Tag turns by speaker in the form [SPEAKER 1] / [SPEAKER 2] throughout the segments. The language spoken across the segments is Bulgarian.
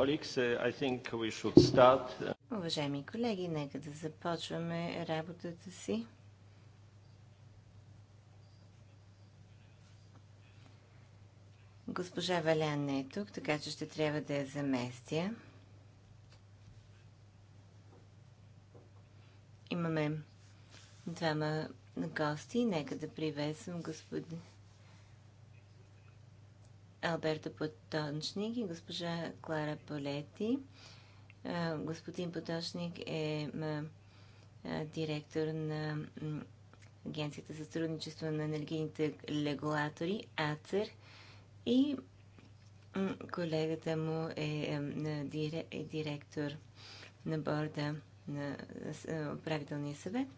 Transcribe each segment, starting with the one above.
[SPEAKER 1] Uh,
[SPEAKER 2] Уважаеми колеги, нека да започваме работата си. Госпожа Валян не е тук, така че ще трябва да я заместя. Имаме двама гости. Нека да приветствам господин Алберто Поточник и госпожа Клара Полети. Господин Поточник е директор на Агенцията за сътрудничество на енергийните регулатори АЦЕР и колегата му е, е, е директор на борда на управителния съвет.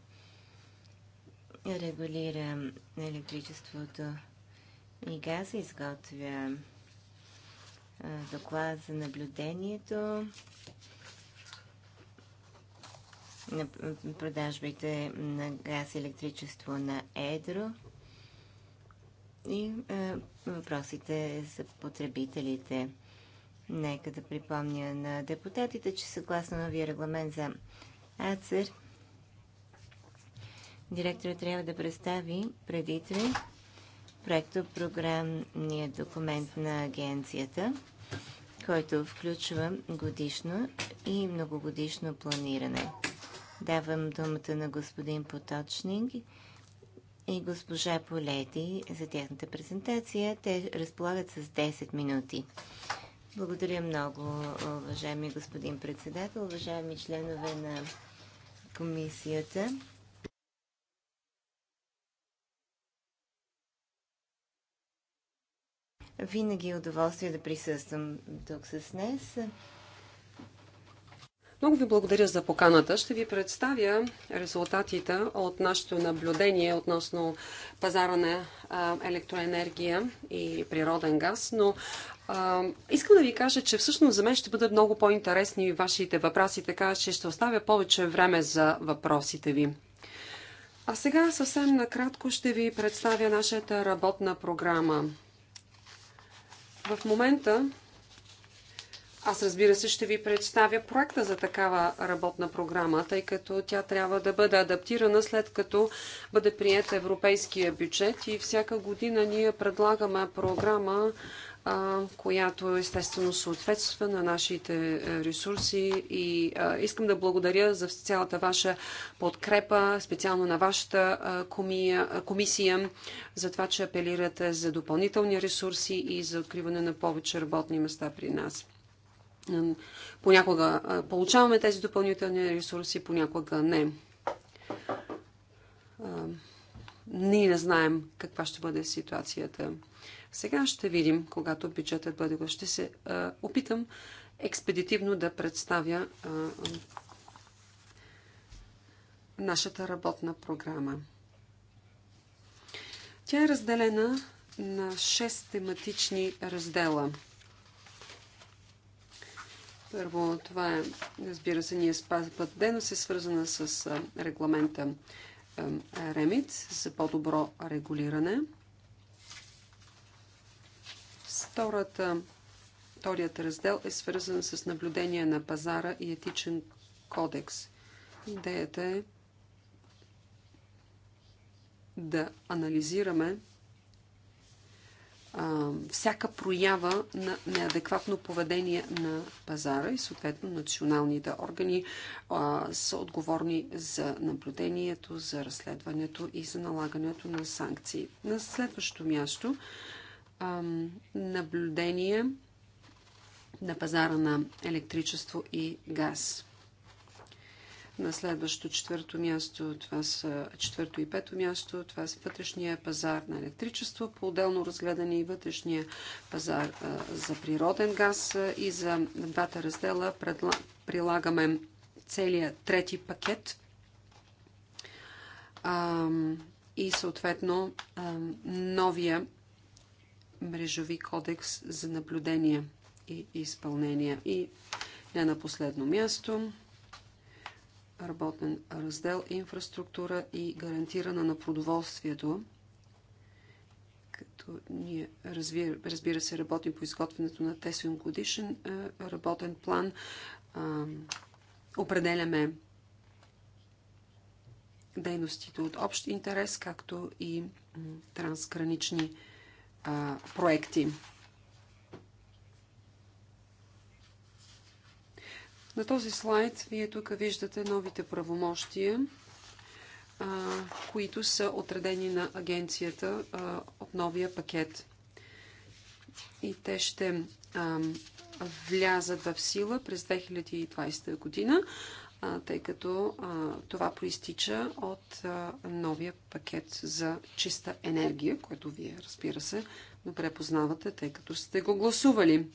[SPEAKER 2] Регулира електричеството и се изготвя доклад за наблюдението на продажбите на газ и електричество на Едро и въпросите за потребителите. Нека да припомня на депутатите, че съгласно новия регламент за АЦЕР, директорът трябва да представи преди 3 проекто програмния документ на агенцията, който включва годишно и многогодишно планиране. Давам думата на господин Поточник и госпожа Полети за тяхната презентация. Те разполагат с 10 минути. Благодаря много, уважаеми господин председател, уважаеми членове на комисията.
[SPEAKER 3] Винаги е удоволствие да присъствам тук с днес. Много ви благодаря за поканата. Ще ви представя резултатите от нашето наблюдение относно пазара на електроенергия и природен газ, но а, искам да ви кажа, че всъщност за мен ще бъдат много по-интересни вашите въпроси, така че ще оставя повече време за въпросите ви. А сега съвсем накратко ще ви представя нашата работна програма. В момента аз разбира се ще ви представя проекта за такава работна програма, тъй като тя трябва да бъде адаптирана след като бъде прият европейския бюджет и всяка година ние предлагаме програма която естествено съответства на нашите е, ресурси и искам да благодаря за цялата ваша подкрепа, специално на вашата комисия, за това, че апелирате за допълнителни ресурси и за откриване на повече работни места при нас. Понякога получаваме тези допълнителни ресурси, понякога не. Ние не знаем каква ще бъде ситуацията. Сега ще видим, когато бюджетът бъде го. Ще се а, опитам експедитивно да представя а, а, нашата работна програма. Тя е разделена на 6 тематични раздела. Първо, това е, разбира се, ние спазват дейност е свързана с регламента Ремит за по-добро регулиране – Втората, вторият раздел е свързан с наблюдение на пазара и етичен кодекс. Идеята е да анализираме а, всяка проява на неадекватно поведение на пазара и съответно националните органи а, са отговорни за наблюдението, за разследването и за налагането на санкции. На следващо място наблюдение на пазара на електричество и газ. На следващото четвърто място, това са четвърто и пето място, това са вътрешния пазар на електричество, по-отделно разгледане и вътрешния пазар за природен газ и за двата раздела прилагаме целият трети пакет и съответно новия мрежови кодекс за наблюдение и изпълнение. И не на последно място, работен раздел инфраструктура и гарантирана на продоволствието, като ние, разбира, разбира се, работим по изготвянето на тесен годишен работен план. Определяме дейностите от общ интерес, както и трансгранични дейности а, проекти. На този слайд вие тук виждате новите правомощия, а, които са отредени на агенцията а, от новия пакет. И те ще а, влязат в сила през 2020 година тъй като това проистича от новия пакет за чиста енергия, който вие, разбира се, добре познавате, тъй като сте го гласували.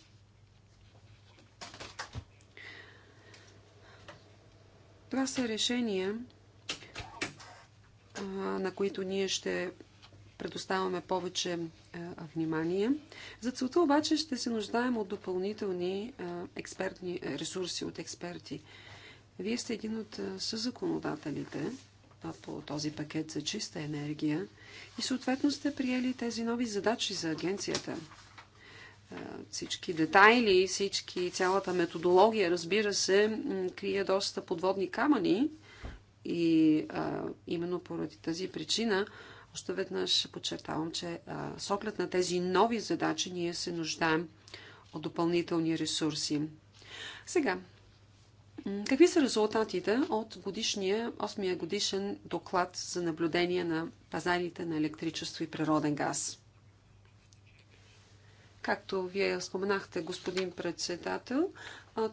[SPEAKER 3] Това са решения, на които ние ще предоставяме повече внимание. За целта обаче ще се нуждаем от допълнителни експертни ресурси, от експерти – вие сте един от съзаконодателите по този пакет за чиста енергия и съответно сте приели тези нови задачи за агенцията. Всички детайли, всички, цялата методология, разбира се, крие доста подводни камъни и а, именно поради тази причина още веднъж подчертавам, че а, с оглед на тези нови задачи ние се нуждаем от допълнителни ресурси. Сега, Какви са резултатите от годишния 8-я годишен доклад за наблюдение на пазарите на електричество и природен газ? Както вие споменахте, господин председател,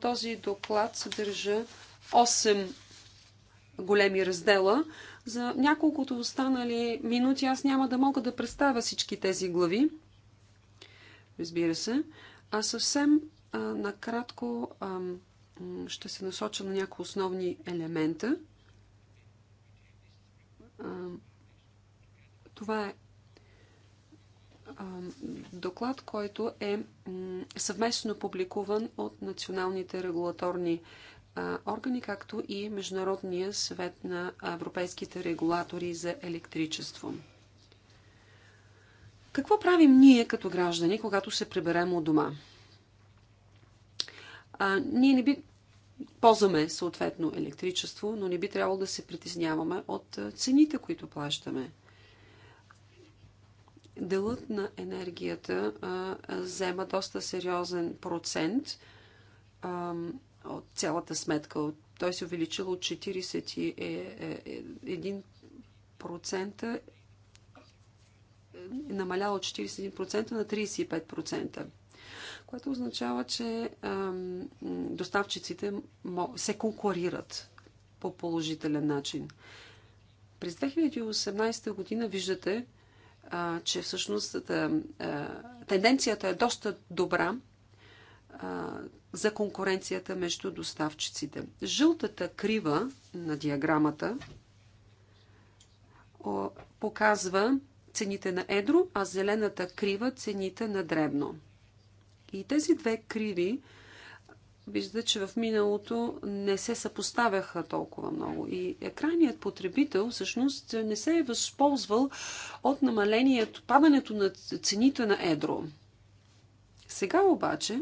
[SPEAKER 3] този доклад съдържа 8 големи раздела. За няколкото останали минути аз няма да мога да представя всички тези глави. Разбира се. А съвсем а, накратко. А, ще се насоча на някои основни елемента. Това е доклад, който е съвместно публикуван от националните регулаторни органи, както и Международния съвет на европейските регулатори за електричество. Какво правим ние като граждани, когато се приберем от дома? А, ние не би ползваме съответно електричество, но не би трябвало да се притесняваме от цените, които плащаме. Делът на енергията а, взема доста сериозен процент а, от цялата сметка. Той се увеличил от 41% е, е, намалял от 41% на 35% което означава, че доставчиците се конкурират по положителен начин. През 2018 година виждате, че всъщност тенденцията е доста добра за конкуренцията между доставчиците. Жълтата крива на диаграмата показва цените на едро, а зелената крива цените на дребно. И тези две криви вижда, че в миналото не се съпоставяха толкова много. И крайният потребител всъщност не се е възползвал от намалението, падането на цените на едро. Сега обаче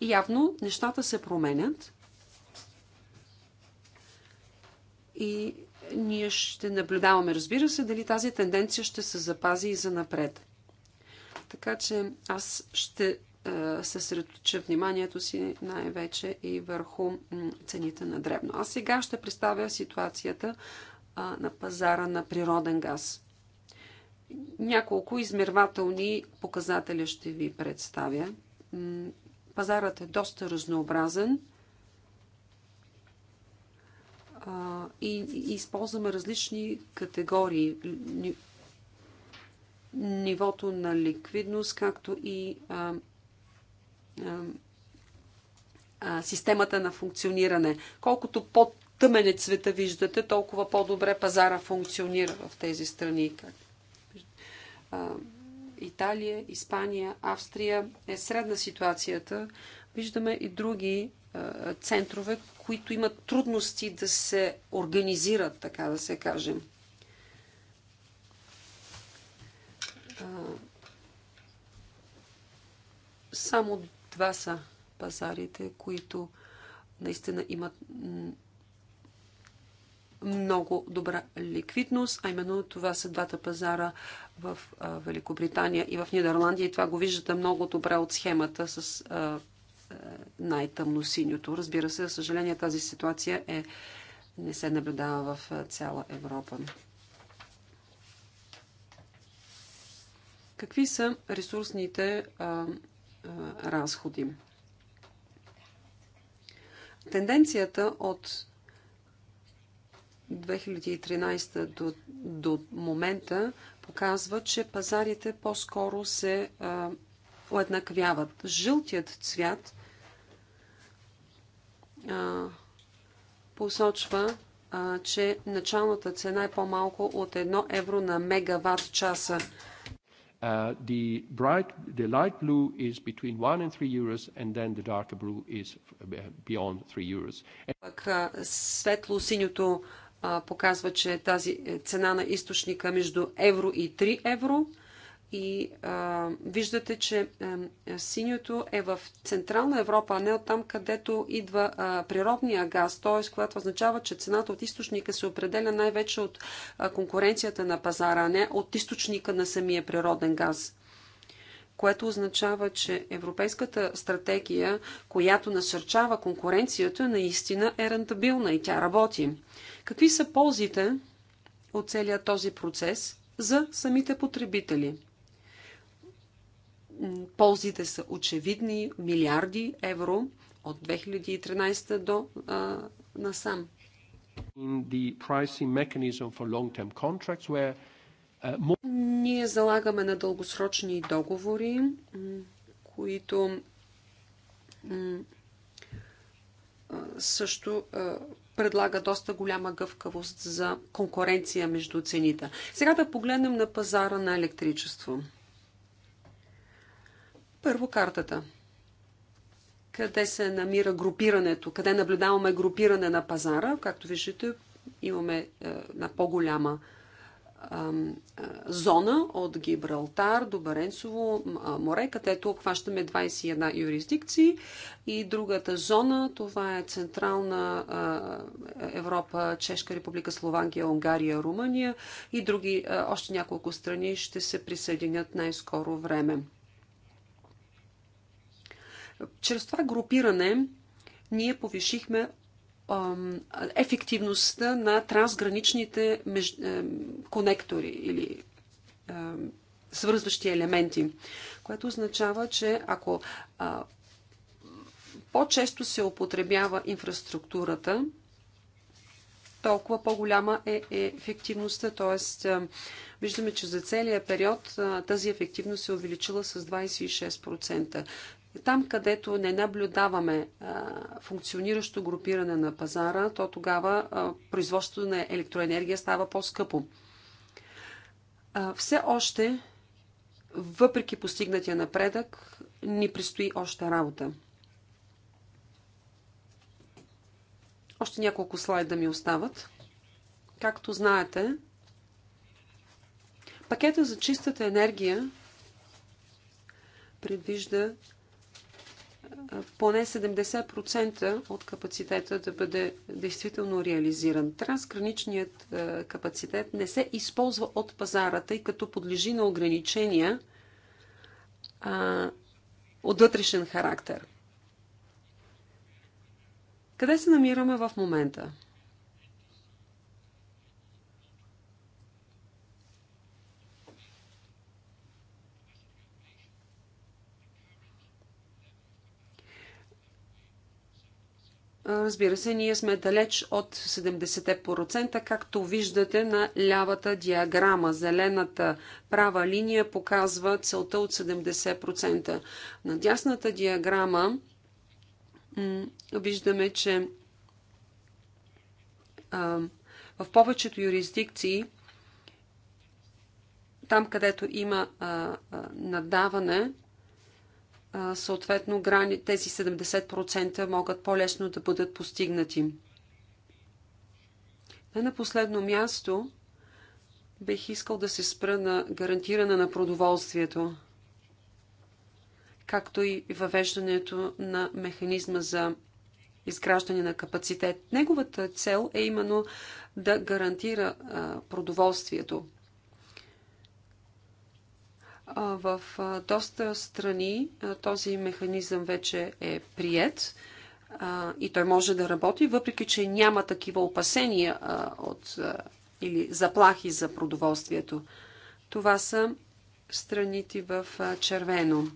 [SPEAKER 3] явно нещата се променят и ние ще наблюдаваме, разбира се, дали тази тенденция ще се запази и за напред. Така че аз ще е, съсредоточа вниманието си най-вече и върху цените на дребно. А сега ще представя ситуацията на пазара на природен газ. Няколко измервателни показатели ще ви представя. Пазарът е доста разнообразен и използваме различни категории нивото на ликвидност, както и системата на функциониране. Колкото по-тъмен е цвета виждате, толкова по-добре пазара функционира в тези страни. Италия, Испания, Австрия е средна ситуацията. Виждаме и други центрове, които имат трудности да се организират, така да се кажем. Само това са пазарите, които наистина имат много добра ликвидност, а именно това са двата пазара в Великобритания и в Нидерландия. И това го виждате много добре от схемата с най-тъмно синьото. Разбира се, за съжаление, тази ситуация е, не се наблюдава в цяла Европа. Какви са ресурсните а, разходи. Тенденцията от 2013 до, до момента показва, че пазарите по-скоро се а, уеднаквяват. Жълтият цвят а, посочва, а, че началната цена е по-малко от 1 евро на мегаватт часа
[SPEAKER 1] The bright, the light blue is
[SPEAKER 3] between 1 and 3 euros, and then the darker blue is beyond 3 euros. Светло-синьото показва, че тази цена на източника между евро и 3 евро – и а, виждате, че а, синьото е в Централна Европа, а не от там, където идва а, природния газ, т.е. което означава, че цената от източника се определя най-вече от а, конкуренцията на пазара, а не от източника на самия природен газ което означава, че европейската стратегия, която насърчава конкуренцията, наистина е рентабилна и тя работи. Какви са ползите от целият този процес за самите потребители? Ползите са очевидни милиарди евро от 2013 до а, насам. Where... Uh, Ние залагаме на дългосрочни договори, които също предлага доста голяма гъвкавост за конкуренция между цените. Сега да погледнем на пазара на електричество. Първо картата. Къде се намира групирането? Къде наблюдаваме групиране на пазара? Както виждате, имаме е, на по-голяма е, зона от Гибралтар до Баренцово е, море, където обхващаме 21 юрисдикции и другата зона, това е Централна Европа, Чешка република, Словакия, Унгария, Румъния и други, още няколко страни ще се присъединят най-скоро време. Чрез това групиране ние повишихме ефективността на трансграничните меж... Е, конектори или е, свързващи елементи, което означава, че ако по-често се употребява инфраструктурата, толкова по-голяма е ефективността. Тоест, е, виждаме, че за целия период тази ефективност се увеличила с 26%. Там, където не наблюдаваме функциониращо групиране на пазара, то тогава производството на електроенергия става по-скъпо. Все още, въпреки постигнатия напредък, ни предстои още работа. Още няколко слайда ми остават. Както знаете, пакета за чистата енергия предвижда поне 70% от капацитета да бъде действително реализиран. Трансграничният е, капацитет не се използва от пазара, тъй като подлежи на ограничения а, е, от вътрешен характер. Къде се намираме в момента? Разбира се, ние сме далеч от 70%, както виждате на лявата диаграма. Зелената права линия показва целта от 70%. На дясната диаграма виждаме, че в повечето юрисдикции, там където има надаване, съответно грани, тези 70% могат по-лесно да бъдат постигнати. Не на последно място бих искал да се спра на гарантиране на продоволствието, както и въвеждането на механизма за изграждане на капацитет. Неговата цел е именно да гарантира продоволствието в доста страни този механизъм вече е прият и той може да работи, въпреки че няма такива опасения от, или заплахи за продоволствието. Това са страните в червено.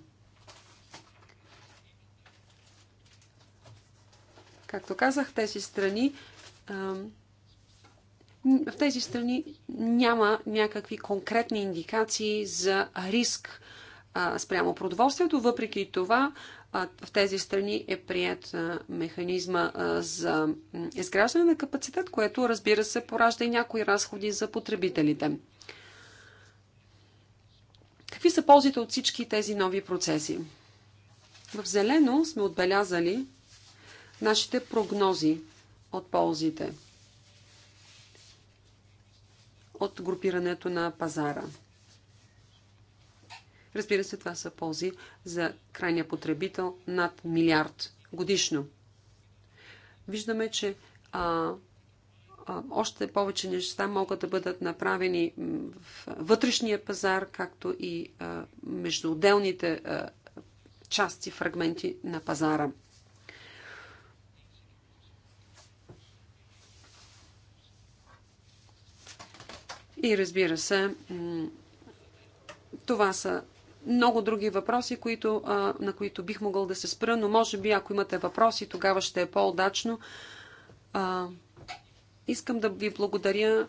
[SPEAKER 3] Както казах, тези страни в тези страни няма някакви конкретни индикации за риск а, спрямо продоволствието. Въпреки това, а, в тези страни е прият а, механизма за изграждане на капацитет, което разбира се поражда и някои разходи за потребителите. Какви са ползите от всички тези нови процеси? В зелено сме отбелязали нашите прогнози от ползите – от групирането на пазара. Разбира се, това са ползи за крайния потребител над милиард годишно. Виждаме, че а, а, още повече неща могат да бъдат направени в вътрешния пазар, както и а, между отделните а, части, фрагменти на пазара. И разбира се, това са много други въпроси, които, на които бих могъл да се спра, но може би ако имате въпроси, тогава ще е по-удачно. Искам да ви благодаря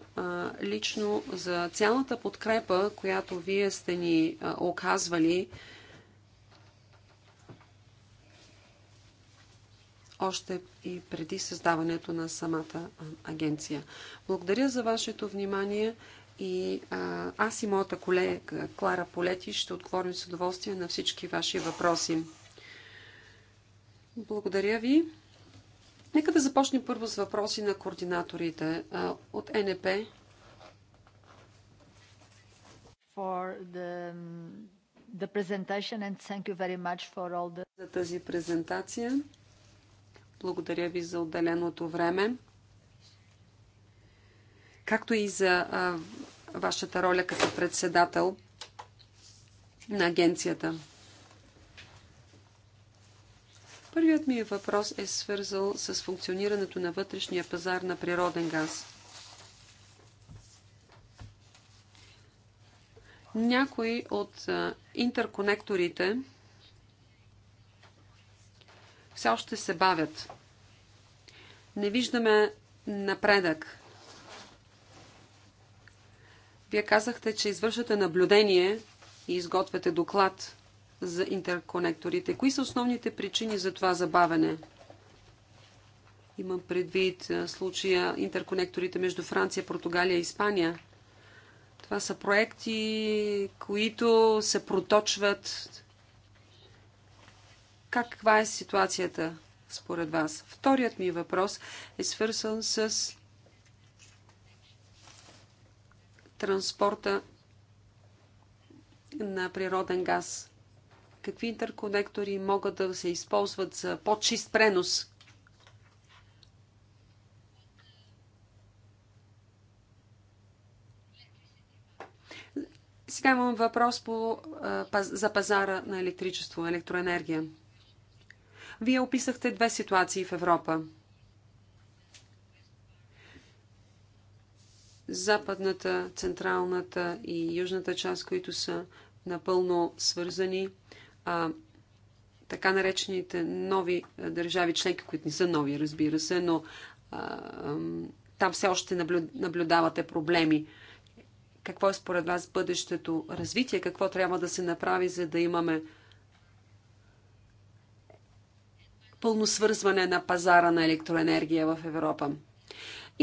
[SPEAKER 3] лично за цялата подкрепа, която вие сте ни оказвали. още и преди създаването на самата агенция. Благодаря за вашето внимание и а, аз и моята колега Клара Полети ще отговорим с удоволствие на всички ваши въпроси. Благодаря ви. Нека да започнем първо с въпроси на координаторите а, от НП. За тази презентация. Благодаря ви за отделеното време както и за а, вашата роля като председател на агенцията. Първият ми въпрос е свързал с функционирането на вътрешния пазар на природен газ. Някои от интерконекторите все още се бавят. Не виждаме напредък вие казахте, че извършвате наблюдение и изготвяте доклад за интерконекторите. Кои са основните причини за това забавене? Имам предвид случая интерконекторите между Франция, Португалия и Испания. Това са проекти, които се проточват. каква е ситуацията според вас? Вторият ми въпрос е свързан с транспорта на природен газ? Какви интерконектори могат да се използват за по-чист пренос? Сега имам въпрос по, за пазара на електричество, електроенергия. Вие описахте две ситуации в Европа – западната, централната и южната част, които са напълно свързани, а така наречените нови държави членки, които не са нови, разбира се, но а, а, там все още наблю, наблюдавате проблеми. Какво е според вас бъдещето развитие? Какво трябва да се направи, за да имаме пълно свързване на пазара на електроенергия в Европа?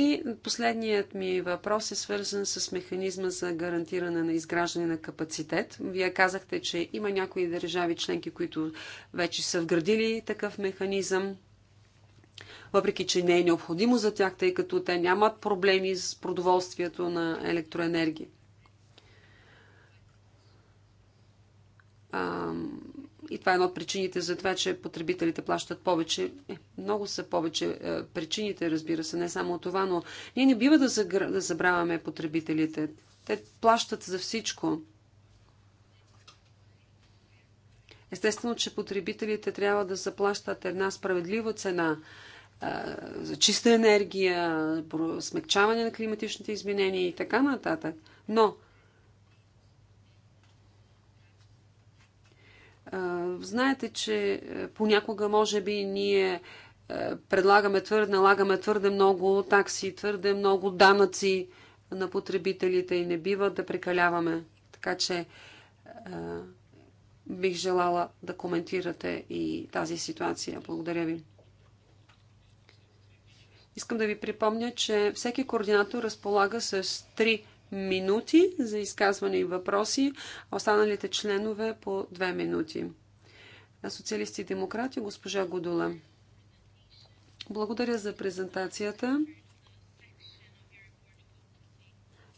[SPEAKER 3] И последният ми въпрос е свързан с механизма за гарантиране на изграждане на капацитет. Вие казахте, че има някои държави членки, които вече са вградили такъв механизъм, въпреки че не е необходимо за тях, тъй като те нямат проблеми с продоволствието на електроенергия. И това е едно от причините за това, че потребителите плащат повече. Е, много са повече е, причините, разбира се, не само това, но ние не бива да, загр... да забравяме потребителите. Те плащат за всичко. Естествено, че потребителите трябва да заплащат една справедлива цена е, за чиста енергия, смягчаване на климатичните изменения и така нататък. Но Знаете, че е, понякога може би ние е, предлагаме твърде, налагаме твърде много такси, твърде много данъци на потребителите и не бива да прекаляваме. Така че е, бих желала да коментирате и тази ситуация. Благодаря ви. Искам да ви припомня, че всеки координатор разполага с три минути за изказване и въпроси, а останалите членове по 2 минути. На социалисти и демократи, госпожа Годула. Благодаря за презентацията.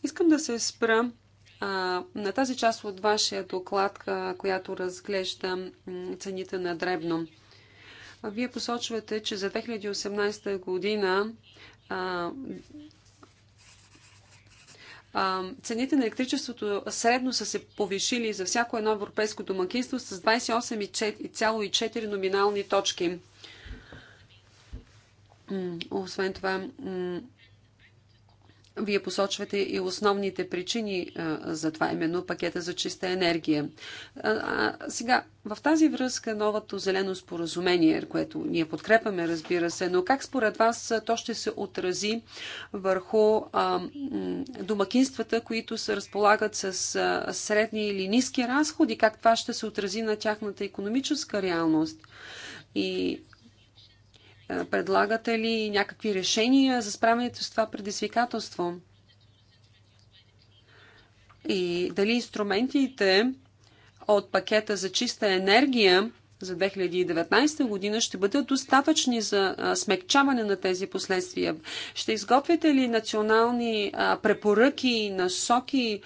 [SPEAKER 3] Искам да се спра а, на тази част от вашия доклад, която разглежда цените на дребно. Вие посочвате, че за 2018 година а, цените на електричеството средно са се повишили за всяко едно европейско домакинство с 28,4 номинални точки. Освен това, вие посочвате и основните причини за това, именно пакета за чиста енергия. Сега, в тази връзка новото зелено споразумение, което ние подкрепяме, разбира се, но как според вас то ще се отрази върху домакинствата, които се разполагат с средни или ниски разходи, как това ще се отрази на тяхната економическа реалност? И е, предлагате ли някакви решения за справянето с това предизвикателство? И дали инструментите от пакета за чиста енергия за 2019 година ще бъдат достатъчни за смекчаване на тези последствия? Ще изготвите ли национални препоръки, насоки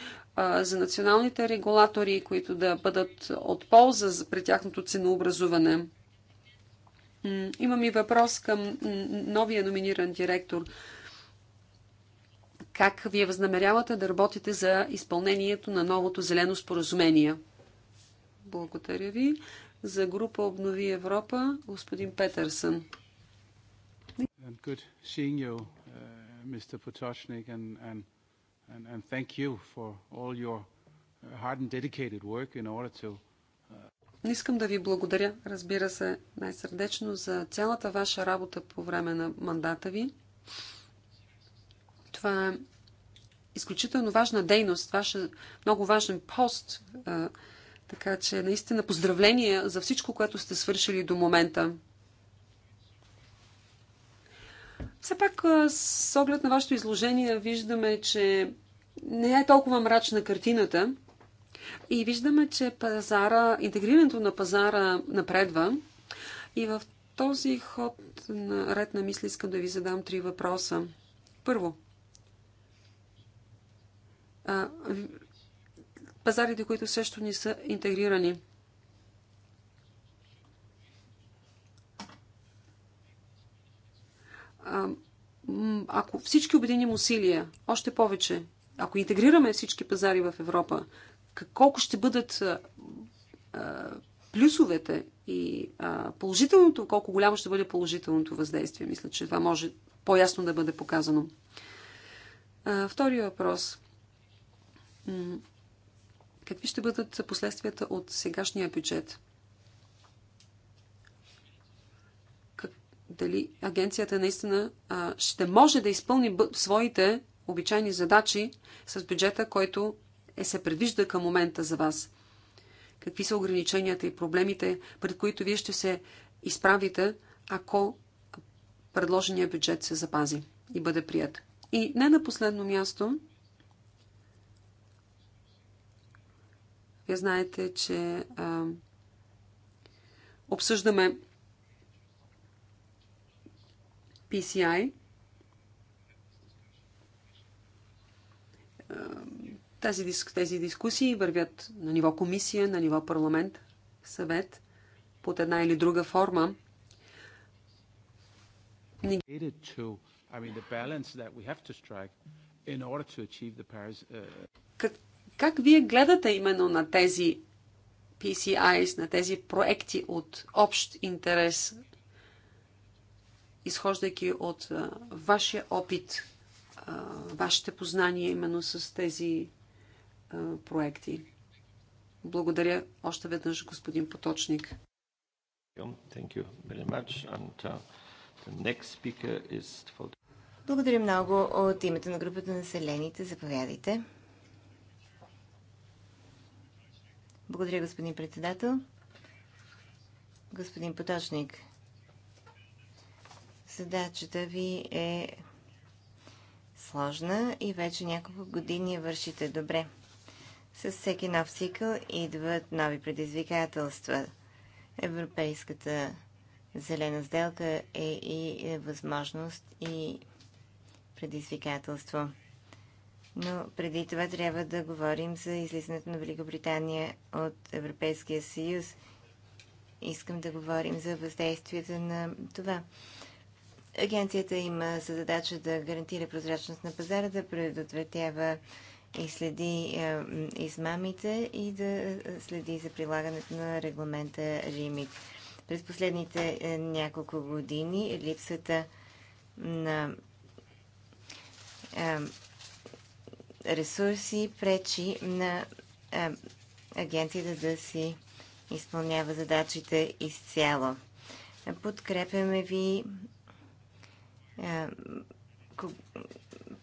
[SPEAKER 3] за националните регулатори, които да бъдат от полза при тяхното ценообразуване? Имам и въпрос към новия номиниран директор. Как вие възнамерявате да работите за изпълнението на новото зелено споразумение? Благодаря ви. За група Обнови Европа, господин Петърсън.
[SPEAKER 2] Uh, Mr. Potocnik, and, and, thank you for all your hard and dedicated work in order to
[SPEAKER 3] Искам да ви благодаря, разбира се, най-сърдечно за цялата ваша работа по време на мандата ви. Това е изключително важна дейност, ваш много важен пост. Така че, наистина, поздравления за всичко, което сте свършили до момента. Все пак, с оглед на вашето изложение, виждаме, че не е толкова мрачна картината. И виждаме, че пазара, интегрирането на пазара напредва. И в този ход на ред на мисли искам да ви задам три въпроса. Първо, пазарите, които също не са интегрирани. Ако всички обединим усилия, още повече, ако интегрираме всички пазари в Европа, колко ще бъдат плюсовете и положителното, колко голямо ще бъде положителното въздействие. Мисля, че това може по-ясно да бъде показано. Втори въпрос. Какви ще бъдат последствията от сегашния бюджет? Как, дали агенцията наистина а, ще може да изпълни своите обичайни задачи с бюджета, който е, се предвижда към момента за вас? Какви са ограниченията и проблемите, пред които вие ще се изправите, ако предложения бюджет се запази и бъде прият? И не на последно място, вие знаете, че а, обсъждаме PCI. Тази, тези дискусии вървят на ниво комисия, на ниво парламент, съвет, под една или друга форма. Uh, как, как вие гледате именно на тези PCIs, на тези проекти от общ интерес, изхождайки от а, вашия опит, а, вашите познания именно с тези проекти. Благодаря още веднъж, господин Поточник.
[SPEAKER 2] Благодаря много от името на групата на населените. Заповядайте. Благодаря, господин председател. Господин Поточник, задачата ви е сложна и вече няколко години вършите добре. С всеки нов цикъл идват нови предизвикателства. Европейската зелена сделка е и е, възможност и предизвикателство. Но преди това трябва да говорим за излизането на Великобритания от Европейския съюз. Искам да говорим за въздействието на това. Агенцията има за задача да гарантира прозрачност на пазара, да предотвратява и следи е, измамите и да е, следи за прилагането на регламента Римит. През последните е, няколко години липсата на ресурси пречи на агенцията да си изпълнява задачите изцяло. Подкрепяме ви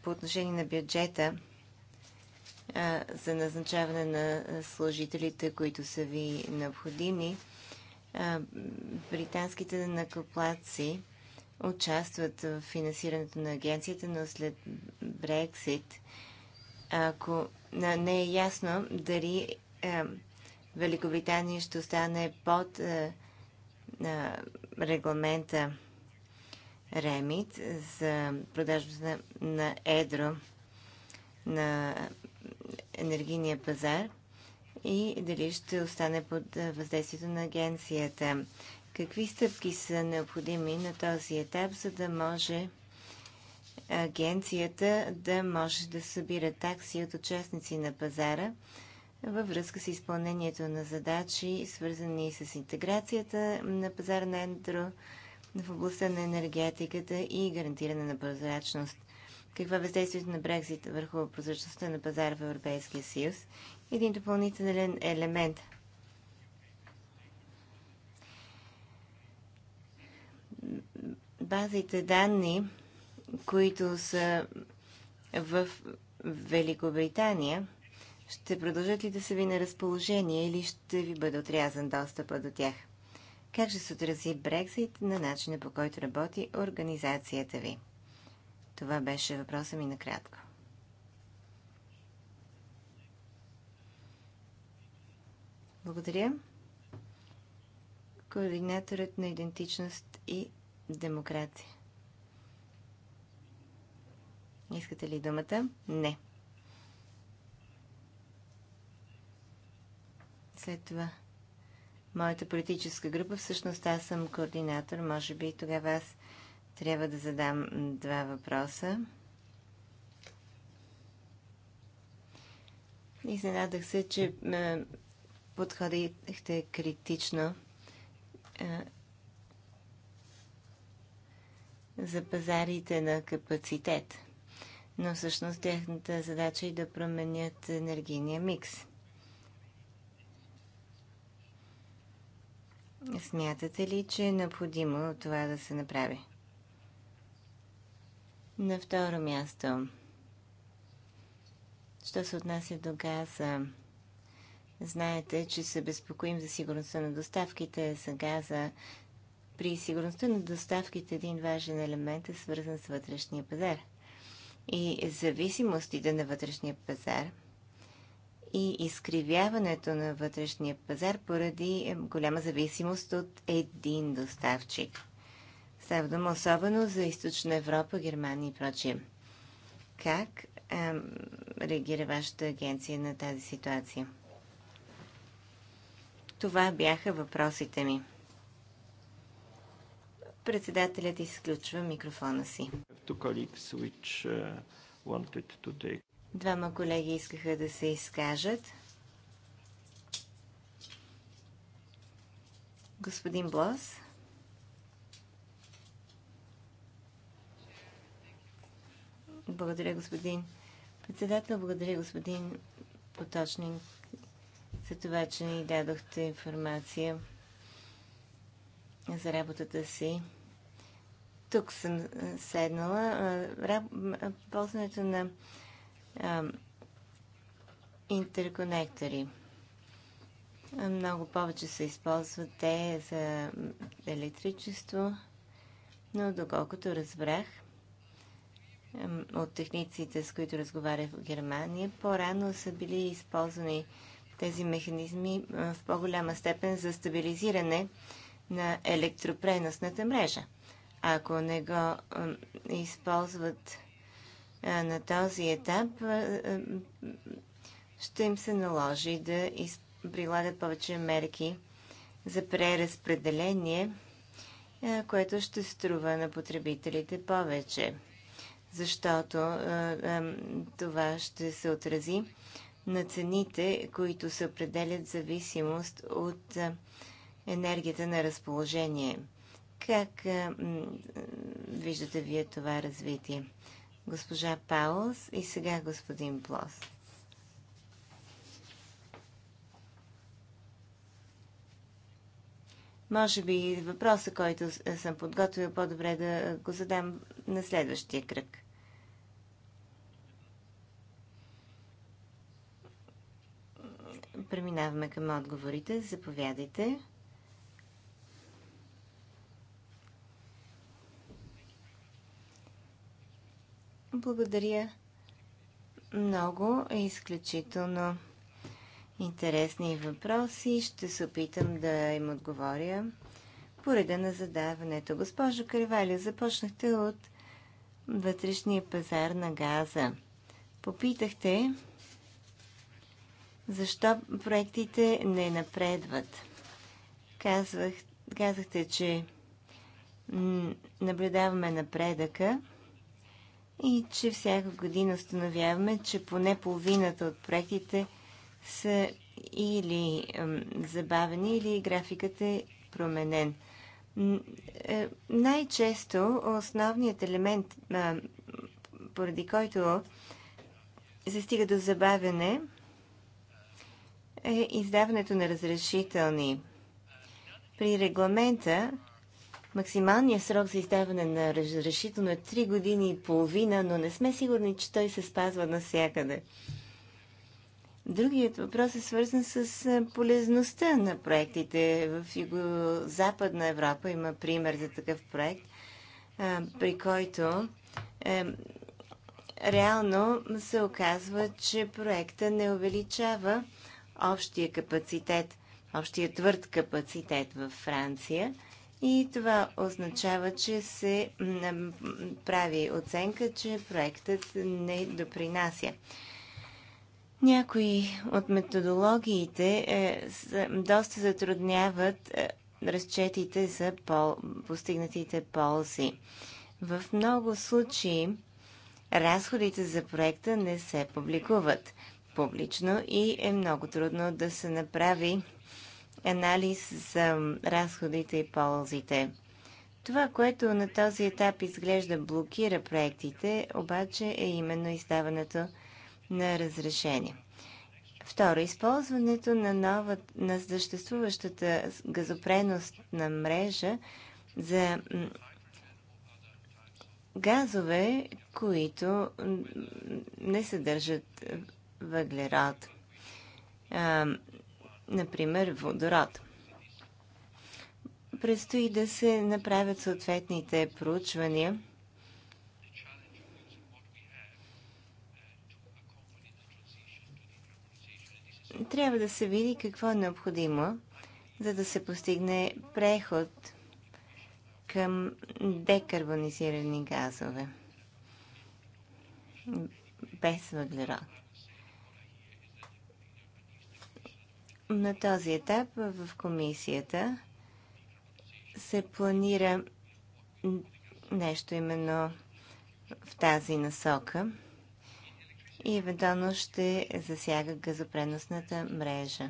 [SPEAKER 2] по отношение на бюджета за назначаване на служителите, които са ви необходими, британските накоплаци участват в финансирането на агенцията, но след Брексит, ако не е ясно дали Великобритания ще остане под регламента Ремит за продажбата на едро на енергийния пазар и дали ще остане под въздействието на агенцията. Какви стъпки са необходими на този етап, за да може агенцията да може да събира такси от участници на пазара във връзка с изпълнението на задачи, свързани с интеграцията на пазара на ендро в областта на енергетиката и гарантиране на прозрачност – какво е въздействието на Брекзит върху прозрачността на пазара в Европейския съюз. Един допълнителен елемент. Базите данни, които са в Великобритания, ще продължат ли да са ви на разположение или ще ви бъде отрязан достъпа до тях? Как ще се отрази Брекзит на начина по който работи организацията ви? Това беше въпроса ми накратко. Благодаря. Координаторът на идентичност и демокрация. Искате ли думата? Не. След това моята политическа група, всъщност аз съм координатор, може би тогава аз трябва да задам два въпроса. Изненадах се, че подходихте критично за пазарите на капацитет. Но всъщност тяхната задача е да променят енергийния микс. Смятате ли, че е необходимо това да се направи? На второ място, що се отнася до газа, знаете, че се безпокоим за сигурността на доставките за газа. При сигурността на доставките един важен елемент е свързан с вътрешния пазар и зависимостите на вътрешния пазар и изкривяването на вътрешния пазар поради голяма зависимост от един доставчик. Става дума особено за Източна Европа, Германия и прочие. Как а, реагира вашата агенция на тази ситуация? Това бяха въпросите ми. Председателят изключва микрофона си. Uh, Двама колеги искаха да се изкажат. Господин Блос. Благодаря, господин председател. Благодаря, господин Поточник, за това, че ни дадохте информация за работата си. Тук съм седнала. Ползването на интерконектори. Много повече се използват те за електричество, но доколкото разбрах, от техниците, с които разговаря в Германия, по-рано са били използвани тези механизми е, в по-голяма степен за стабилизиране на електропреносната мрежа. Ако не го използват е, на този етап, е, ще им се наложи да прилагат повече мерки за преразпределение, което ще струва на потребителите повече защото а, а, това ще се отрази на цените, които се определят в зависимост от а, енергията на разположение. Как виждате вие това развитие? Госпожа Паулс и сега господин Плос. Може би въпроса, който е, съм подготвил по-добре да го задам на следващия кръг. Преминаваме към отговорите. Заповядайте. Благодаря много. и изключително интересни въпроси. Ще се опитам да им отговоря по реда на задаването. Госпожо Карвалия, започнахте от вътрешния пазар на газа. Попитахте защо проектите не напредват. Казвах, казахте, че наблюдаваме напредъка и че всяка година установяваме, че поне половината от проектите – са или забавени, или графикът е променен. Е, най-често основният елемент, поради който се стига до забавяне, е издаването на разрешителни. При регламента максималният срок за издаване на разрешително е 3 години и половина, но не сме сигурни, че той се спазва навсякъде. Другият въпрос е свързан с е, полезността на проектите. В Юго-Западна Европа има пример за такъв проект, е, при който е, реално се оказва, че проекта не увеличава общия капацитет, общия твърд капацитет във Франция. И това означава, че се прави оценка, че проектът не допринася. Някои от методологиите е, доста затрудняват е, разчетите за пол, постигнатите ползи. В много случаи разходите за проекта не се публикуват публично и е много трудно да се направи анализ за разходите и ползите. Това, което на този етап изглежда блокира проектите, обаче е именно издаването на разрешение. Второ, използването на, нова, на съществуващата газопреносна мрежа за газове, които не съдържат въглерод. А, например, водород. Предстои да се направят съответните проучвания трябва да се види какво е необходимо, за да се постигне преход към декарбонизирани газове без въглерод. На този етап в комисията се планира нещо именно в тази насока – и евентуално ще засяга газопреносната мрежа.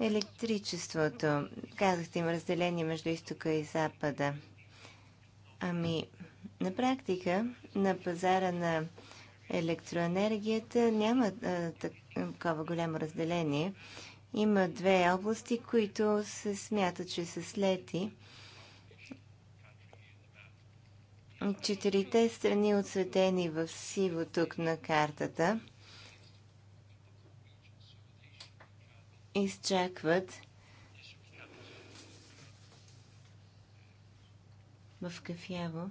[SPEAKER 2] Електричеството. Казахте, има разделение между изтока и запада. Ами, на практика, на пазара на електроенергията няма а, такова голямо разделение. Има две области, които се смятат, че са слети четирите страни отсветени в сиво тук на картата изчакват в кафяво.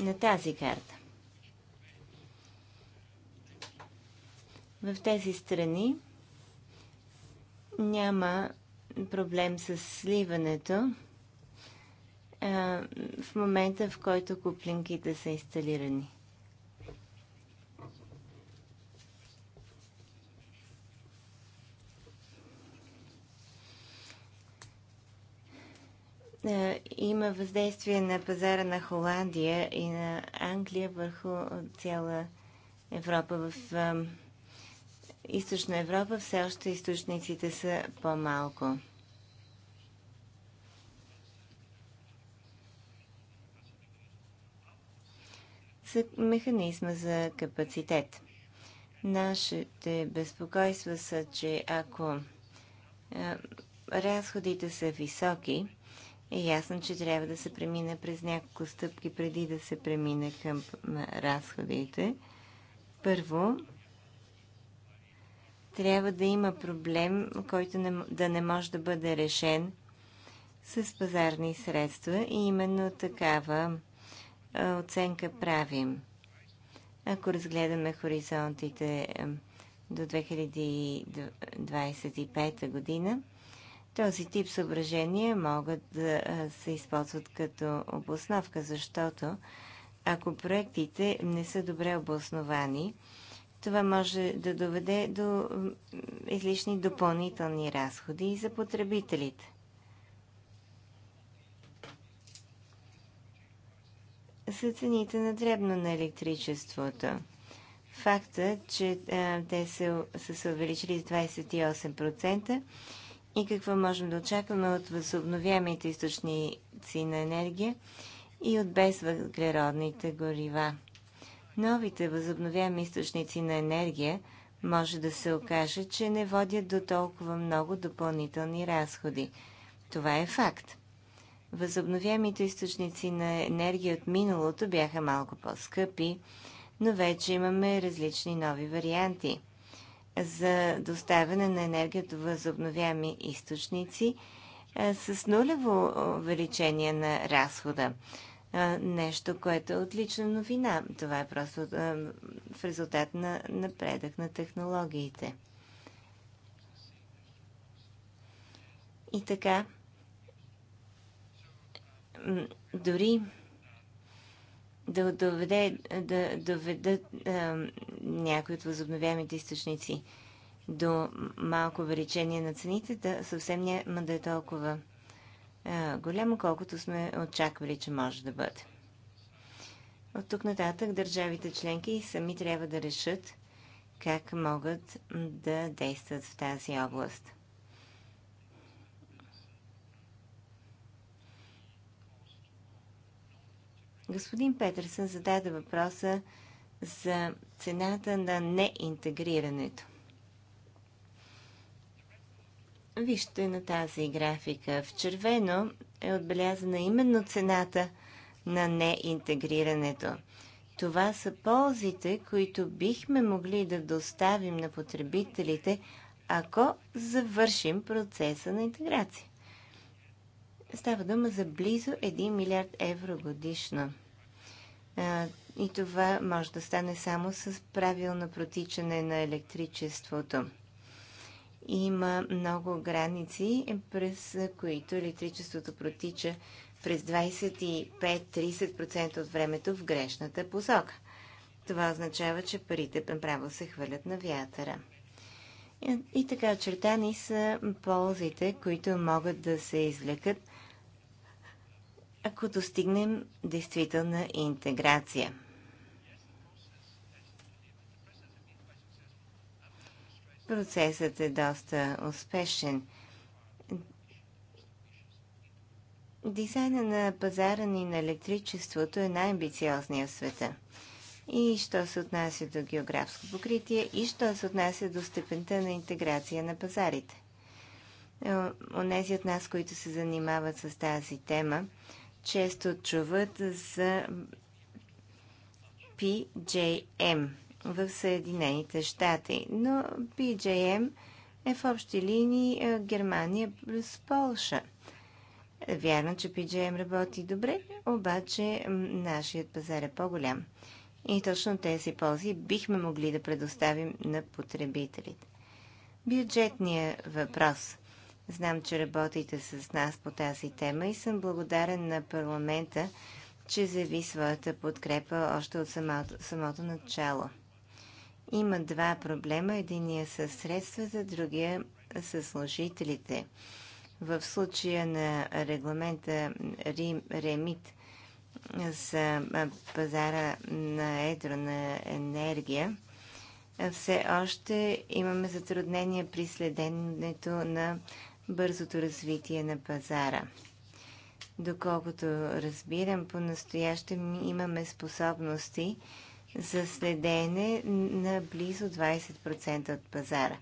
[SPEAKER 2] На тази карта. В тези страни няма проблем с сливането в момента, в който куплинките са инсталирани. Има въздействие на пазара на Холандия и на Англия върху цяла Европа в Източна Европа все още източниците са по-малко. За механизма за капацитет. Нашите безпокойства са, че ако е, разходите са високи, е ясно, че трябва да се премине през няколко стъпки преди да се премине към разходите. Първо, трябва да има проблем, който не, да не може да бъде решен с пазарни средства и именно такава оценка правим. Ако разгледаме хоризонтите до 2025 година, този тип съображения могат да се използват като обосновка, защото ако проектите не са добре обосновани, това може да доведе до излишни допълнителни разходи и за потребителите. За цените на дребно на електричеството. Факта, че а, те са, са се увеличили с 28% и какво можем да очакваме от възобновяемите източници на енергия и от безвъглеродните горива новите възобновяеми източници на енергия може да се окаже, че не водят до толкова много допълнителни разходи. Това е факт. Възобновяемите източници на енергия от миналото бяха малко по-скъпи, но вече имаме различни нови варианти за доставяне на енергия от възобновяеми източници с нулево увеличение на разхода нещо, което е отлична новина. Това е просто в резултат на напредък на технологиите. И така, дори да доведе, да доведат а, някои от възобновяемите източници до малко увеличение на цените, да съвсем няма да е толкова е, голямо, колкото сме очаквали, че може да бъде. От тук нататък държавите членки сами трябва да решат как могат да действат в тази област. Господин Петърсън зададе въпроса за цената на неинтегрирането. Вижте на тази графика. В червено е отбелязана именно цената на неинтегрирането. Това са ползите, които бихме могли да доставим на потребителите, ако завършим процеса на интеграция. Става дума за близо 1 милиард евро годишно. И това може да стане само с правилно протичане на електричеството има много граници, през които електричеството протича през 25-30% от времето в грешната посока. Това означава, че парите направо се хвърлят на вятъра. И така очертани са ползите, които могат да се извлекат, ако достигнем действителна интеграция. Процесът е доста успешен. Дизайна на пазара ни на електричеството е най-амбициозният в света. И що се отнася до географско покритие, и що се отнася до степента на интеграция на пазарите. Е, онези от нас, които се занимават с тази тема, често чуват за PJM – в Съединените щати. Но BJM е в общи линии е, Германия плюс Полша. Вярно, че PGM работи добре, обаче нашият пазар е по-голям. И точно тези ползи бихме могли да предоставим на потребителите. Бюджетният въпрос. Знам, че работите с нас по тази тема и съм благодарен на парламента, че заяви своята подкрепа още от самото, самото начало – има два проблема. Единия с средствата, другия с служителите. В случая на регламента Рим, Ремит за пазара на едро на енергия, все още имаме затруднения при следенето на бързото развитие на пазара. Доколкото разбирам, по-настоящем имаме способности за следене на близо 20% от пазара.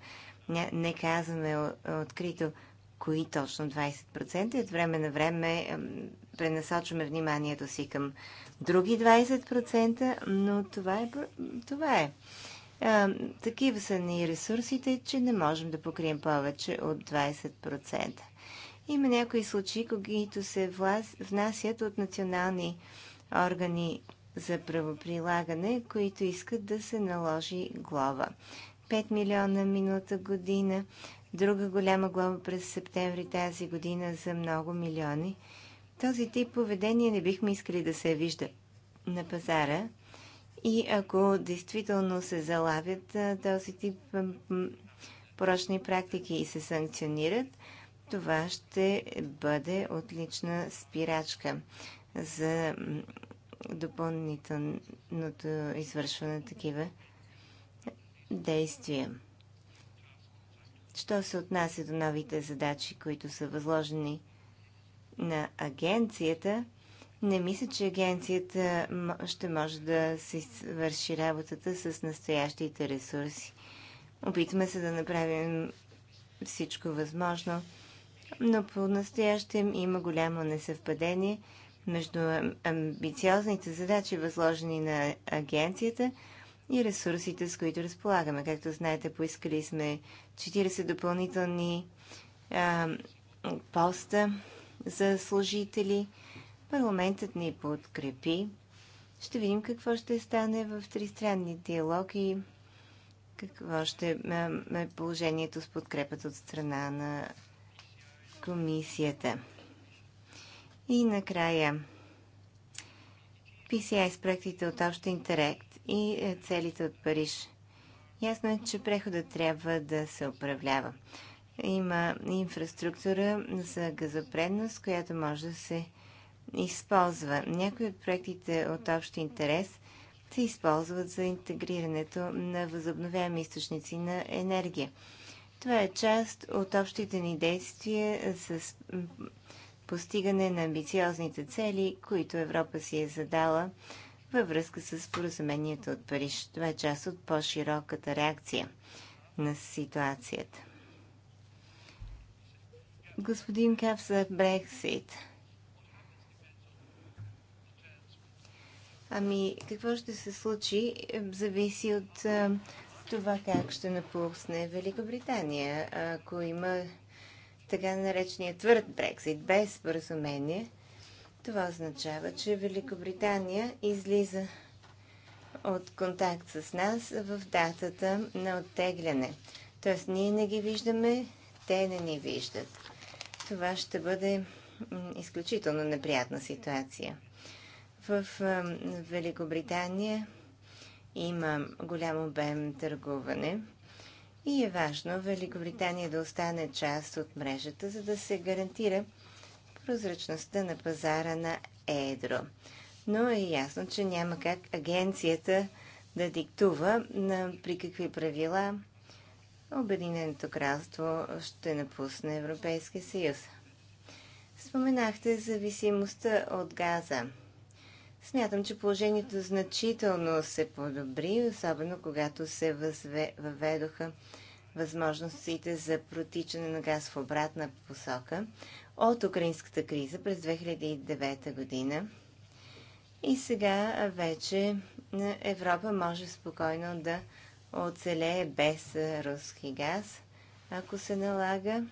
[SPEAKER 2] Не, казваме открито кои точно 20% и от време на време пренасочваме вниманието си към други 20%, но това е. Това е. А, такива са ни ресурсите, че не можем да покрием повече от 20%. Има някои случаи, когато се внасят от национални органи за правоприлагане, които искат да се наложи глава. 5 милиона минута година, друга голяма глава през септември тази година за много милиони. Този тип поведение не бихме искали да се вижда на пазара. И ако действително се залавят този тип порочни практики и се санкционират, това ще бъде отлична спирачка за допълнителното извършване на такива действия. Що се отнася до новите задачи, които са възложени на агенцията, не мисля, че агенцията ще може да се свърши работата с настоящите ресурси. Опитваме се да направим всичко възможно, но по настоящем има голямо несъвпадение между амбициозните задачи, възложени на агенцията и ресурсите, с които разполагаме. Както знаете, поискали сме 40 допълнителни а, поста за служители. Парламентът ни подкрепи. Ще видим какво ще стане в тристранни диалоги какво ще е положението с подкрепата от страна на комисията. И накрая, PCI с проектите от общ интерект и е, целите от Париж. Ясно е, че преходът трябва да се управлява. Има инфраструктура за газопредност, която може да се използва. Някои от проектите от общ интерес се използват за интегрирането на възобновяеми източници на енергия. Това е част от общите ни действия с постигане на амбициозните цели, които Европа си е задала във връзка с споразумението от Париж. Това е част от по-широката реакция на ситуацията. Господин Кавса, Брексит. Ами, какво ще се случи, е, зависи от е, това как ще напусне Великобритания. Ако има така наречения твърд Брексит, без споразумение, това означава, че Великобритания излиза от контакт с нас в датата на оттегляне. Тоест, ние не ги виждаме, те не ни виждат. Това ще бъде изключително неприятна ситуация. В Великобритания има голям обем търгуване и е важно Великобритания да остане част от мрежата, за да се гарантира прозрачността на пазара на Едро. Но е ясно, че няма как агенцията да диктува на при какви правила Обединеното кралство ще напусне Европейския съюз. Споменахте зависимостта от газа. Смятам, че положението значително се подобри, особено когато се възве, въведоха възможностите за протичане на газ в обратна посока от украинската криза през 2009 година. И сега вече Европа може спокойно да оцелее без руски газ, ако се налага.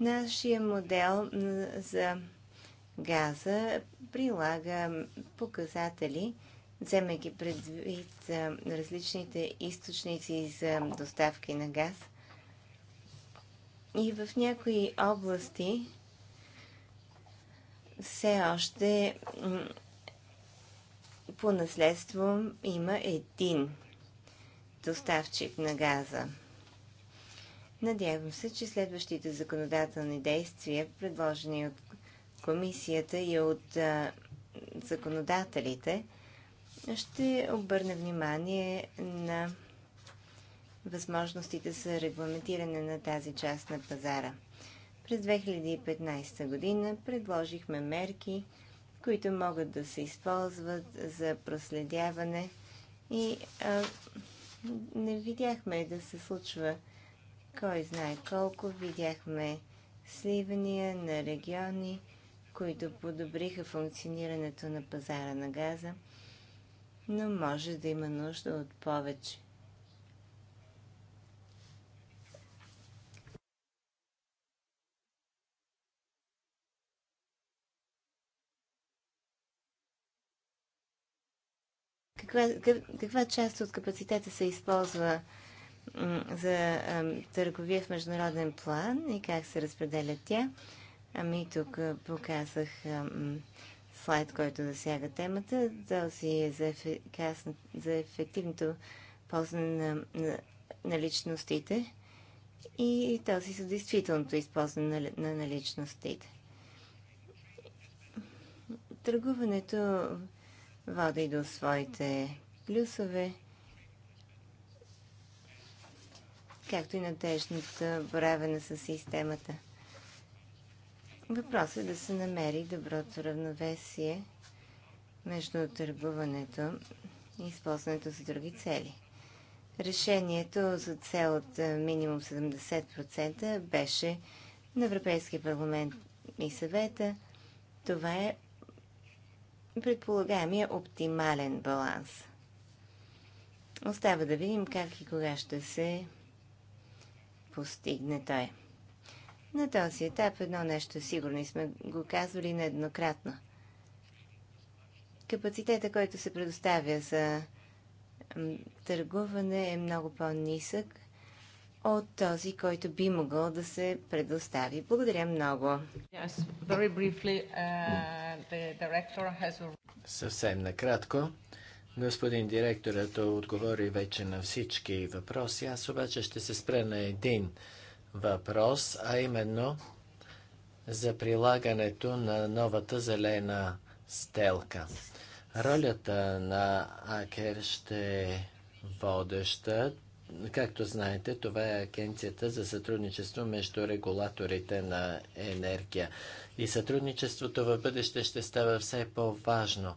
[SPEAKER 2] Нашия модел за газа прилага показатели, вземайки предвид различните източници за доставки на газ. И в някои области все още по наследство има един доставчик на газа. Надявам се, че следващите законодателни действия, предложени от комисията и от а, законодателите, ще обърне внимание на възможностите за регламентиране на тази част на пазара. През 2015 година предложихме мерки, които могат да се използват за проследяване и а, не видяхме да се случва кой знае колко. Видяхме сливания на региони, които подобриха функционирането на пазара на газа, но може да има нужда от повече. каква, каква част от капацитета се използва за търговия в международен план и как се разпределя тя? Ами тук показах слайд, който засяга темата. Този е за, ефикасно, за ефективното ползване на, на, на личностите и този за действителното използване на, на, на личностите. Търгуването води до своите плюсове, както и надежната боравена с системата – Въпросът е да се намери доброто равновесие между търгуването и използването за други цели. Решението за цел от е, минимум 70% беше на Европейския парламент и съвета. Това е предполагаемия оптимален баланс. Остава да видим как и кога ще се постигне той. На този етап едно нещо е сигурно и сме го казвали нееднократно. Капацитета, който се предоставя за търгуване е много по-нисък от този, който би могъл да се предостави. Благодаря много. Yes, very
[SPEAKER 3] briefly, uh, the has...
[SPEAKER 4] Съвсем накратко. Господин директорът отговори вече на всички въпроси. Аз обаче ще се спре на един въпрос, а именно за прилагането на новата зелена стелка. Ролята на АКЕР ще е водеща. Както знаете, това е Агенцията за сътрудничество между регулаторите на енергия. И сътрудничеството в бъдеще ще става все по-важно,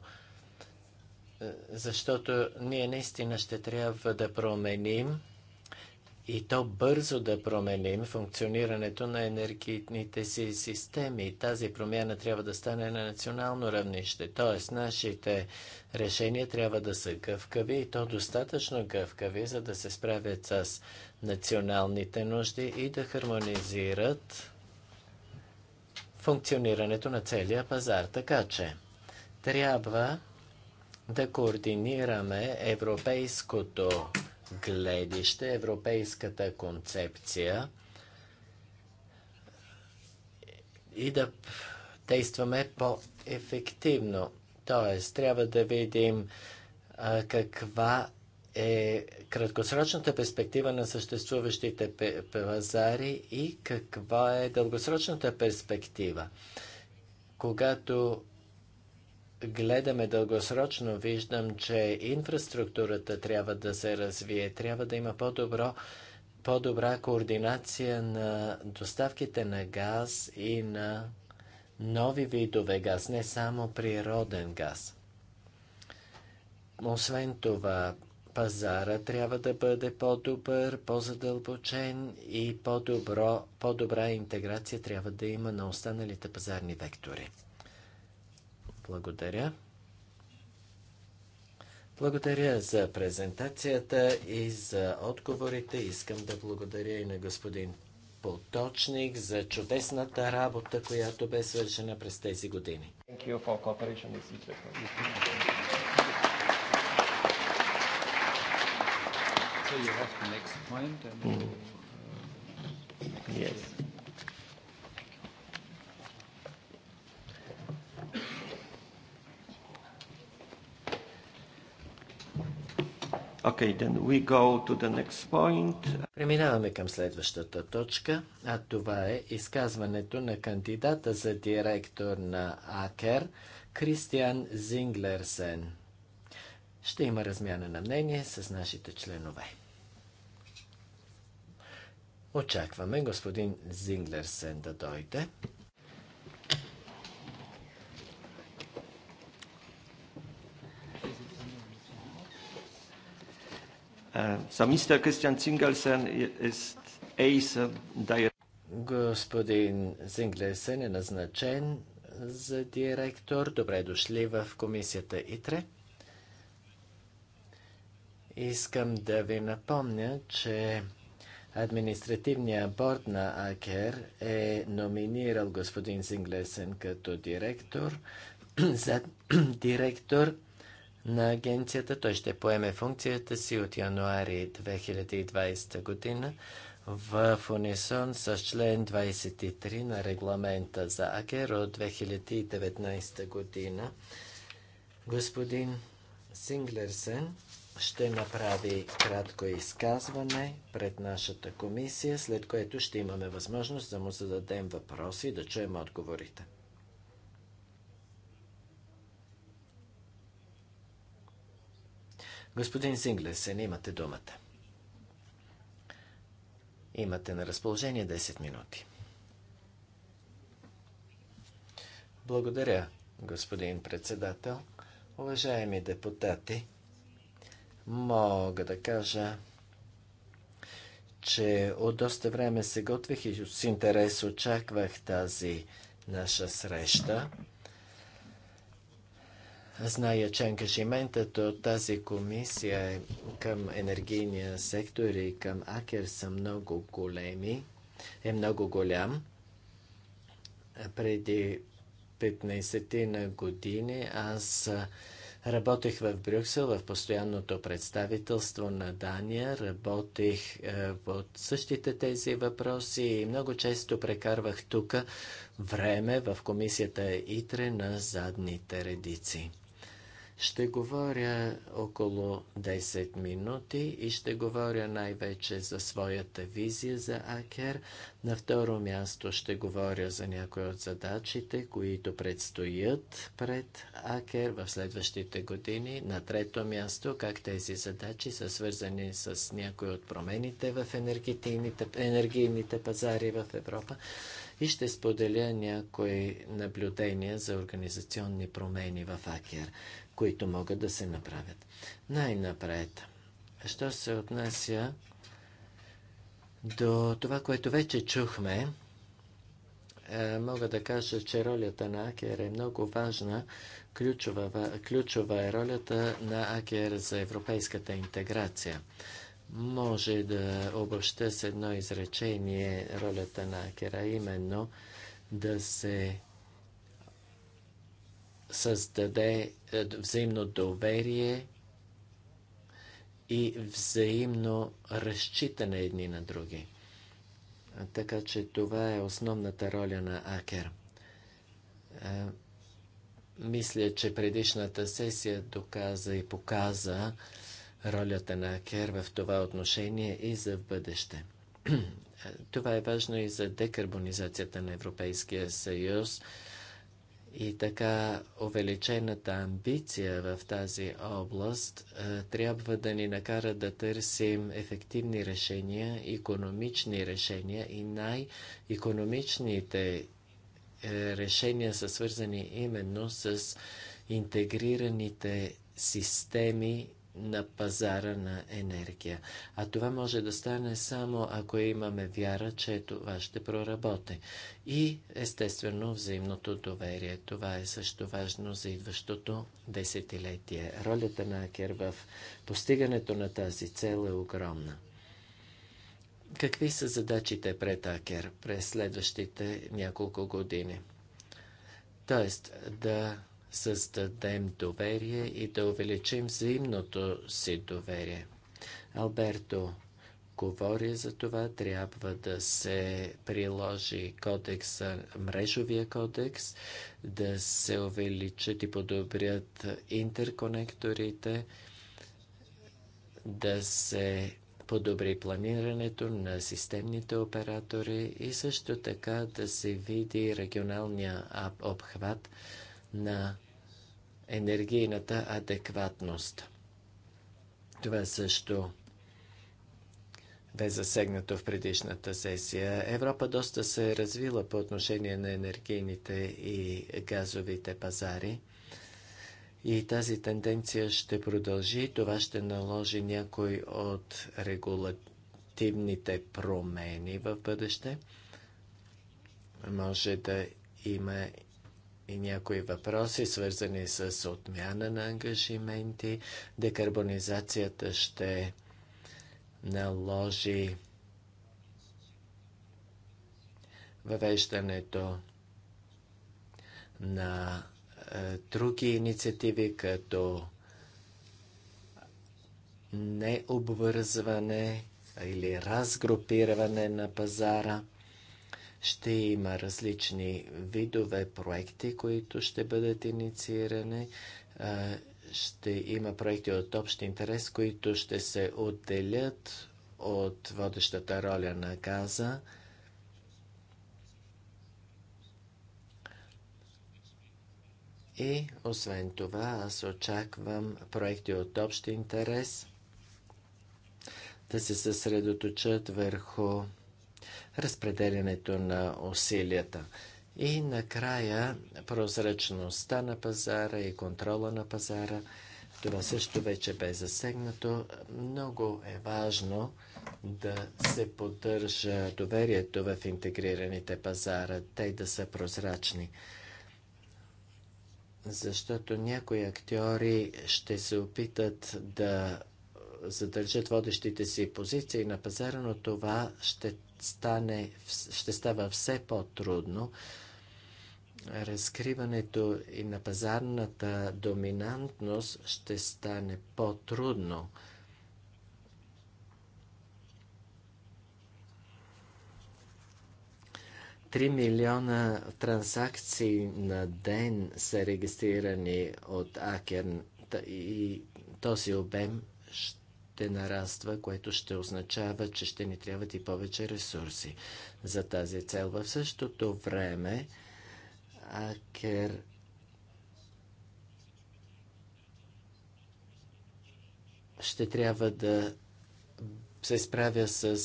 [SPEAKER 4] защото ние наистина ще трябва да променим и то бързо да променим функционирането на енергийните си системи. Тази промяна трябва да стане на национално равнище, т.е. нашите решения трябва да са гъвкави и то достатъчно гъвкави, за да се справят с националните нужди и да хармонизират функционирането на целия пазар. Така че трябва да координираме европейското гледище, европейската концепция и да действаме по-ефективно. Тоест, трябва да видим а, каква е краткосрочната перспектива на съществуващите пазари и каква е дългосрочната перспектива. Когато гледаме дългосрочно, виждам, че инфраструктурата трябва да се развие, трябва да има по-добро по-добра координация на доставките на газ и на нови видове газ, не само природен газ. Освен това, пазара трябва да бъде по-добър, по-задълбочен и по-добра по интеграция трябва да има на останалите пазарни вектори. Благодаря. Благодаря за презентацията и за отговорите. Искам да благодаря и на господин Поточник за чудесната работа, която бе свършена през тези години.
[SPEAKER 1] So you have the next point and mm. yes. Okay, then we go to
[SPEAKER 4] the next point. Преминаваме към следващата точка, а това е изказването на кандидата за директор на АКЕР Кристиан Зинглерсен. Ще има размяна на мнение с нашите членове. Очакваме господин Зинглерсен да
[SPEAKER 1] дойде. Uh, so Mr. Christian Zingelsen is ace director. Господин
[SPEAKER 4] Зинглесен е назначен за директор. Добре дошли в комисията ИТРЕ. Искам да ви напомня, че административният борт на АКЕР е номинирал господин Зинглесен като директор за директор на агенцията. Той ще поеме функцията си от януари 2020 година в унисон с член 23 на регламента за АГЕР от 2019 година. Господин Синглерсен ще направи кратко изказване пред нашата комисия, след което ще имаме възможност да му зададем въпроси и да чуем отговорите. Господин Зинглесен, имате думата. Имате на разположение 10 минути. Благодаря, господин председател. Уважаеми депутати, мога да кажа, че от доста време се готвих и с интерес очаквах тази наша среща. Зная, че ангажиментът от тази комисия към енергийния сектор и към Акер са много големи, е много голям. Преди 15 на години аз Работех в Брюксел, в постоянното представителство на Дания, работех е, от същите тези въпроси и много често прекарвах тук време в комисията ИТРЕ на задните редици. Ще говоря около 10 минути и ще говоря най-вече за своята визия за Акер. На второ място ще говоря за някои от задачите, които предстоят пред Акер в следващите години. На трето място как тези задачи са свързани с някои от промените в енергийните пазари в Европа и ще споделя някои наблюдения за организационни промени в АКЕР които могат да се направят. Най-напред, що се отнася до това, което вече чухме, е, мога да кажа, че ролята на АКЕР е много важна. Ключова, ключова е ролята на акер за европейската интеграция. Може да обобща с едно изречение ролята на акера, именно да се създаде е, взаимно доверие и взаимно разчитане едни на други. Така че това е основната роля на Акер. Е, мисля, че предишната сесия доказа и показа ролята на Акер в това отношение и за в бъдеще. Е, това е важно и за декарбонизацията на Европейския съюз и така увеличената амбиция в тази област е, трябва да ни накара да търсим ефективни решения, економични решения и най-економичните е, решения са свързани именно с интегрираните системи на пазара на енергия. А това може да стане само ако имаме вяра, че това ще проработи. И естествено взаимното доверие. Това е също важно за идващото десетилетие. Ролята на Акер в постигането на тази цел е огромна. Какви са задачите пред Акер през следващите няколко години? Тоест да създадем доверие и да увеличим взаимното си доверие. Алберто говори за това, трябва да се приложи кодекса, мрежовия кодекс, да се увеличат и подобрят интерконекторите, да се подобри планирането на системните оператори и също така да се види регионалния обхват – на енергийната адекватност. Това също бе засегнато в предишната сесия. Европа доста се е развила по отношение на енергийните и газовите пазари. И тази тенденция ще продължи. Това ще наложи някой от регулативните промени в бъдеще. Може да има и някои въпроси, свързани с отмяна на ангажименти. Декарбонизацията ще наложи въвеждането на е, други инициативи, като необвързване или разгрупиране на пазара. Ще има различни видове проекти, които ще бъдат инициирани. Ще има проекти от общ интерес, които ще се отделят от водещата роля на газа. И освен това, аз очаквам проекти от общ интерес да се съсредоточат върху разпределянето на усилията. И накрая прозрачността на пазара и контрола на пазара. Това също вече бе засегнато. Много е важно да се поддържа доверието в интегрираните пазара, те да са прозрачни. Защото някои актьори ще се опитат да задържат водещите си позиции на пазара, но това ще стане, ще става все по-трудно. Разкриването и на пазарната доминантност ще стане по-трудно. Три милиона транзакции на ден са регистрирани от Акерн и този обем ще ще нараства, което ще означава, че ще ни трябват и повече ресурси за тази цел. В същото време, Акер ще трябва да се справя с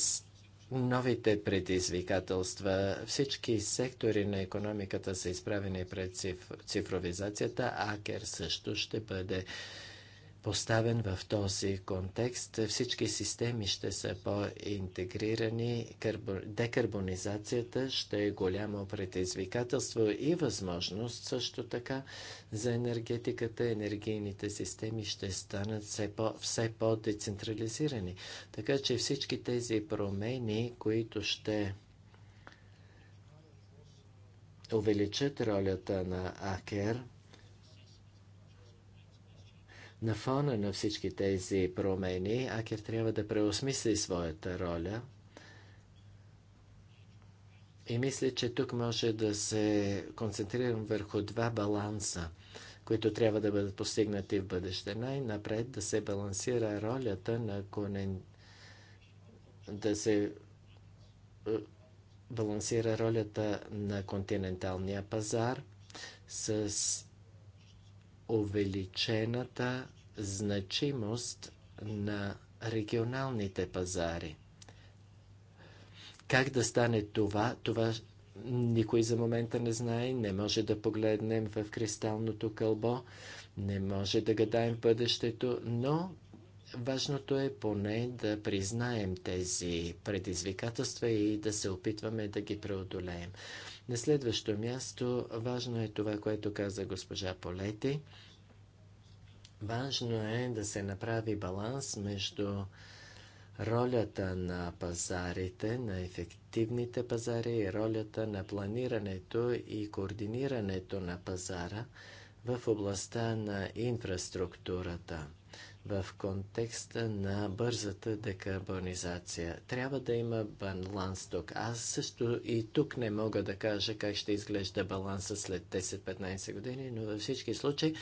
[SPEAKER 4] новите предизвикателства. Всички сектори на економиката са изправени пред цифровизацията. Акер също ще бъде поставен в този контекст. Всички системи ще са по-интегрирани. Декарбонизацията ще е голямо предизвикателство и възможност също така за енергетиката. Енергийните системи ще станат все, по, по-децентрализирани. Така че всички тези промени, които ще увеличат ролята на АКЕР – на фона на всички тези промени, Акер трябва да преосмисли своята роля и мисля, че тук може да се концентрирам върху два баланса, които трябва да бъдат постигнати в бъдеще. Най-напред да се балансира ролята на конен... да се е, балансира ролята на континенталния пазар с увеличената значимост на регионалните пазари. Как да стане това? Това никой за момента не знае, не може да погледнем в кристалното кълбо, не може да гадаем бъдещето, но важното е поне да признаем тези предизвикателства и да се опитваме да ги преодолеем. На следващо място важно е това, което каза госпожа Полети. Важно е да се направи баланс между ролята на пазарите, на ефективните пазари и ролята на планирането и координирането на пазара в областта на инфраструктурата в контекста на бързата декарбонизация. Трябва да има баланс тук. Аз също и тук не мога да кажа как ще изглежда баланса след 10-15 години, но във всички случаи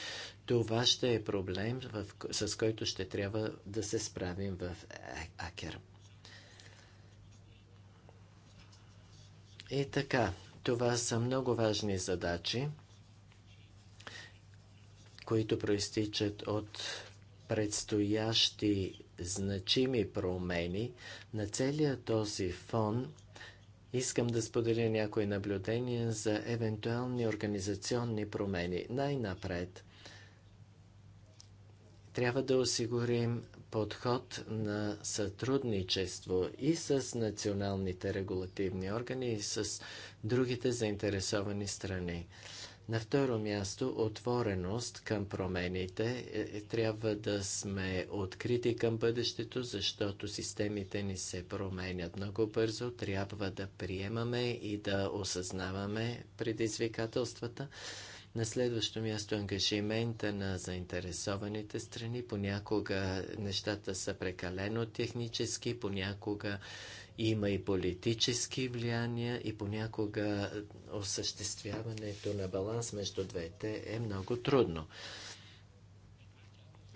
[SPEAKER 4] това ще е проблем, в, с който ще трябва да се справим в Акер. И така, това са много важни задачи, които проистичат от предстоящи значими промени, на целия този фон искам да споделя някои наблюдения за евентуални организационни промени. Най-напред трябва да осигурим подход на сътрудничество и с националните регулативни органи, и с другите заинтересовани страни. На второ място, отвореност към промените. Е, е, трябва да сме открити към бъдещето, защото системите ни се променят много бързо. Трябва да приемаме и да осъзнаваме предизвикателствата. На следващо място ангажимента на заинтересованите страни. Понякога нещата са прекалено технически, понякога има и политически влияния и понякога осъществяването на баланс между двете е много трудно.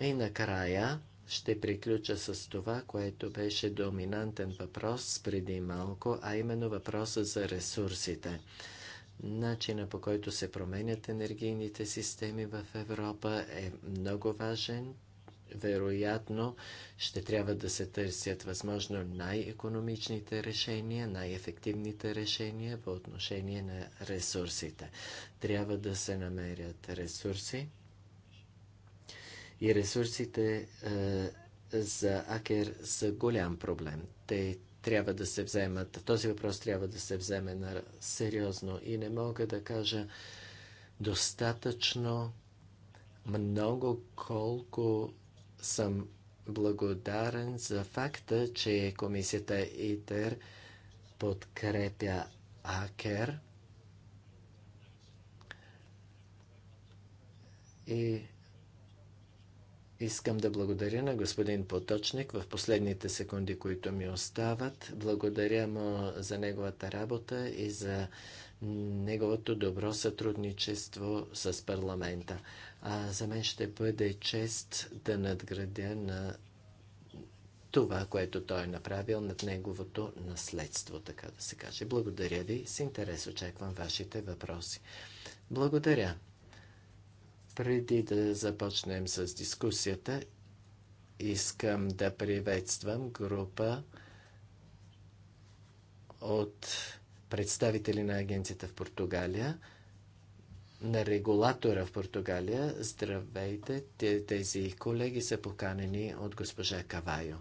[SPEAKER 4] И накрая ще приключа с това, което беше доминантен въпрос преди малко, а именно въпроса за ресурсите. Начина по който се променят енергийните системи в Европа е много важен вероятно ще трябва да се търсят възможно най-економичните решения, най-ефективните решения по отношение на ресурсите. Трябва да се намерят ресурси и ресурсите е, за Акер са голям проблем. Те трябва да се вземат, този въпрос трябва да се вземе на сериозно и не мога да кажа достатъчно много колко съм благодарен за факта, че комисията ИТЕР подкрепя АКЕР и Искам да благодаря на господин Поточник в последните секунди, които ми остават. Благодаря му за неговата работа и за неговото добро сътрудничество с парламента. А за мен ще бъде чест да надградя на това, което той е направил над неговото наследство, така да се каже. Благодаря ви. С интерес очаквам вашите въпроси. Благодаря. Преди да започнем с дискусията, искам да приветствам група от представители на агенцията в Португалия, на регулатора в Португалия. Здравейте, тези колеги са поканени от госпожа Кавайо.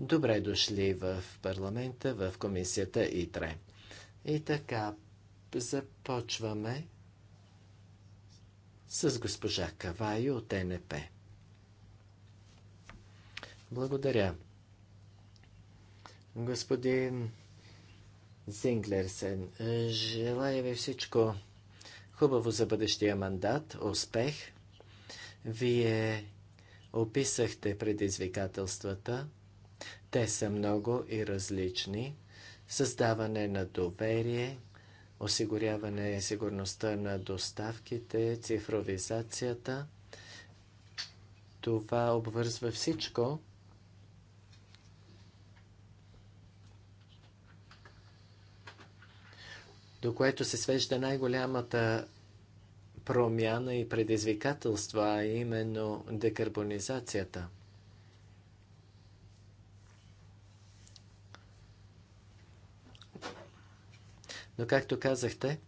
[SPEAKER 4] Добре дошли в парламента, в комисията ИТРЕ. И така, започваме с госпожа Кавайо от НП. Благодаря. Господин Зинглерсен. Е, желая ви всичко хубаво за бъдещия мандат, успех. Вие описахте предизвикателствата. Те са много и различни. Създаване на доверие, осигуряване сигурността на доставките, цифровизацията. Това обвързва всичко до което се свежда най-голямата промяна и предизвикателства, а именно декарбонизацията. Но, както казахте,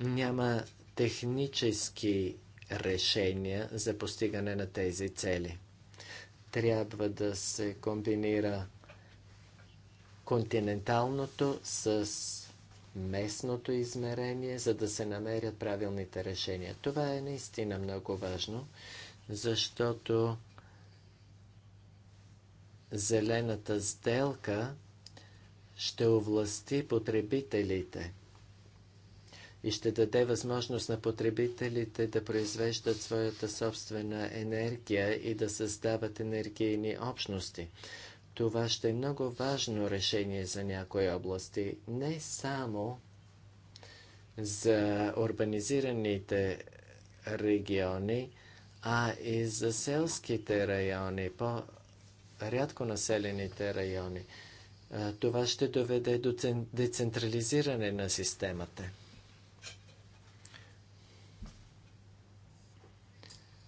[SPEAKER 4] няма технически решения за постигане на тези цели. Трябва да се комбинира континенталното с местното измерение, за да се намерят правилните решения. Това е наистина много важно, защото зелената сделка ще овласти потребителите и ще даде възможност на потребителите да произвеждат своята собствена енергия и да създават енергийни общности. Това ще е много важно решение за някои области, не само за урбанизираните региони, а и за селските райони, по-рядко населените райони. Това ще доведе до децентрализиране на системата.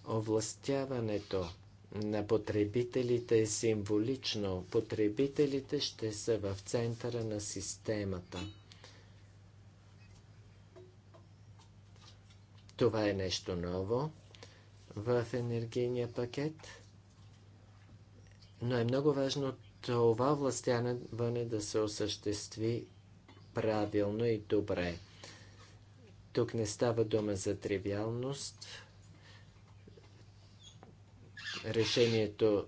[SPEAKER 4] Овластяването на потребителите е символично. Потребителите ще са в центъра на системата. Това е нещо ново в енергийния пакет, но е много важно това властянаване да се осъществи правилно и добре. Тук не става дума за тривиалност, Решението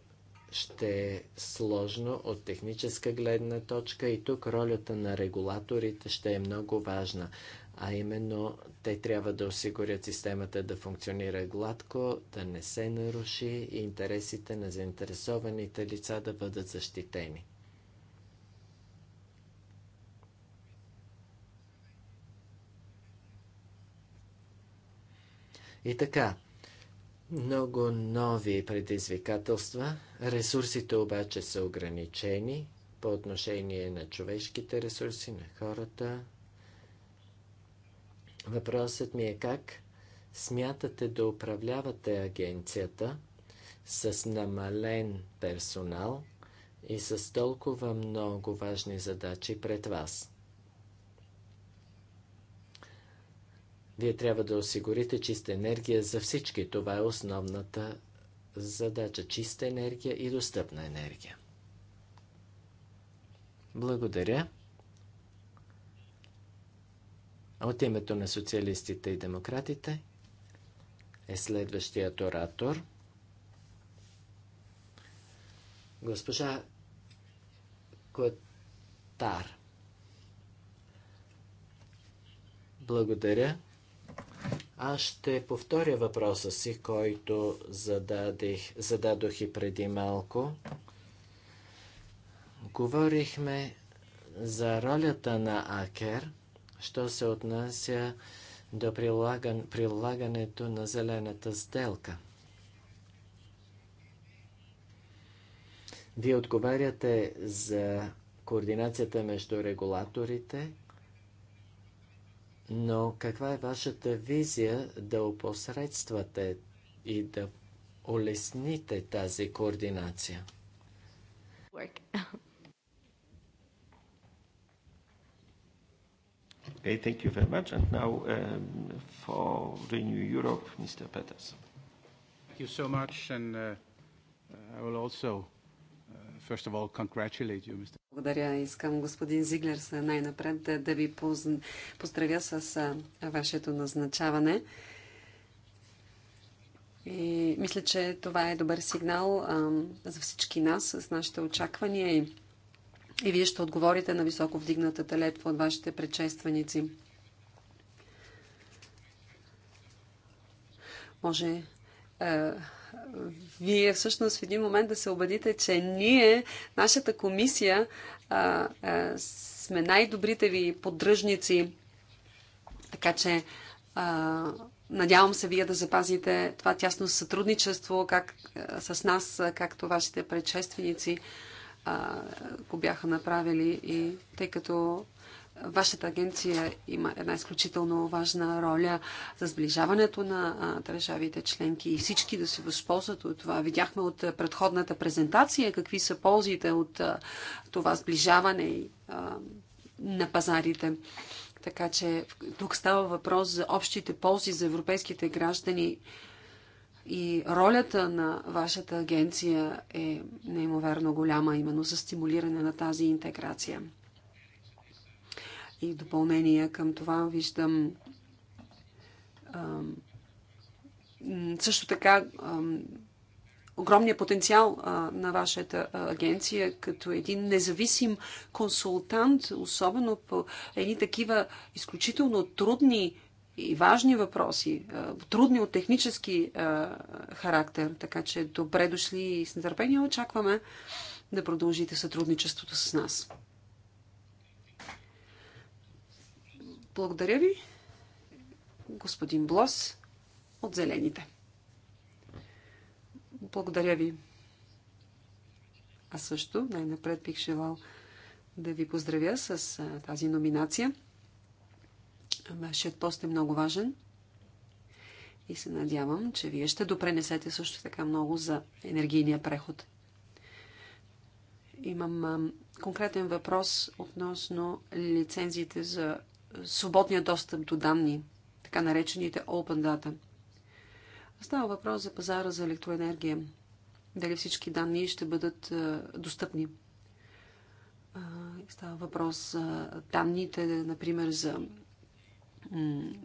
[SPEAKER 4] ще е сложно от техническа гледна точка и тук ролята на регулаторите ще е много важна. А именно, те трябва да осигурят системата да функционира гладко, да не се наруши и интересите на заинтересованите лица да бъдат защитени. И така, много нови предизвикателства. Ресурсите обаче са ограничени по отношение на човешките ресурси, на хората. Въпросът ми е как смятате да управлявате агенцията с намален персонал и с толкова много важни задачи пред вас. Вие трябва да осигурите чиста енергия за всички. Това е основната задача. Чиста енергия и достъпна енергия. Благодаря. От името на социалистите и демократите е следващият оратор. Госпожа Котар. Благодаря. Аз ще повторя въпроса си, който зададих, зададох и преди малко. Говорихме за ролята на Акер, що се отнася до прилаган, прилагането на зелената сделка. Вие отговаряте за координацията между регулаторите – но каква е вашата визия да опосредствате и да улесните тази координация?
[SPEAKER 1] Okay, thank you very much. And now um, for Renew Europe, Mr. Peters.
[SPEAKER 2] Thank you so much, and uh, I will also First of all, congratulate you, Mr.
[SPEAKER 3] Благодаря. Искам господин Зиглер най-напред да, да ви позн... поздравя с а, вашето назначаване. И мисля, че това е добър сигнал а, за всички нас с нашите очаквания и, и вие ще отговорите на високо вдигнатата летва от вашите предшественици. Може а, вие всъщност в един момент да се убедите, че ние, нашата комисия, а, а, сме най-добрите ви поддръжници. Така че а, надявам се вие да запазите това тясно сътрудничество как, а, с нас, както вашите предшественици а, го бяха направили. И тъй като Вашата агенция има една изключително важна роля за сближаването на държавите членки и всички да се възползват от това. Видяхме от предходната презентация какви са ползите от това сближаване на пазарите. Така че тук става въпрос за общите ползи за европейските граждани и ролята на вашата агенция е неимоверно голяма именно за стимулиране на тази интеграция и допълнения към това виждам също така огромния потенциал на вашата агенция като един независим консултант, особено по едни такива изключително трудни и важни въпроси, трудни от технически характер. Така че добре дошли и с нетърпение очакваме да продължите сътрудничеството с нас. Благодаря ви, господин Блос от Зелените. Благодаря ви. Аз също най-напред бих желал да ви поздравя с тази номинация. Вашият пост е много важен и се надявам, че вие ще допренесете също така много за енергийния преход. Имам конкретен въпрос относно лицензиите за свободния достъп до данни, така наречените Open Data. Става въпрос за пазара за електроенергия. Дали всички данни ще бъдат достъпни. Става въпрос за данните, например, за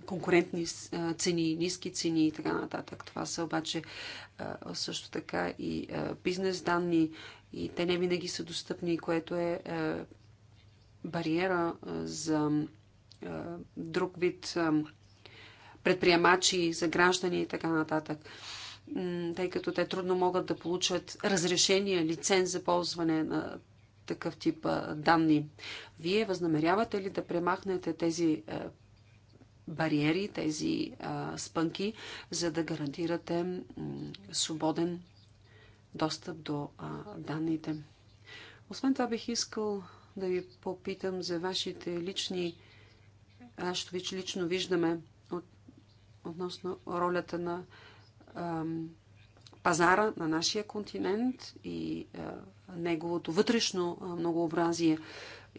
[SPEAKER 3] конкурентни цени, ниски цени и така нататък. Това са обаче също така и бизнес данни и те не винаги са достъпни, което е бариера за е, друг вид е, предприемачи, за граждани и така нататък. Тъй като те трудно могат да получат разрешение, лиценз за ползване на такъв тип е, данни. Вие възнамерявате ли да премахнете тези бариери, тези спънки, за да гарантирате свободен достъп до данните? Освен това бих искал да ви попитам за вашите лични нашето лично виждаме от, относно ролята на ам, пазара на нашия континент и а, неговото вътрешно а, многообразие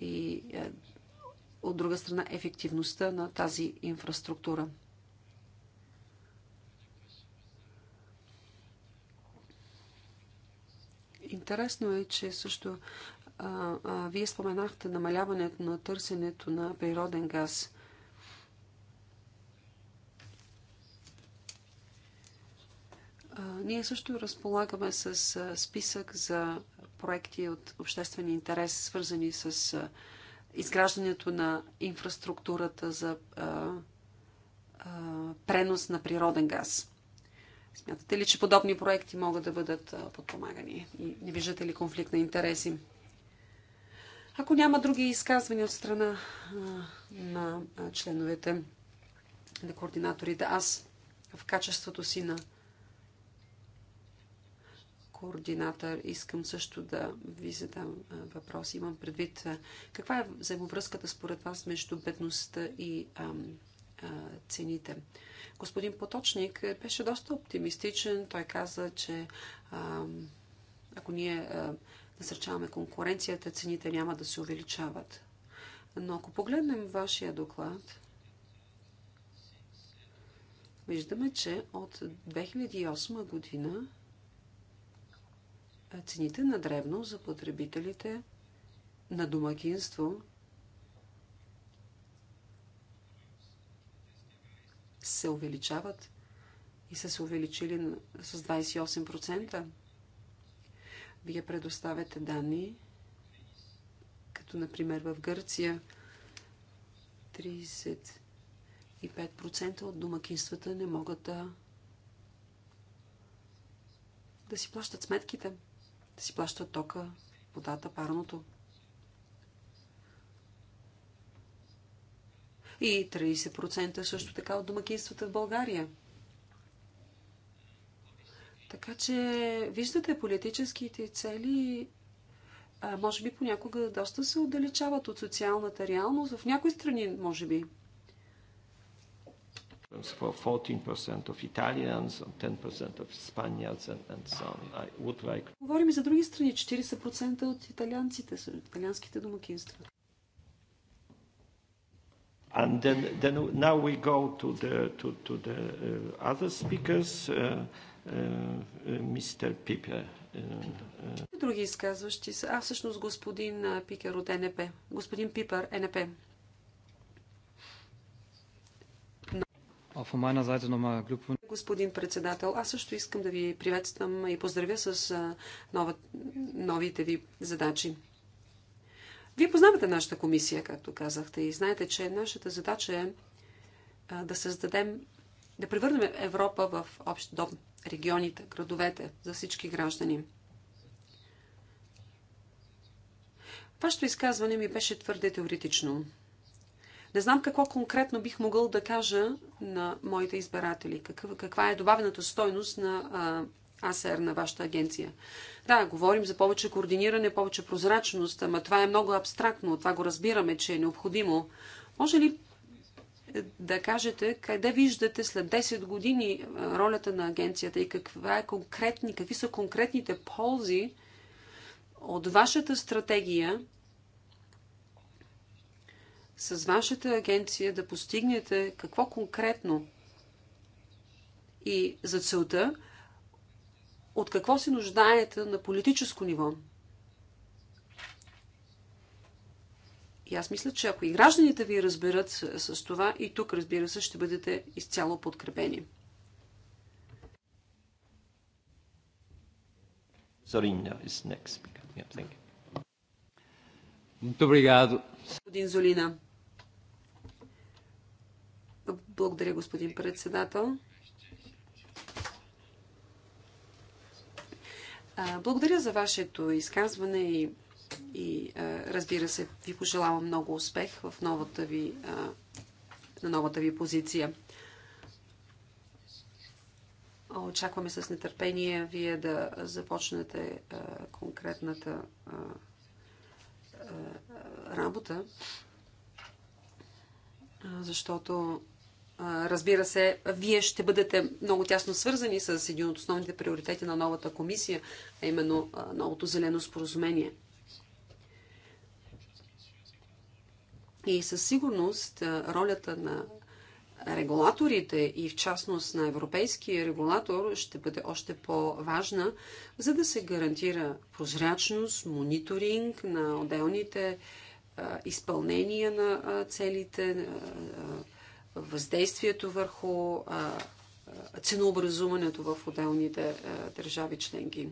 [SPEAKER 3] и а, от друга страна ефективността на тази инфраструктура. Интересно е, че също а, а, вие споменахте намаляването на търсенето на природен газ. Ние също разполагаме с списък за проекти от обществен интерес, свързани с изграждането на инфраструктурата за пренос на природен газ. Смятате ли, че подобни проекти могат да бъдат подпомагани? И не виждате ли конфликт на интереси? Ако няма други изказвания от страна на членовете на координаторите, аз в качеството си на координатор, искам също да ви задам въпрос. Имам предвид каква е взаимовръзката според вас между бедността и а, а, цените. Господин Поточник беше доста оптимистичен. Той каза, че а, ако ние а, насърчаваме конкуренцията, цените няма да се увеличават. Но ако погледнем вашия доклад, виждаме, че от 2008 година цените на древно за потребителите на домакинство се увеличават и са се увеличили с 28%. Вие предоставяте данни, като например в Гърция 35% от домакинствата не могат да да си плащат сметките да си плащат тока, водата, парното. И 30% също така от домакинствата в България. Така че, виждате, политическите цели а, може би понякога доста се отдалечават от социалната реалност. В някои страни, може би,
[SPEAKER 1] for 14% of Italians, 10% of Spaniards and, and so on. I would like...
[SPEAKER 3] Говорим и за други страни. 40% от италианците са италианските домакинства.
[SPEAKER 1] And then, then now we go to the, to, to the uh, other speakers, uh, uh, uh Mr. Piper. Uh, uh...
[SPEAKER 3] Други изказващи са. А, всъщност господин Пикер от НП. Господин Пипер, НП. Господин председател, аз също искам да ви приветствам и поздравя с нова, новите ви задачи. Вие познавате нашата комисия, както казахте, и знаете, че нашата задача е да създадем, да превърнем Европа в общ дом, регионите, градовете, за всички граждани. Вашето изказване ми беше твърде теоретично. Не знам какво конкретно бих могъл да кажа на моите избиратели. каква е добавената стойност на а, АСР, на вашата агенция. Да, говорим за повече координиране, повече прозрачност, ама това е много абстрактно. Това го разбираме, че е необходимо. Може ли е, да кажете къде виждате след 10 години ролята на агенцията и каква е конкретни, какви са конкретните ползи от вашата стратегия с вашата агенция да постигнете какво конкретно и за целта, от какво се нуждаете на политическо ниво. И аз мисля, че ако и гражданите ви разберат с, с това, и тук, разбира се, ще бъдете изцяло подкрепени.
[SPEAKER 1] Sorry, no, next speaker. Yeah, thank you
[SPEAKER 2] obrigado.
[SPEAKER 3] Господин Золина. Благодаря, господин председател. Благодаря за вашето изказване и, и разбира се, ви пожелавам много успех в новата ви, на новата ви позиция. Очакваме с нетърпение вие да започнете конкретната работа, защото Разбира се, вие ще бъдете много тясно свързани с един от основните приоритети на новата комисия, а именно новото зелено споразумение. И със сигурност ролята на регулаторите и в частност на европейския регулатор ще бъде още по-важна, за да се гарантира прозрачност, мониторинг на отделните изпълнения на целите, въздействието върху ценообразуването в отделните държави членки.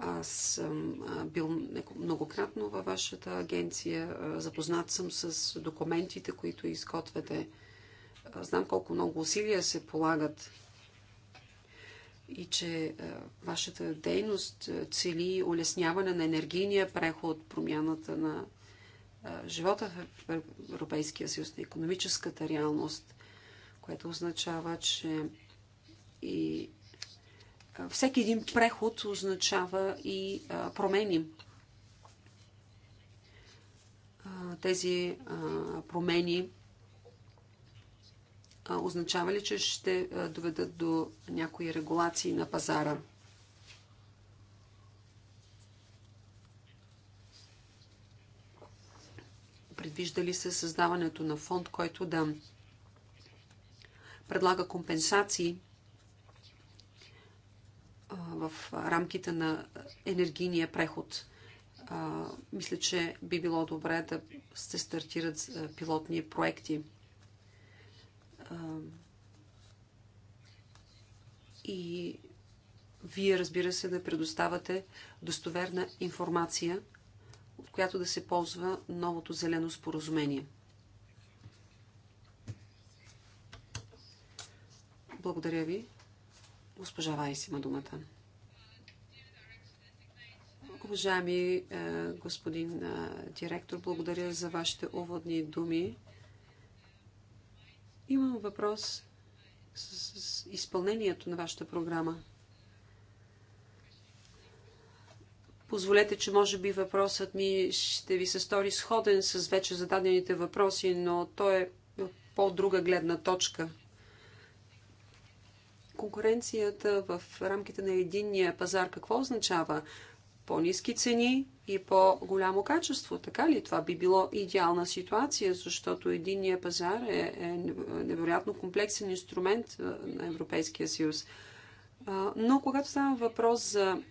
[SPEAKER 3] Аз съм бил многократно във вашата агенция, запознат съм с документите, които изготвяте. Знам колко много усилия се полагат и че вашата дейност цели улесняване на енергийния преход, промяната на живота в Европейския съюз, на економическата реалност, което означава, че и всеки един преход означава и промени. Тези промени означава ли, че ще доведат до някои регулации на пазара? Предвижда ли се създаването на фонд, който да предлага компенсации в рамките на енергийния преход. Мисля, че би било добре да се стартират пилотни проекти. И вие, разбира се, да предоставате достоверна информация, от която да се ползва новото зелено споразумение. Благодаря ви. Госпожа Вайс има думата. Уважаеми е, господин е, директор, благодаря за вашите уводни думи. Имам въпрос с изпълнението на вашата програма. Позволете, че може би въпросът ми ще ви се стори сходен с вече зададените въпроси, но той е по-друга гледна точка – конкуренцията в рамките на единния пазар какво означава? По-низки цени и по-голямо качество. Така ли? Това би било идеална ситуация, защото единния пазар е, е невероятно комплексен инструмент на Европейския съюз. Но когато става въпрос за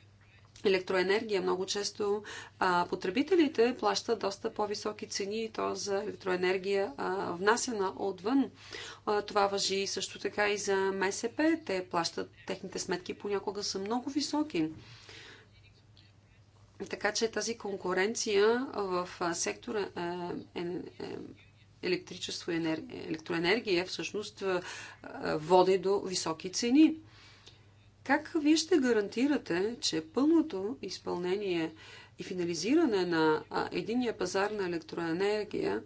[SPEAKER 3] електроенергия. Много често а, потребителите плащат доста по-високи цени и то за електроенергия а, внасена отвън. А, това въжи също така и за МСП. Те плащат, техните сметки понякога са много високи. Така че тази конкуренция в сектора е, е, електричество и енер... електроенергия всъщност води до високи цени. Как вие ще гарантирате, че пълното изпълнение и финализиране на единия пазар на електроенергия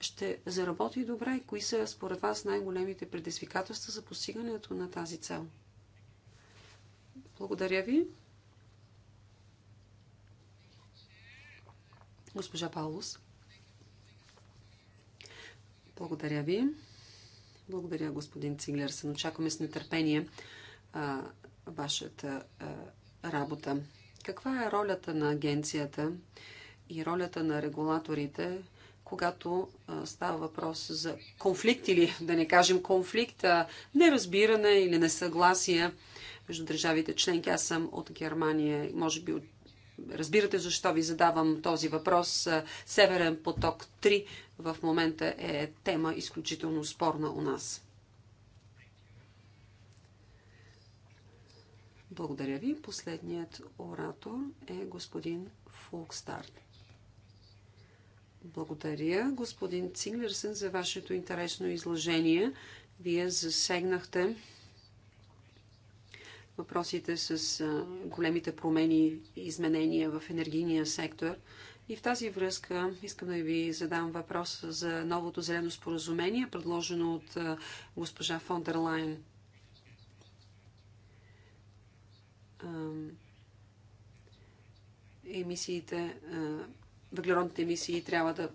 [SPEAKER 3] ще заработи добре и кои са според вас най-големите предизвикателства за постигането на тази цел? Благодаря ви. Госпожа Паулус. Благодаря ви. Благодаря, господин Циглерсен. Очакваме с нетърпение вашата работа. Каква е ролята на агенцията и ролята на регулаторите, когато става въпрос за конфликт или да не кажем конфликт, неразбиране или несъгласие между държавите членки? Аз съм от Германия, може би от Разбирате защо ви задавам този въпрос. Северен поток 3 в момента е тема изключително спорна у нас. Благодаря ви. Последният оратор е господин Фолкстар. Благодаря, господин Цинглерсен, за вашето интересно изложение. Вие засегнахте въпросите с големите промени и изменения в енергийния сектор. И в тази връзка искам да ви задам въпрос за новото зелено споразумение, предложено от госпожа фон Лайн. емисиите, въглеродните емисии трябва да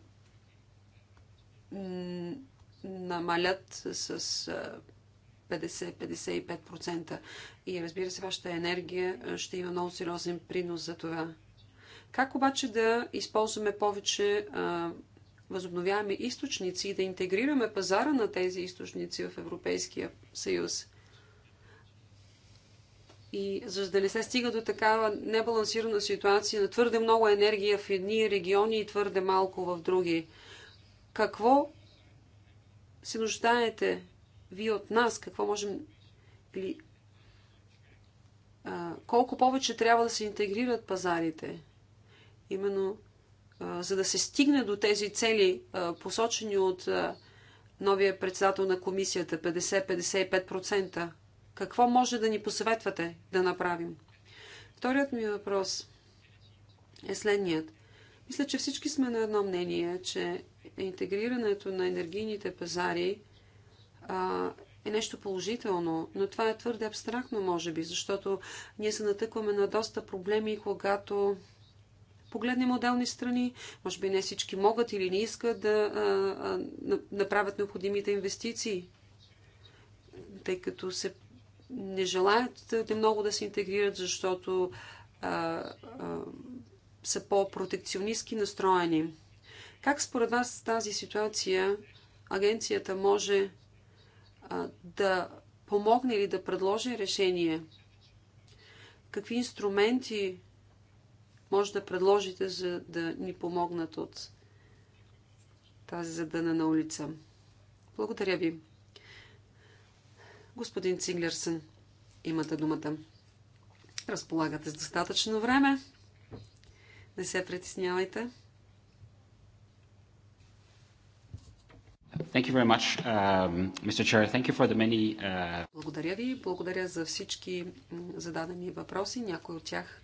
[SPEAKER 3] намалят с 50-55%. И разбира се, вашата енергия ще има много сериозен принос за това. Как обаче да използваме повече възобновяеми източници и да интегрираме пазара на тези източници в Европейския съюз? И за да не се стига до такава небалансирана ситуация на твърде много енергия в едни региони и твърде малко в други. Какво се нуждаете вие от нас? Какво можем или а, колко повече трябва да се интегрират пазарите? Именно а, за да се стигне до тези цели, а, посочени от а, новия председател на комисията 50-55%. Какво може да ни посъветвате да направим? Вторият ми въпрос е следният. Мисля, че всички сме на едно мнение, че интегрирането на енергийните пазари а, е нещо положително, но това е твърде абстрактно, може би, защото ние се натъкваме на доста проблеми, когато погледнем отделни страни. Може би не всички могат или не искат да а, а, направят необходимите инвестиции, тъй като се не желаят да много да се интегрират, защото а, а, са по-протекционистки настроени. Как според вас тази ситуация агенцията може а, да помогне или да предложи решение? Какви инструменти може да предложите, за да ни помогнат от тази задъна на улица? Благодаря ви. Господин Циглерсън, имате думата. Разполагате с достатъчно време. Не се притеснявайте. Thank you very much, um, Mr. Chair. Thank you for the many, uh... Благодаря ви. Благодаря за всички зададени въпроси. Някои от тях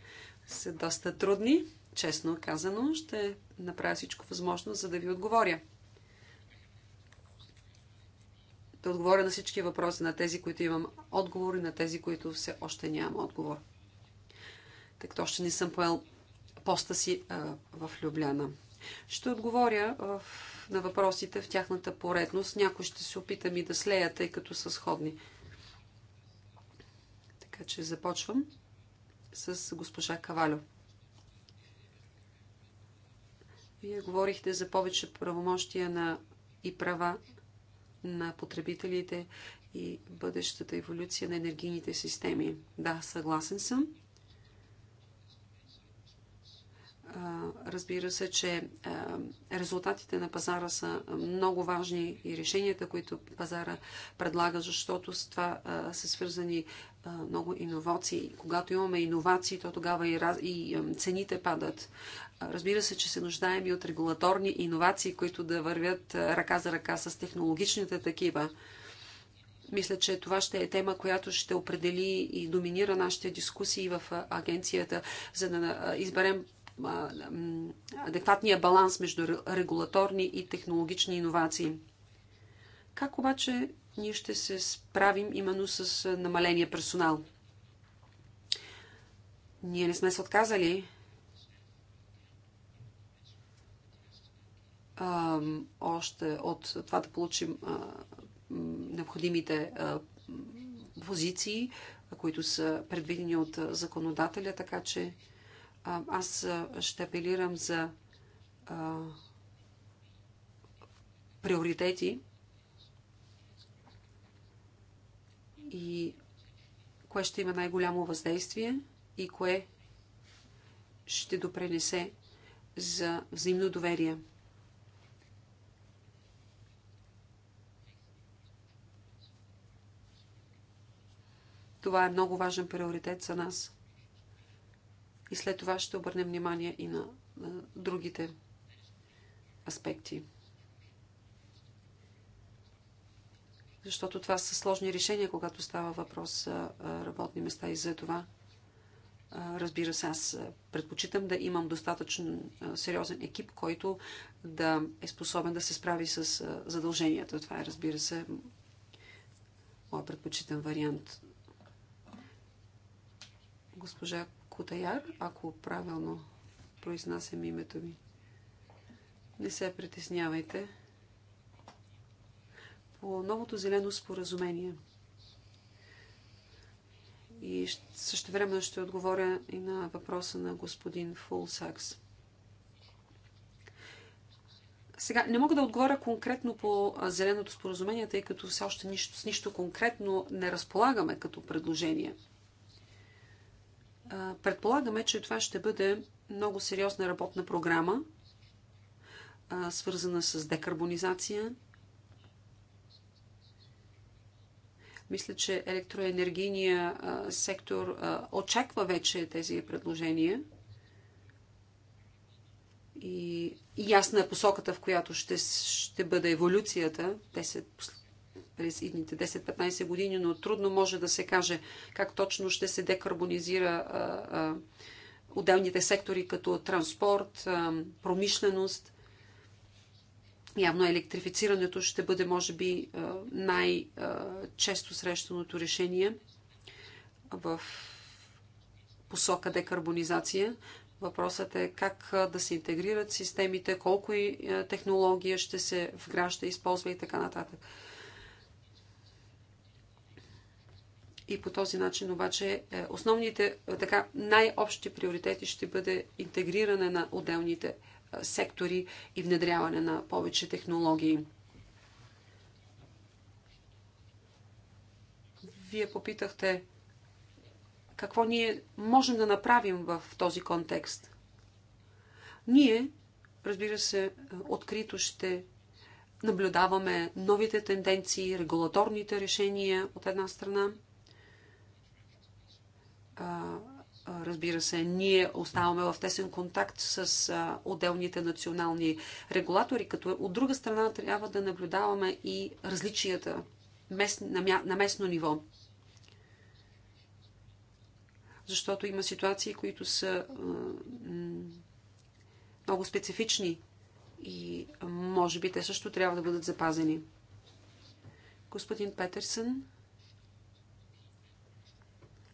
[SPEAKER 3] са доста трудни. Честно казано, ще направя всичко възможно, за да ви отговоря. да отговоря на всички въпроси, на тези, които имам отговор и на тези, които все още нямам отговор. Тъй като още не съм поел поста си а, в Любляна. Ще отговоря в, на въпросите в тяхната поредност. Някой ще се опитам и да слея, тъй като са сходни. Така че започвам с госпожа Кавалю. Вие говорихте за повече правомощия на и права на потребителите и бъдещата еволюция на енергийните системи. Да, съгласен съм. Разбира се, че резултатите на пазара са много важни и решенията, които пазара предлага, защото с това са свързани много иновации. Когато имаме иновации, то тогава и, цените падат. Разбира се, че се нуждаем и от регулаторни иновации, които да вървят ръка за ръка с технологичните такива. Мисля, че това ще е тема, която ще определи и доминира нашите дискусии в агенцията, за да изберем адекватния баланс между регулаторни и технологични иновации. Как обаче ние ще се справим именно с намаления персонал? Ние не сме се отказали а, още от това да получим а, необходимите а, позиции, които са предвидени от законодателя, така че аз ще апелирам за а, приоритети и кое ще има най-голямо въздействие и кое ще допренесе за взаимно доверие. Това е много важен приоритет за нас и след това ще обърнем внимание и на, на другите аспекти. Защото това са сложни решения, когато става въпрос за работни места и за това. Разбира се, аз предпочитам да имам достатъчно сериозен екип, който да е способен да се справи с задълженията. Това е, разбира се, моят предпочитан вариант. Госпожа Котаяр, ако правилно произнасям името ми. Не се притеснявайте. По новото зелено споразумение. И също време ще отговоря и на въпроса на господин Фулсакс. Сега, не мога да отговоря конкретно по зеленото споразумение, тъй като все още нищо, с нищо конкретно не разполагаме като предложение – Предполагаме, че това ще бъде много сериозна работна програма, свързана с декарбонизация. Мисля, че електроенергийния сектор очаква вече тези предложения. И, ясна е посоката, в която ще, ще бъде еволюцията. Те се през идните 10-15 години, но трудно може да се каже как точно ще се декарбонизира а, а, отделните сектори, като транспорт, а, промишленост. Явно електрифицирането ще бъде, може би, най-често срещаното решение в посока декарбонизация. Въпросът е как да се интегрират системите, колко и технология ще се вгражда, използва и така нататък. И по този начин обаче е, основните, е, така най-общи приоритети ще бъде интегриране на отделните е, сектори и внедряване на повече технологии. Вие попитахте какво ние можем да направим в този контекст. Ние, разбира се, открито ще наблюдаваме новите тенденции, регулаторните решения от една страна – Разбира се, ние оставаме в тесен контакт с отделните национални регулатори, като от друга страна трябва да наблюдаваме и различията на местно ниво. Защото има ситуации, които са много специфични и може би те също трябва да бъдат запазени. Господин Петерсън,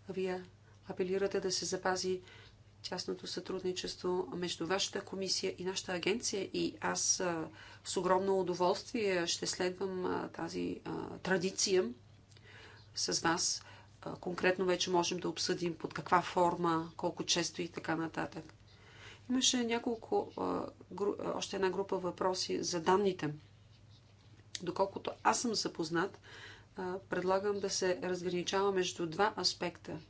[SPEAKER 3] вие апелирате да се запази тясното сътрудничество между вашата комисия и нашата агенция. И аз с огромно удоволствие ще следвам тази традиция с вас. Конкретно вече можем да обсъдим под каква форма, колко често и така нататък. Имаше няколко, още една група въпроси за данните. Доколкото аз съм запознат, предлагам да се разграничава между два аспекта –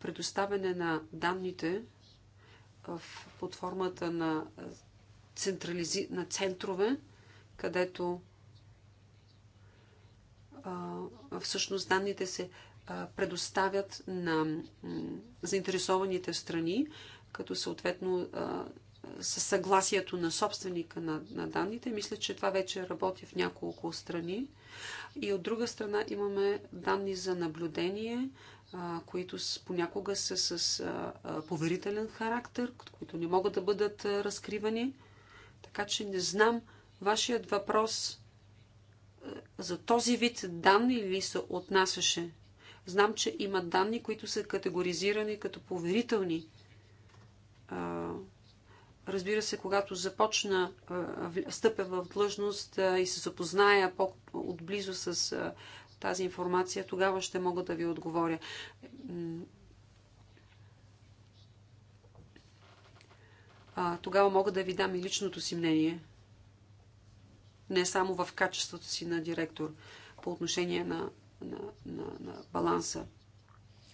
[SPEAKER 3] предоставяне на данните под формата на, централизи... на центрове, където всъщност данните се предоставят на заинтересованите страни, като съответно със съгласието на собственика на, на данните. Мисля, че това вече работи в няколко страни. И от друга страна имаме данни за наблюдение, които понякога са с поверителен характер, които не могат да бъдат разкривани. Така че не знам вашият въпрос за този вид данни ли се отнасяше. Знам, че има данни, които са категоризирани като поверителни. Разбира се, когато започна, стъпя в длъжност и се запозная по-отблизо с тази информация, тогава ще мога да ви отговоря. А, тогава мога да ви дам и личното си мнение, не само в качеството си на директор по отношение на, на, на, на баланса.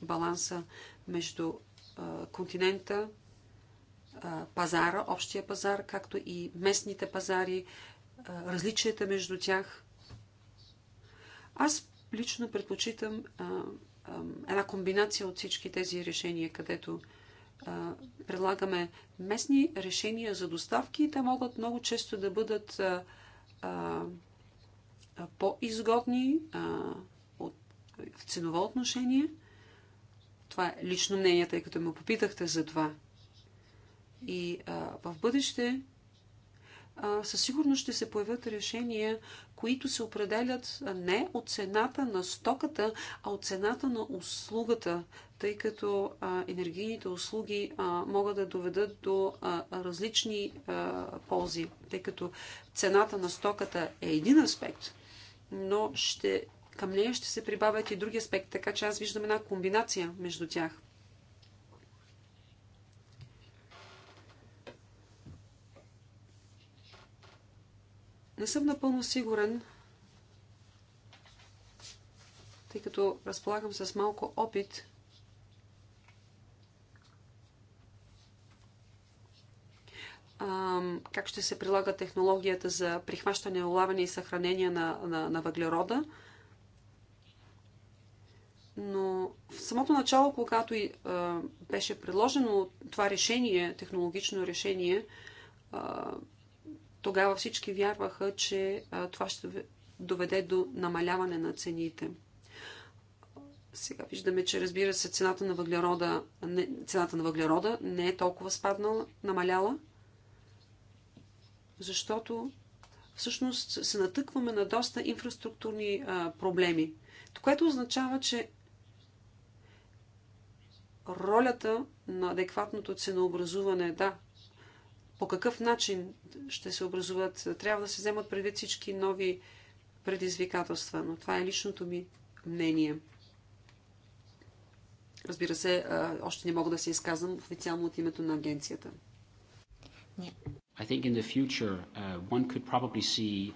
[SPEAKER 3] Баланса между а, континента, а, пазара, общия пазар, както и местните пазари, а, различията между тях. Аз лично предпочитам а, а, една комбинация от всички тези решения, където а, предлагаме местни решения за доставки. Те могат много често да бъдат по-изгодни от, в ценово отношение. Това е лично мнение, тъй като ме попитахте за това. И а, в бъдеще със сигурност ще се появят решения, които се определят не от цената на стоката, а от цената на услугата, тъй като енергийните услуги могат да доведат до различни ползи, тъй като цената на стоката е един аспект, но ще, към нея ще се прибавят и други аспекти, така че аз виждам една комбинация между тях. Не съм напълно сигурен, тъй като разполагам с малко опит. как ще се прилага технологията за прихващане, улавяне и съхранение на, на, на въглерода. Но в самото начало, когато и, а, беше предложено това решение, технологично решение, а, тогава всички вярваха, че това ще доведе до намаляване на цените. Сега виждаме, че разбира се цената на въглерода, не, цената на въглерода не е толкова спаднала, намаляла, защото всъщност се натъкваме на доста инфраструктурни а, проблеми, което означава, че ролята на адекватното ценообразуване, да, по какъв начин ще се образуват. Трябва да се вземат предвид всички нови предизвикателства, но това е личното ми мнение. Разбира се, още не мога да се изказвам официално от името на агенцията. I think in the future uh, one could probably see...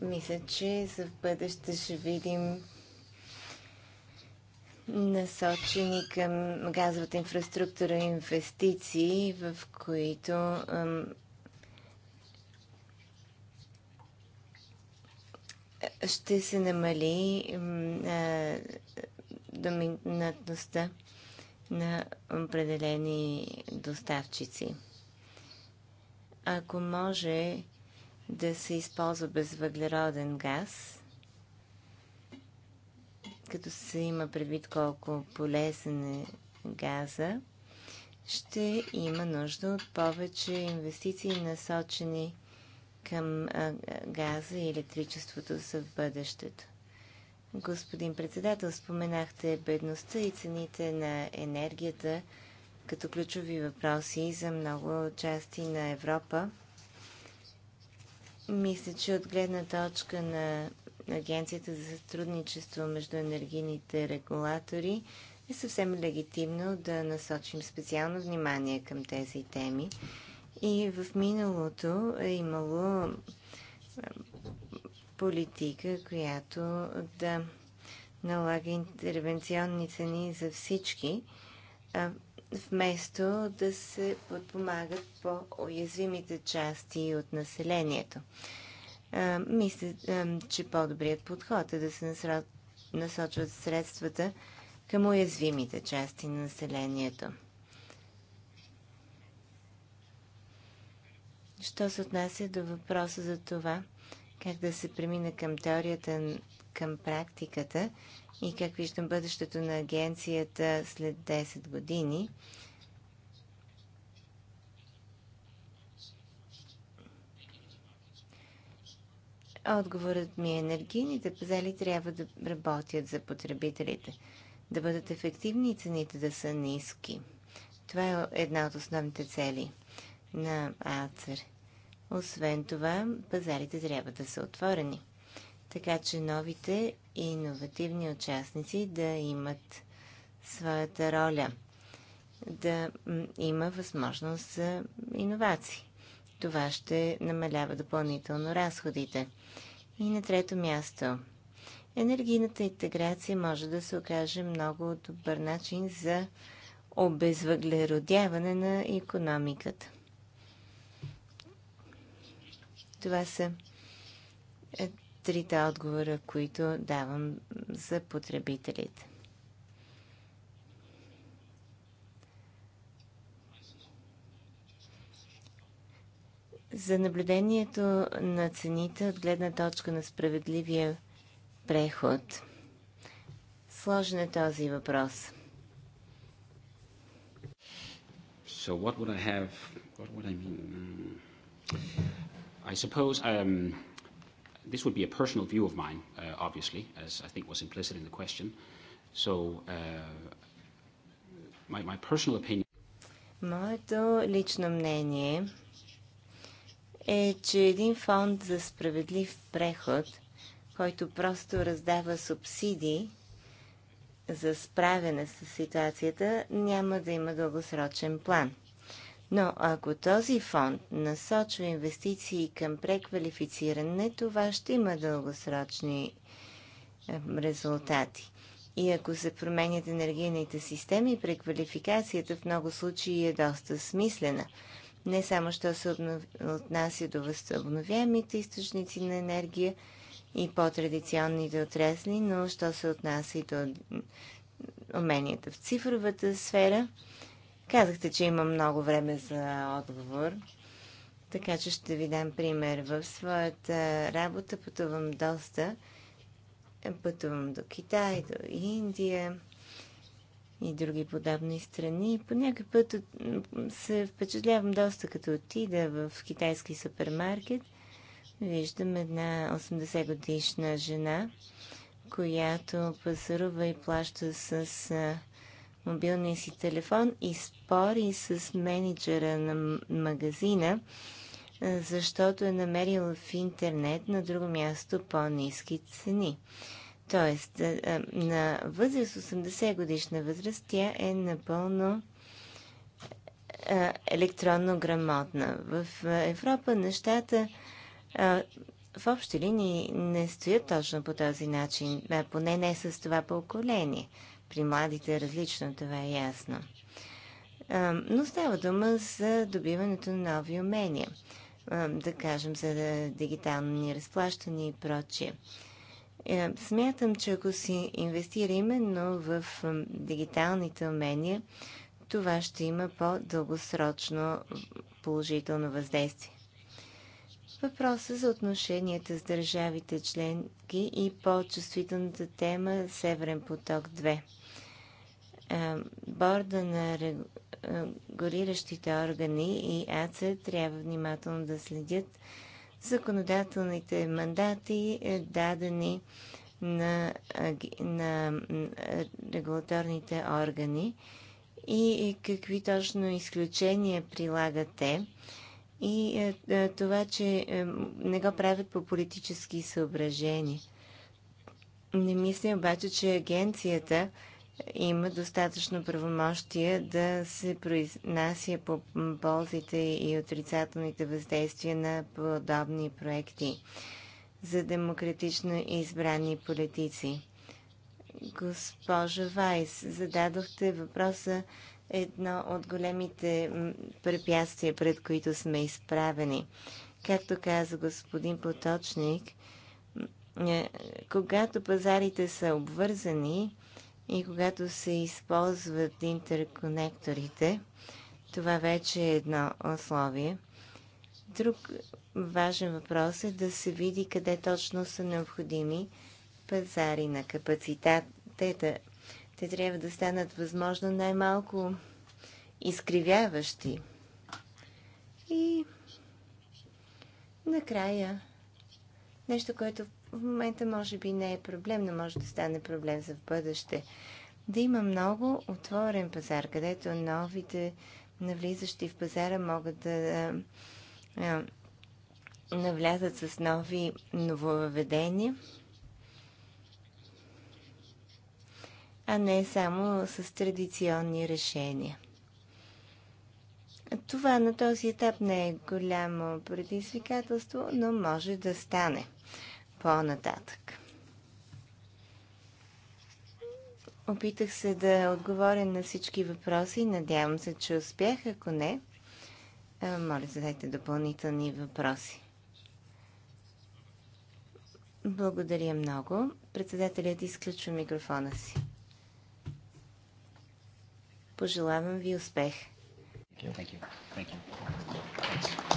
[SPEAKER 3] Мисля,
[SPEAKER 2] че за в бъдеще ще видим насочени към газовата инфраструктура и инвестиции, в които ще се намали доминантността на определени доставчици. Ако може да се използва безвъглероден газ, като се има предвид колко полезен е газа, ще има нужда от повече инвестиции, насочени към газа и електричеството за бъдещето. Господин председател, споменахте бедността и цените на енергията като ключови въпроси за много части на Европа. Мисля, че от гледна точка на Агенцията за сътрудничество между енергийните регулатори, е съвсем легитимно да насочим специално внимание към тези теми. И в миналото е имало политика, която да налага интервенционни цени за всички, вместо да се подпомагат по-уязвимите части от населението мисля, че по-добрият подход е да се насочват средствата към уязвимите части на населението. Що се отнася до въпроса за това, как да се премина към теорията, към практиката и как виждам бъдещето на агенцията след 10 години, Отговорът ми е енергийните пазари трябва да работят за потребителите, да бъдат ефективни и цените да са ниски. Това е една от основните цели на АЦЕР. Освен това, пазарите трябва да са отворени, така че новите и иновативни участници да имат своята роля, да има възможност за иновации. Това ще намалява допълнително разходите. И на трето място. Енергийната интеграция може да се окаже много добър начин за обезвъглеродяване на економиката. Това са е, трите отговора, които давам за потребителите. за наблюдението на цените от гледна точка на справедливия преход. Сложен е този въпрос.
[SPEAKER 1] So what would I have? What would I
[SPEAKER 3] mean? I suppose um, this would be a personal view of mine, uh, obviously, as I think was implicit in the question. So uh, my, my personal opinion.
[SPEAKER 2] Моето лично мнение е, че един фонд за справедлив преход, който просто раздава субсидии за справяне с ситуацията, няма да има дългосрочен план. Но ако този фонд насочва инвестиции към преквалифициране, това ще има дългосрочни е, резултати. И ако се променят енергийните системи, преквалификацията в много случаи е доста смислена – не само що се отнася до възобновяемите източници на енергия и по-традиционните отрасли, но що се отнася и до уменията в цифровата сфера. Казахте, че има много време за отговор, така че ще ви дам пример. В своята работа пътувам доста. Пътувам до Китай, до Индия, и други подобни страни. По някакъв път се впечатлявам доста като отида в китайски супермаркет. Виждам една 80 годишна жена, която пазарува и плаща с мобилния си телефон и спори с менеджера на магазина, защото е намерила в интернет на друго място по-низки цени. Тоест, е, е, на възраст 80 годишна възраст тя е напълно е, електронно грамотна. В Европа нещата в общи линии не стоят точно по този начин, поне не с това поколение. При младите е различно, това е ясно. Но става дума за добиването на нови умения, да кажем за дигитални разплащания и прочие. Е, смятам, че ако се инвестира именно в дигиталните умения, това ще има по-дългосрочно положително въздействие. Въпроса за отношенията с държавите членки и по-чувствителната тема е Северен поток 2. Е, борда на регулиращите органи и АЦ трябва внимателно да следят законодателните мандати, е, дадени на, на е, регулаторните органи и какви точно изключения прилагат те. И е, това, че не го правят по политически съображения. Не мисля обаче, че агенцията има достатъчно правомощия да се произнася по ползите и отрицателните въздействия на подобни проекти за демократично избрани политици. Госпожа Вайс, зададохте въпроса едно от големите препятствия, пред които сме изправени. Както каза господин Поточник, е, когато пазарите са обвързани, и когато се използват интерконекторите, това вече е едно условие. Друг важен въпрос е да се види къде точно са необходими пазари на капацитет. Те, да, те трябва да станат възможно най-малко изкривяващи. И накрая нещо, което в момента може би не е проблем, но може да стане проблем за в бъдеще. Да има много отворен пазар, където новите навлизащи в пазара могат да, навлязат с нови нововъведения, а не само с традиционни решения. Това на този етап не е голямо предизвикателство, но може да стане по-нататък. Опитах се да отговоря на всички въпроси. Надявам се, че успях. Ако не, моля, задайте допълнителни въпроси. Благодаря много. Председателят изключва микрофона си. Пожелавам ви успех.
[SPEAKER 3] Thank you. Thank you. Thank you.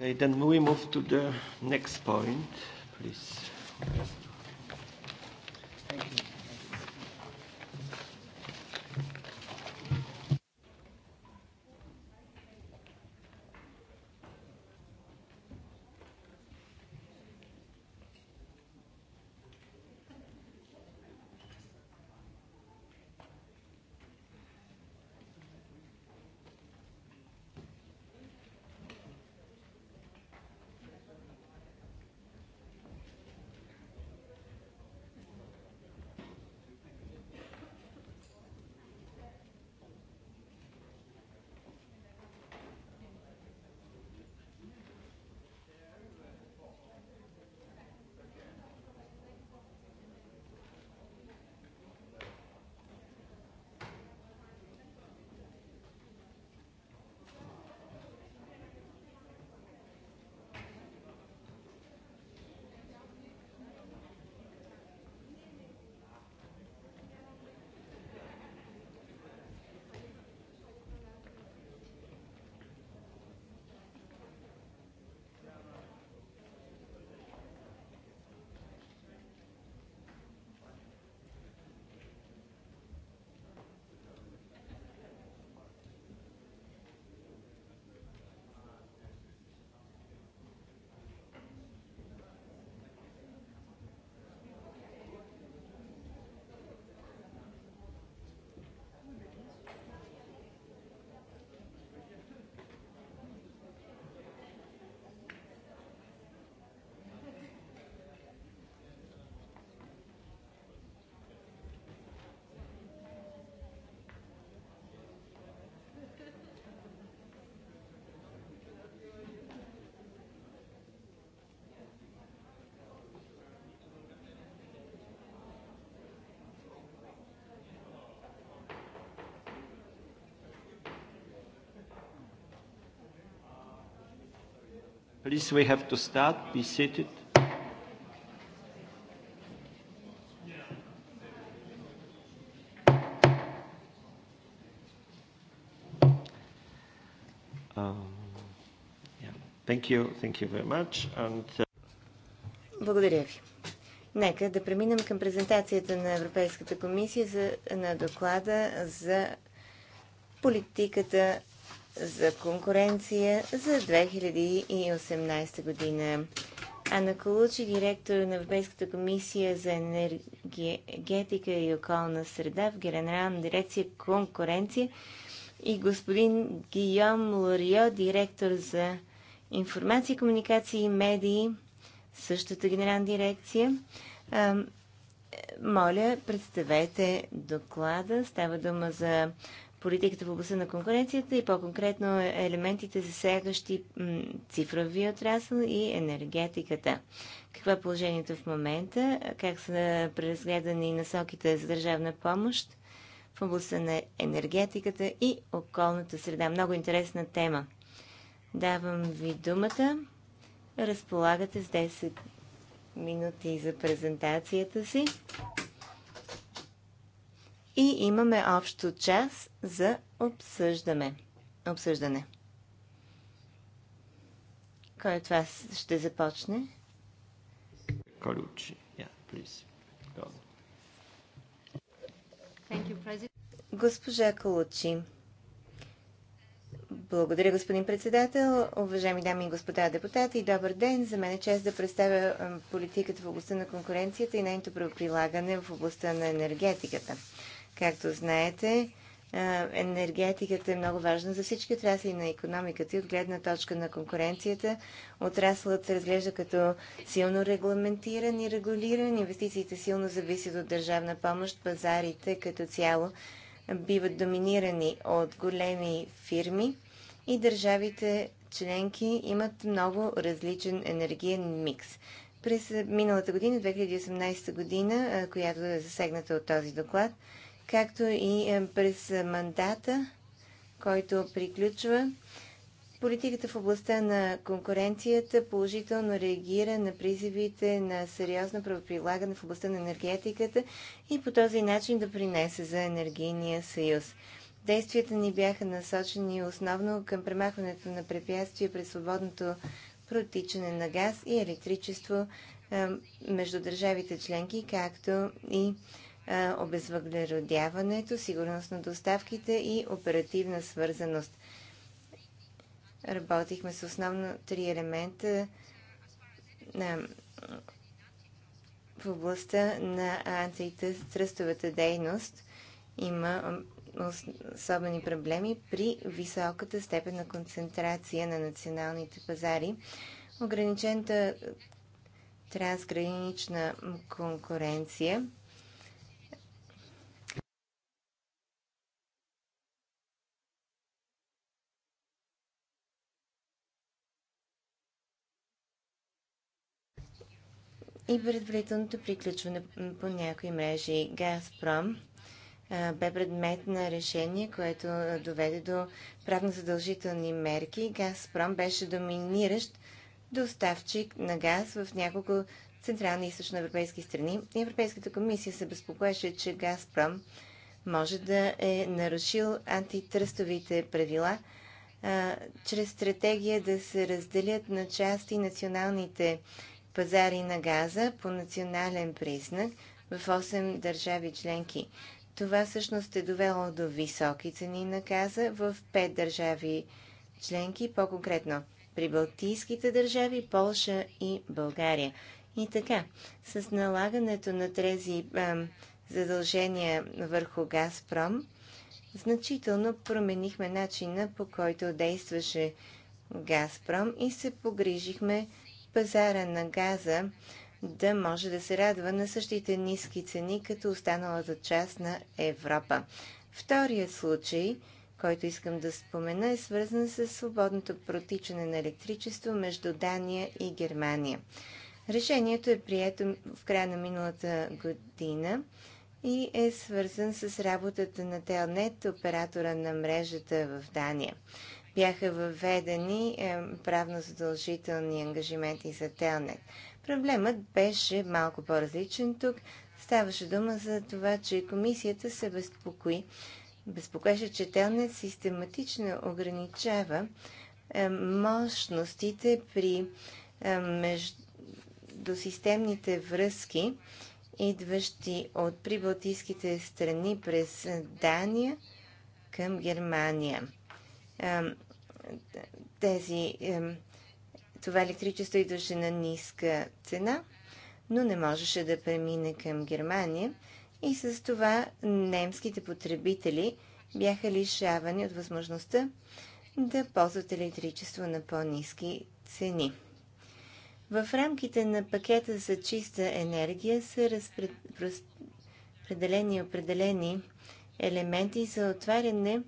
[SPEAKER 1] Okay, then we move to the next point, please. Thank you. Please, we have to start. Be seated. Um, thank you. Thank you very much. Uh,
[SPEAKER 2] Благодаря ви. Нека да преминем към презентацията на Европейската комисия на доклада за политиката за конкуренция за 2018 година. Ана Колучи, директор на Европейската комисия за енергетика и околна среда в Генерална дирекция конкуренция и господин Гийом Лорио, директор за информация, комуникации и медии, същата генерална дирекция. Моля, представете доклада. Става дума за политиката в областта на конкуренцията и по-конкретно елементите, засягащи цифровия отрасъл и енергетиката. Какво е положението в момента? Как са преразгледани насоките за държавна помощ в областта на енергетиката и околната среда? Много интересна тема. Давам ви думата. Разполагате с 10 минути за презентацията си и имаме общо час за обсъждане. обсъждане. Кой от вас ще започне? Колючи. Госпожа Колучи. Благодаря, господин председател. Уважаеми дами и господа депутати, и добър ден. За мен е чест да представя политиката в областта на конкуренцията и нейното прилагане в областта на енергетиката. Както знаете, енергетиката е много важна за всички отрасли на економиката и от гледна точка на конкуренцията. Отраслът се разглежда като силно регламентиран и регулиран. Инвестициите силно зависят от държавна помощ. Пазарите като цяло биват доминирани от големи фирми и държавите членки имат много различен енергиен микс. През миналата година, 2018 година, която е засегната от този доклад, както и е, през е, мандата, който приключва. Политиката в областта на конкуренцията положително реагира на призивите на сериозно правоприлагане в областта на енергетиката и по този начин да принесе за енергийния съюз. Действията ни бяха насочени основно към премахването на препятствия през свободното протичане на газ и електричество е, между държавите членки, както и обезвъглеродяването, сигурност на доставките и оперативна свързаност. Работихме с основно три елемента на в областта на антитръстовата дейност има особени проблеми при високата степен на концентрация на националните пазари, ограничената трансгранична конкуренция и предварителното приключване по някои мрежи. Газпром бе предмет на решение, което доведе до правно задължителни мерки. Газпром беше доминиращ доставчик на газ в няколко централни и източноевропейски страни. Европейската комисия се безпокоеше, че Газпром може да е нарушил антитръстовите правила а, чрез стратегия да се разделят на части националните пазари на газа по национален признак в 8 държави членки. Това всъщност е довело до високи цени на газа в 5 държави членки, по-конкретно при Балтийските държави, Полша и България. И така, с налагането на тези а, задължения върху Газпром, значително променихме начина по който действаше Газпром и се погрижихме пазара на газа да може да се радва на същите ниски цени, като останалата част на Европа. Вторият случай, който искам да спомена, е свързан с свободното протичане на електричество между Дания и Германия. Решението е прието в края на миналата година и е свързан с работата на Телнет, оператора на мрежата в Дания бяха въведени е, правно задължителни ангажименти за Телнет. Проблемът беше малко по-различен тук. Ставаше дума за това, че комисията се безпокои. Безпокоеше, че Телнет систематично ограничава е, мощностите при е, междусистемните връзки, идващи от прибалтийските страни през Дания към Германия тези, това електричество идваше на ниска цена, но не можеше да премине към Германия и с това немските потребители бяха лишавани от възможността да ползват електричество на по-низки цени. В рамките на пакета за чиста енергия са разпределени определени елементи за отваряне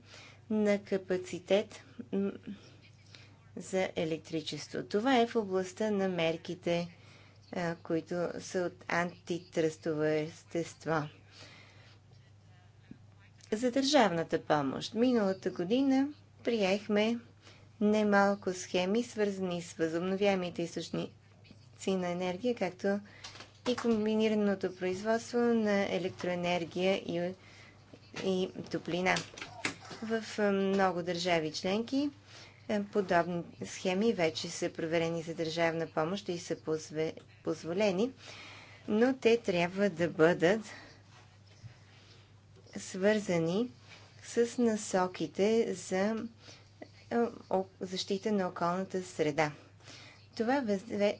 [SPEAKER 2] на капацитет за електричество. Това е в областта на мерките, които са от антитръстово естество. За държавната помощ. Миналата година приехме немалко схеми, свързани с възобновяемите източници на енергия, както и комбинираното производство на електроенергия и, и топлина. В е, много държави членки е, подобни схеми вече са проверени за държавна помощ и са позволени, но те трябва да бъдат свързани с насоките за е, защита на околната среда. Това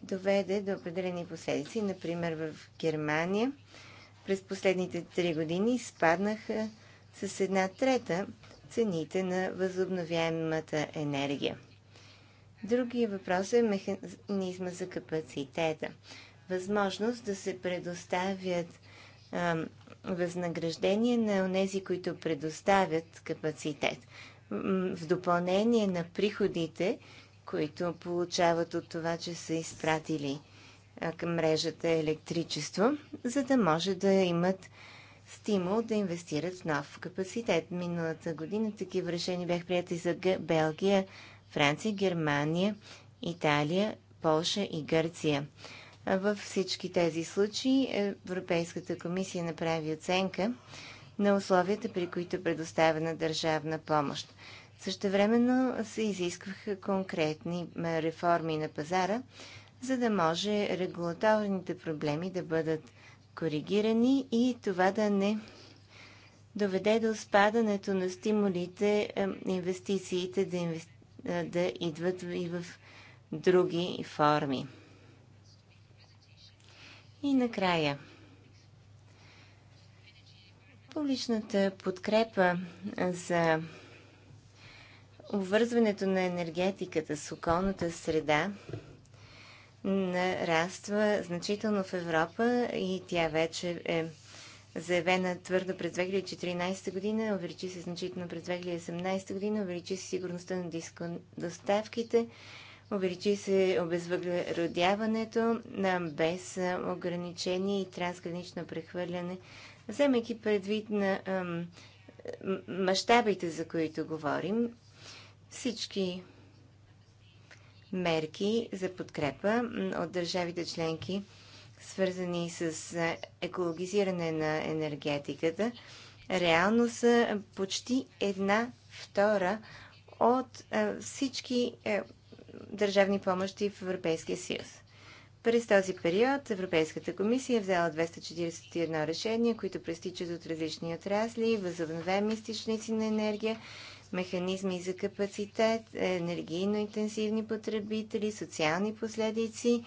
[SPEAKER 2] доведе до определени последици. Например, в Германия през последните три години спаднаха с една трета цените на възобновяемата енергия. Другия въпрос е механизма за капацитета. Възможност да се предоставят а, възнаграждение на тези, които предоставят капацитет. В допълнение на приходите, които получават от това, че са изпратили към мрежата електричество, за да може да имат стимул да инвестират в нов капацитет. Миналата година такива решения бях прияти за Белгия, Франция, Германия, Италия, Полша и Гърция. Във всички тези случаи е, Европейската комисия направи оценка на условията, при които е предоставена държавна помощ. Същевременно се изискваха конкретни реформи на пазара, за да може регулаторните проблеми да бъдат коригирани и това да не доведе до спадането на стимулите е, инвестициите да, инвести... Е, да идват и в други форми. И накрая. Публичната подкрепа е, за обвързването на енергетиката с околната среда нараства значително в Европа и тя вече е заявена твърдо през 2014 година, увеличи се значително през 2018 година, увеличи се сигурността на доставките, увеличи се обезвъглеродяването без ограничение и трансгранично прехвърляне, вземайки предвид на мащабите, за които говорим. Всички мерки за подкрепа от държавите членки, свързани с екологизиране на енергетиката, реално са почти една втора от всички е, държавни помощи в Европейския съюз. През този период Европейската комисия е взела 241 решения, които престичат от различни отрасли, възобновяеми източници на енергия механизми за капацитет, енергийно интенсивни потребители, социални последици,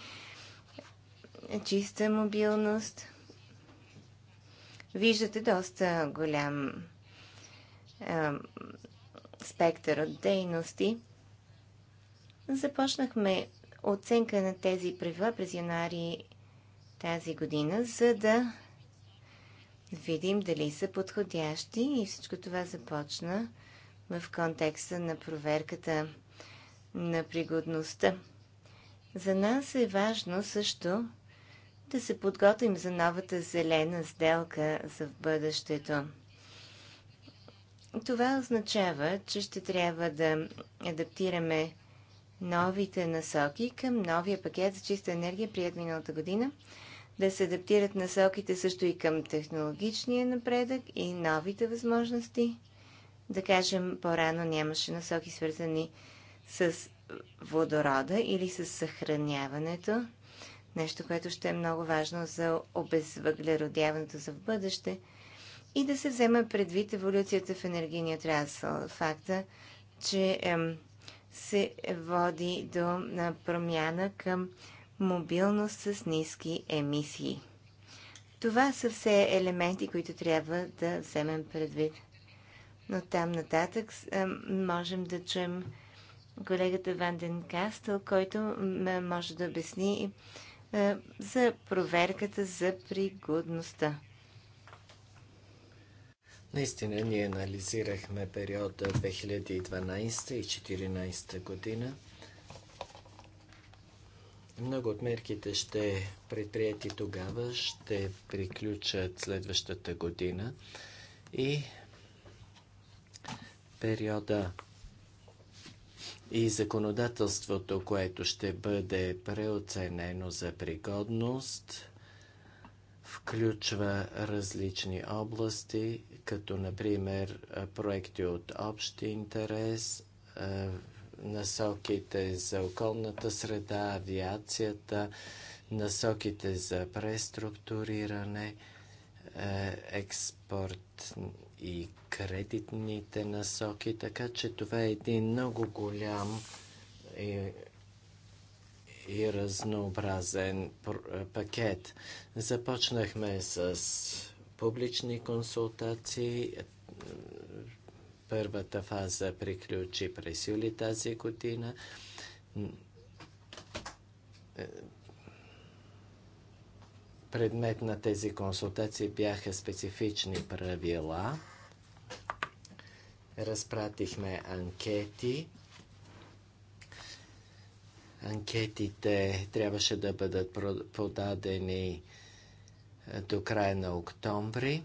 [SPEAKER 2] чиста мобилност. Виждате доста голям е, спектър от дейности. Започнахме оценка на тези правила през януари тази година, за да видим дали са подходящи и всичко това започна в контекста на проверката на пригодността. За нас е важно също да се подготвим за новата зелена сделка за в бъдещето. Това означава, че ще трябва да адаптираме новите насоки към новия пакет за чиста енергия, прият миналата година, да се адаптират насоките също и към технологичния напредък и новите възможности – да кажем, по-рано нямаше насоки свързани с водорода или с съхраняването. Нещо, което ще е много важно за обезвъглеродяването за в бъдеще. И да се вземе предвид еволюцията в енергийния трясъл, Факта, че ем, се води до промяна към мобилност с ниски емисии. Това са все елементи, които трябва да вземем предвид. Но там нататък можем да чуем колегата Ванден Кастъл, който може да обясни за проверката за пригодността.
[SPEAKER 4] Наистина ние анализирахме периода 2012 и 2014 година. Много от мерките ще предприяти тогава, ще приключат следващата година и периода и законодателството, което ще бъде преоценено за пригодност, включва различни области, като например проекти от общ интерес, насоките за околната среда, авиацията, насоките за преструктуриране, експорт и кредитните насоки, така че това е един много голям и, и разнообразен е, пакет. Започнахме с публични консултации. Е, първата фаза приключи през юли тази година. Е, предмет на тези консултации бяха специфични правила Разпратихме анкети. Анкетите трябваше да бъдат подадени е, до края на октомври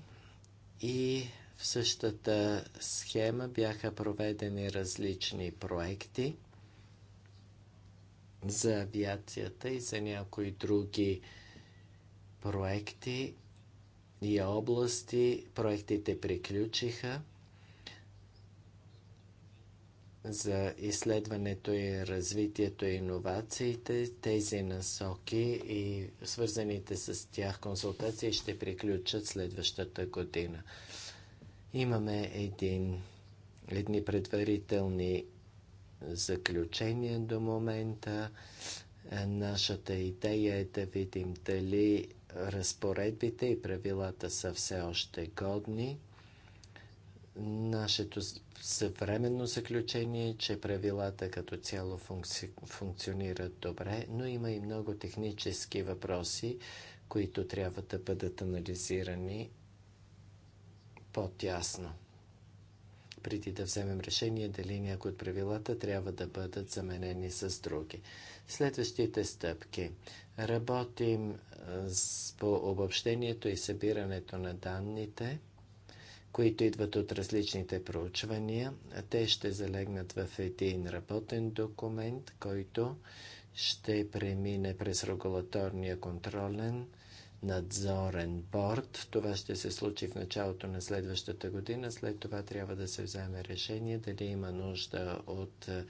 [SPEAKER 4] и в същата схема бяха проведени различни проекти за авиацията и за някои други проекти и области. Проектите приключиха за изследването и развитието и иновациите, тези насоки и свързаните с тях консултации ще приключат следващата година. Имаме един, едни предварителни заключения до момента. Е, нашата идея е да видим дали разпоредбите и правилата са все още годни Нашето съвременно заключение е, че правилата като цяло функци... функционират добре, но има и много технически въпроси, които трябва да бъдат анализирани по-тясно. Преди да вземем решение дали някои от правилата трябва да бъдат заменени с други. Следващите стъпки. Работим по обобщението и събирането на данните – които идват от различните проучвания. Те ще залегнат в един работен документ, който ще премине през регулаторния контролен надзорен борт. Това ще се случи в началото на следващата година. След това трябва да се вземе решение дали има нужда от е,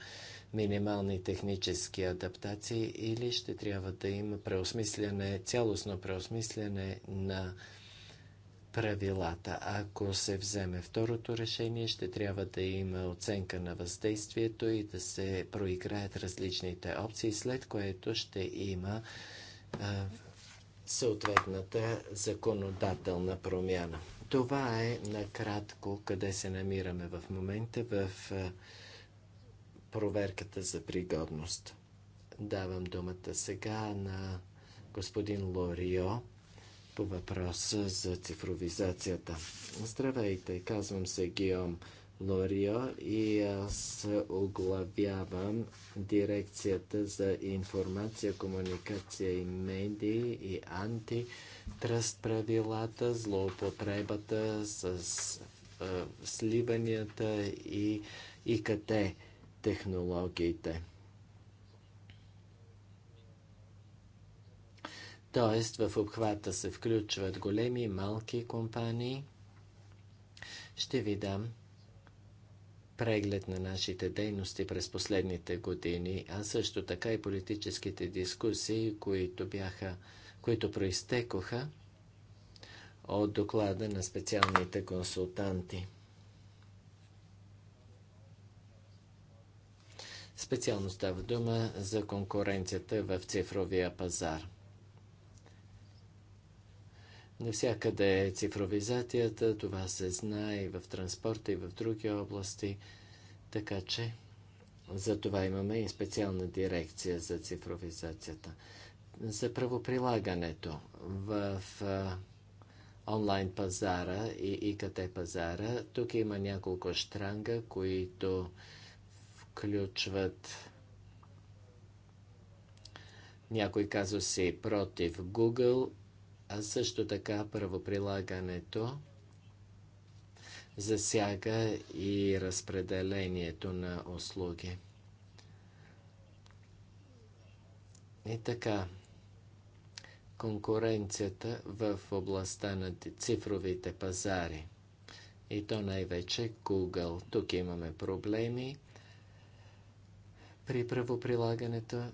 [SPEAKER 4] минимални технически адаптации или ще трябва да има преосмислене, цялостно преосмислене на правилата. Ако се вземе второто решение, ще трябва да има оценка на въздействието и да се проиграят различните опции, след което ще има съответната законодателна промяна. Това е накратко къде се намираме в момента в проверката за пригодност. Давам думата сега на господин Лорио по въпроса за цифровизацията. Здравейте, казвам се Гиом Лорио и аз оглавявам дирекцията за информация, комуникация и медии и антитръст правилата, злоупотребата с е, сливанията и ИКТ технологиите. Т.е. в обхвата се включват големи и малки компании. Ще ви дам преглед на нашите дейности през последните години, а също така и политическите дискусии, които, бяха, които проистекоха от доклада на специалните консултанти. Специално става дума за конкуренцията в цифровия пазар. Навсякъде е цифровизацията, това се знае и в транспорта, и в други области. Така че за това имаме и специална дирекция за цифровизацията. За правоприлагането в онлайн пазара и ИКТ пазара, тук има няколко штранга, които включват някои казуси против Google а също така правоприлагането засяга и разпределението на услуги. И така, конкуренцията в областта на цифровите пазари. И то най-вече Google. Тук имаме проблеми при правоприлагането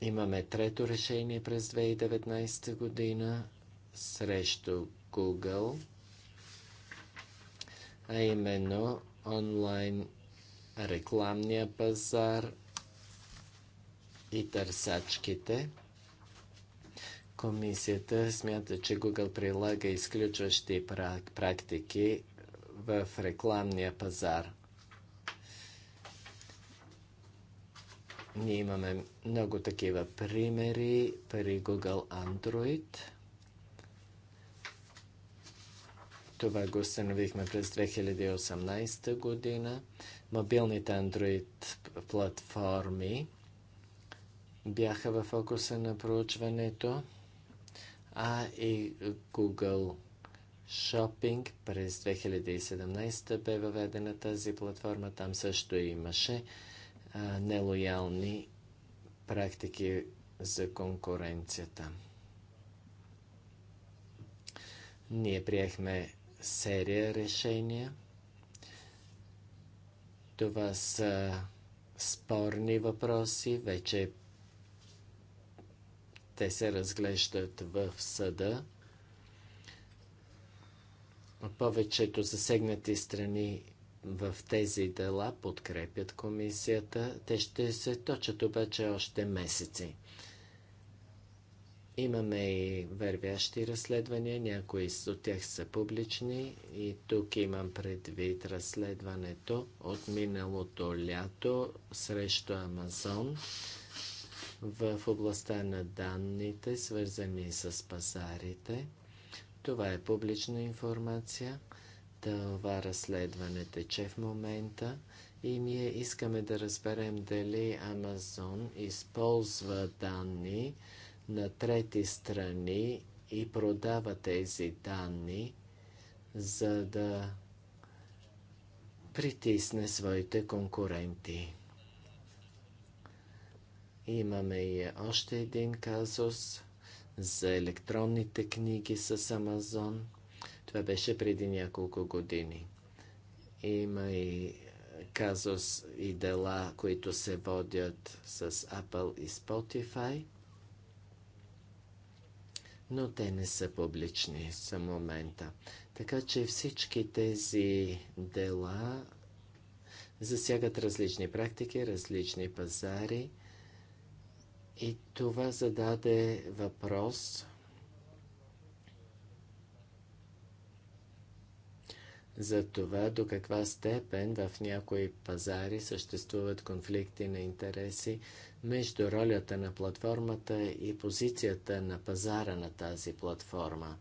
[SPEAKER 4] Имаме трето решение през 2019 година срещу Google, а именно онлайн рекламния пазар и търсачките. Комисията смята, че Google прилага изключващи практики в рекламния пазар. Ние имаме много такива примери при Google Android. Това го установихме през 2018 година. Мобилните Android платформи бяха в фокуса на проучването, а и Google Shopping през 2017 бе въведена тази платформа. Там също имаше нелоялни практики за конкуренцията. Ние приехме серия решения. Това са спорни въпроси. Вече те се разглеждат в съда. Повечето засегнати страни в тези дела подкрепят комисията. Те ще се точат обаче още месеци. Имаме и вървящи разследвания, някои от тях са публични и тук имам предвид разследването от миналото лято срещу Амазон в областта на данните, свързани с пазарите. Това е публична информация – това разследване тече в момента и ние искаме да разберем дали Амазон използва данни на трети страни и продава тези данни, за да притисне своите конкуренти. Имаме и още един казус за електронните книги с Амазон. Това беше преди няколко години. Има и е, казус и дела, които се водят с Apple и Spotify, но те не са публични за момента. Така че всички тези дела засягат различни практики, различни пазари. И това зададе въпрос за това до каква степен в някои пазари съществуват конфликти на интереси между ролята на платформата и позицията на пазара на тази платформа.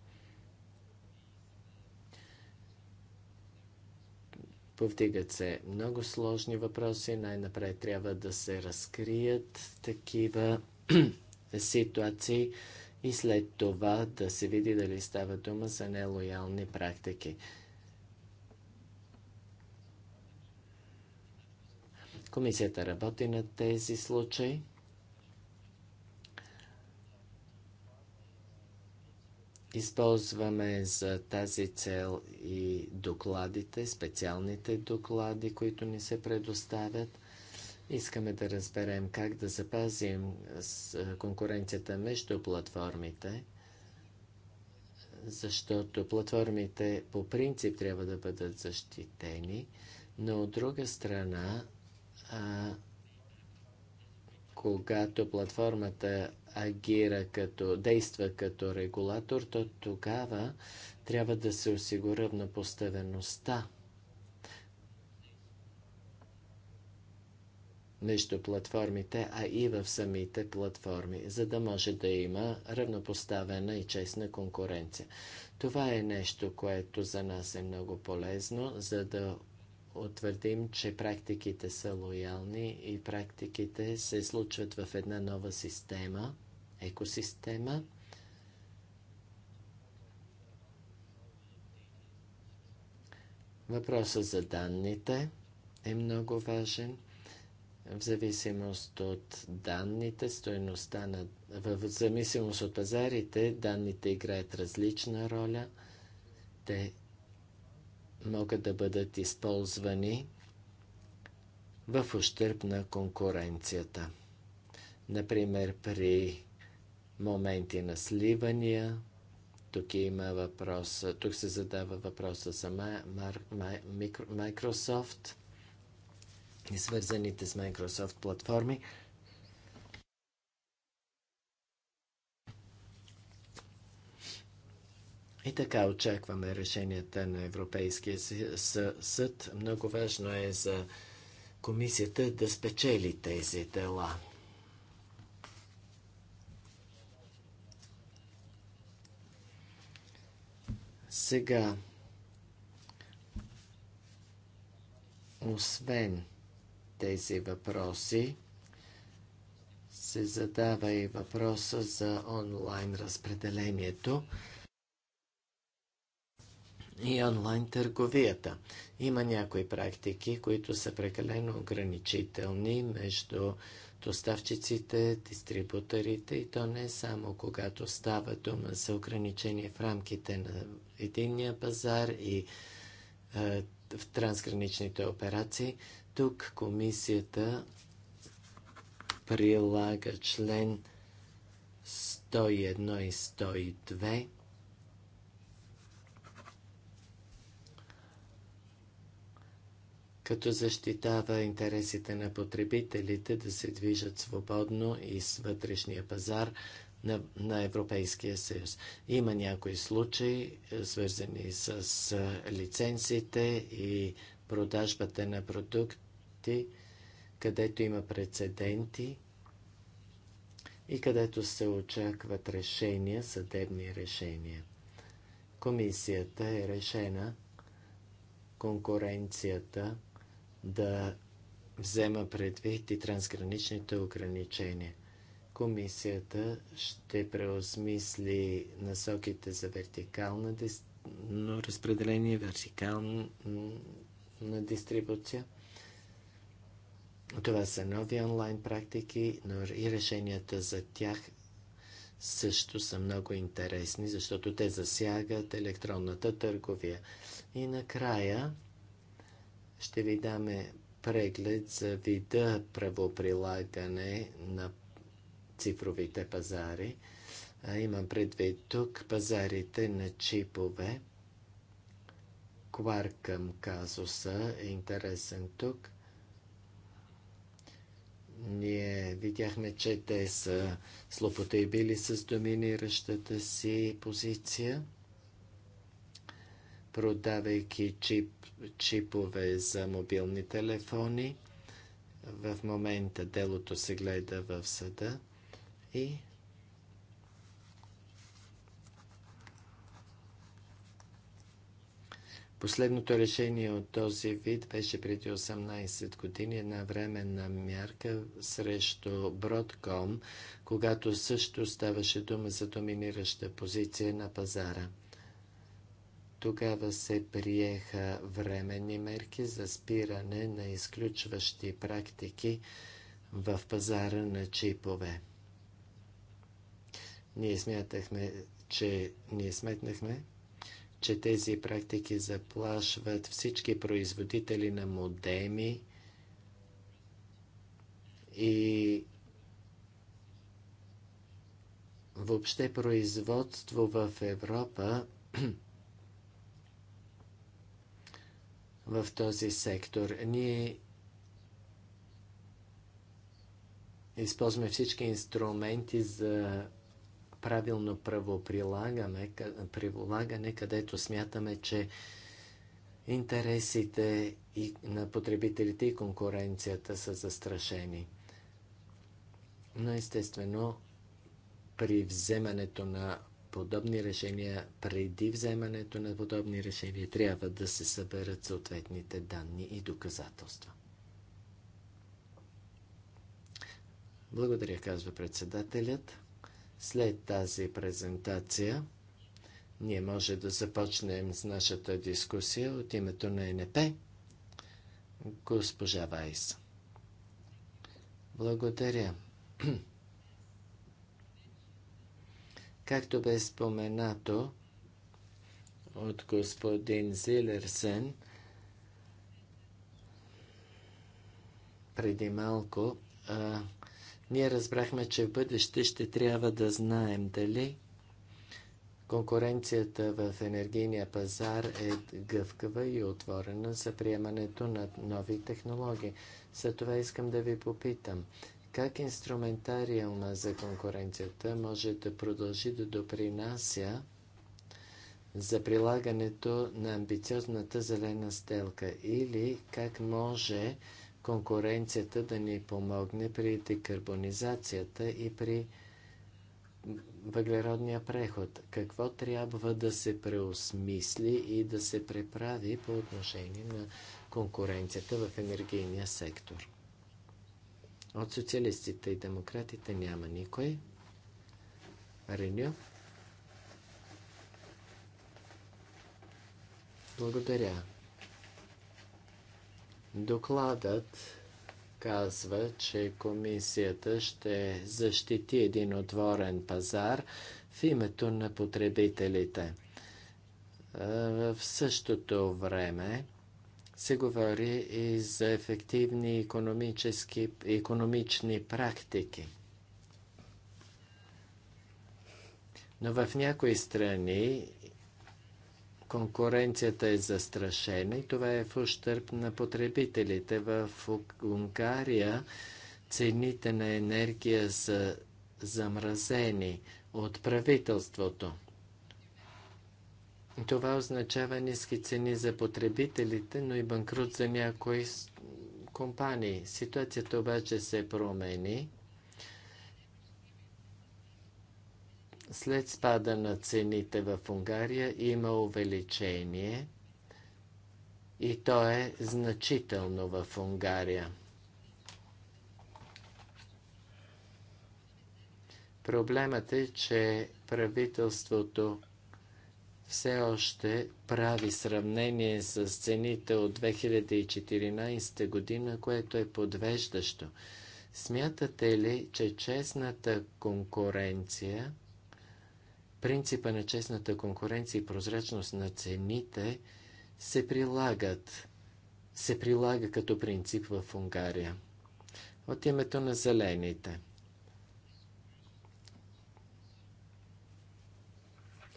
[SPEAKER 4] Повдигат се много сложни въпроси. Най-напред трябва да се разкрият такива ситуации и след това да се види дали става дума за нелоялни практики. Комисията работи на тези случаи. Използваме за тази цел и докладите, специалните доклади, които ни се предоставят. Искаме да разберем как да запазим конкуренцията между платформите, защото платформите по принцип трябва да бъдат защитени, но от друга страна а, когато платформата агира като, действа като регулатор, то тогава трябва да се на поставеността между платформите, а и в самите платформи, за да може да има равнопоставена и честна конкуренция. Това е нещо, което за нас е много полезно, за да утвърдим, че практиките са лоялни и практиките се случват в една нова система, екосистема, Въпросът за данните е много важен. В зависимост от данните, стоеността на... В зависимост от пазарите, данните играят различна роля. Те могат да бъдат използвани в ущърп на конкуренцията. Например, при моменти на сливания, тук има въпрос, тук се задава въпроса за Microsoft и свързаните с Microsoft платформи – И така очакваме решенията на Европейския съд. Много важно е за комисията да спечели тези дела. Сега, освен тези въпроси, се задава и въпроса за онлайн разпределението и онлайн търговията. Има някои практики, които са прекалено ограничителни между доставчиците, дистрибуторите и то не само когато става дума за ограничение в рамките на единния пазар и е, в трансграничните операции. Тук комисията прилага член 101 и 102 като защитава интересите на потребителите да се движат свободно и с вътрешния пазар на, на Европейския съюз. Има някои случаи, е, свързани с лицензите и продажбата на продукти, където има прецеденти и където се очакват решения, съдебни решения. Комисията е решена конкуренцията да взема предвид и трансграничните ограничения. Комисията ще преосмисли насоките за вертикална дист... но разпределение, вертикална дистрибуция. Това са нови онлайн практики, но и решенията за тях също са много интересни, защото те засягат електронната търговия. И накрая ще ви даме преглед за вида правоприлагане на цифровите пазари. Имам предвид тук пазарите на чипове. Кваркъм казуса е интересен тук. Ние видяхме, че те са злопотребили с доминиращата си позиция, продавайки чип чипове за мобилни телефони. В момента делото се гледа в съда и Последното решение от този вид беше преди 18 години една временна мярка срещу Бродком, когато също ставаше дума за доминираща позиция на пазара. Тогава се приеха временни мерки за спиране на изключващи практики в пазара на чипове. Ние смятахме, че ние сметнахме, че тези практики заплашват всички производители на модеми и въобще производство в Европа в този сектор. Ние използваме всички инструменти за правилно правоприлагане, прилагане, където смятаме, че интересите и на потребителите и конкуренцията са застрашени. Но естествено, при вземането на подобни решения, преди вземането на подобни решения, трябва да се съберат съответните данни и доказателства. Благодаря, казва председателят. След тази презентация ние може да започнем с нашата дискусия от името на НП. Госпожа Вайс. Благодаря. Както бе споменато от господин Зилерсен преди малко, а, ние разбрахме, че в бъдеще ще трябва да знаем дали конкуренцията в енергийния пазар е гъвкава и отворена за приемането на нови технологии. За това искам да ви попитам – как инструментариума за конкуренцията може да продължи да допринася за прилагането на амбициозната зелена стелка, или как може конкуренцията да ни помогне при декарбонизацията и при въглеродния преход. Какво трябва да се преосмисли и да се преправи по отношение на конкуренцията в енергийния сектор? От социалистите и демократите няма никой. Реню. Благодаря. Докладът казва, че комисията ще защити един отворен пазар в името на потребителите. Е, в същото време се говори и за ефективни економически, економични практики. Но в някои страни конкуренцията е застрашена и това е в ущърп на потребителите. В Унгария цените на енергия са замразени от правителството. Това означава ниски цени за потребителите, но и банкрут за някои компании. Ситуацията обаче се промени. След спада на цените в Унгария има увеличение и то е значително в Унгария. Проблемът е, че правителството все още прави сравнение с цените от 2014 година, което е подвеждащо. Смятате ли, че честната конкуренция, принципа на честната конкуренция и прозрачност на цените се прилагат, се прилага като принцип в Унгария? От името на зелените –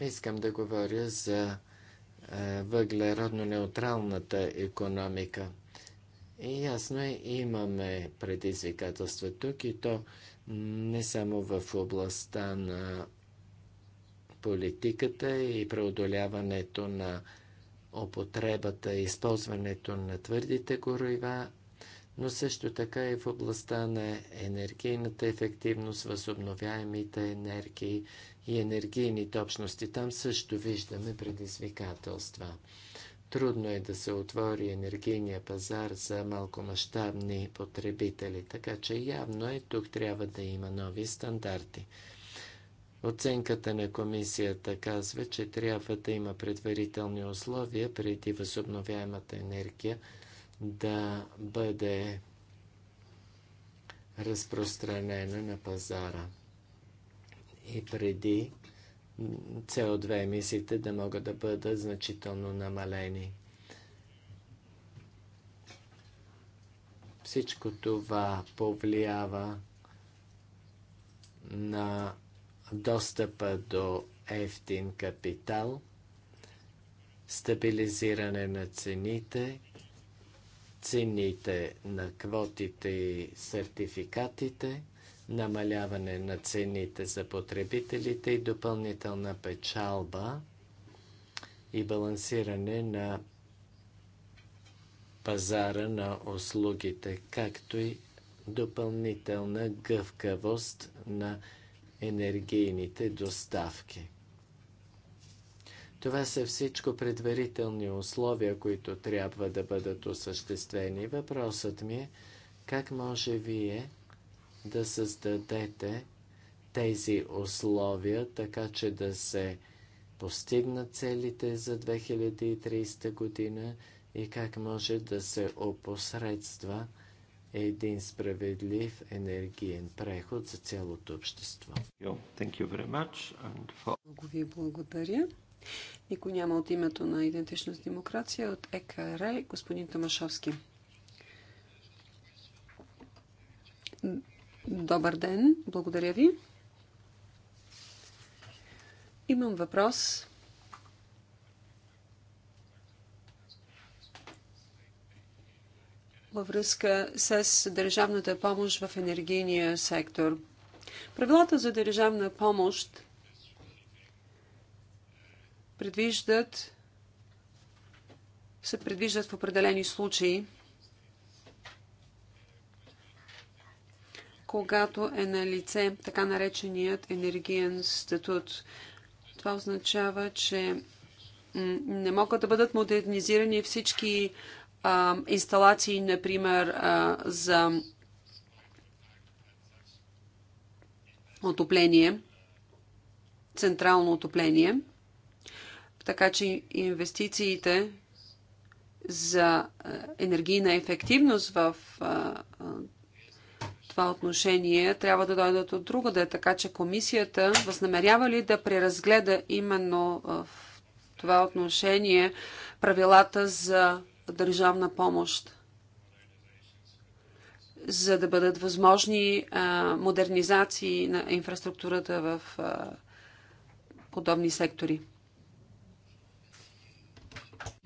[SPEAKER 4] Искам да говоря за е, въглеродно-неутралната економика. И ясно е, имаме предизвикателства тук и то не само в областта на политиката и преодоляването на употребата и използването на твърдите горива, но също така и в областта на енергийната ефективност, възобновяемите енергии и енергийните общности. Там също виждаме предизвикателства. Трудно е да се отвори енергийния пазар за малкомащабни потребители, така че явно е тук трябва да има нови стандарти. Оценката на комисията казва, че трябва да има предварителни условия преди възобновяемата енергия да бъде разпространена на пазара и преди CO2 емисиите да могат да бъдат значително намалени. Всичко това повлиява на достъпа до ефтин капитал, стабилизиране на цените, цените на квотите и сертификатите – намаляване на цените за потребителите и допълнителна печалба и балансиране на пазара на услугите, както и допълнителна гъвкавост на енергийните доставки. Това са всичко предварителни условия, които трябва да бъдат осъществени. Въпросът ми е как може вие да създадете тези условия, така че да се постигнат целите за 2030 година и как може да се опосредства един справедлив енергиен преход
[SPEAKER 1] за цялото общество. For...
[SPEAKER 3] Много ви благодаря. Никой няма от името на Идентичност демокрация от ЕКР, господин Тамашовски. Добър ден, благодаря ви. Имам въпрос. във връзка с държавната помощ в енергийния сектор. Правилата за държавна помощ предвиждат, се предвиждат в определени случаи – когато е на лице така нареченият енергиен статут. Това означава, че не могат да бъдат модернизирани всички а, инсталации, например, а, за отопление, централно отопление. Така че инвестициите за енергийна ефективност в това отношение трябва да дойдат от да е така че комисията възнамерява ли да преразгледа именно в това отношение правилата за държавна помощ, за да бъдат възможни модернизации на инфраструктурата в подобни сектори.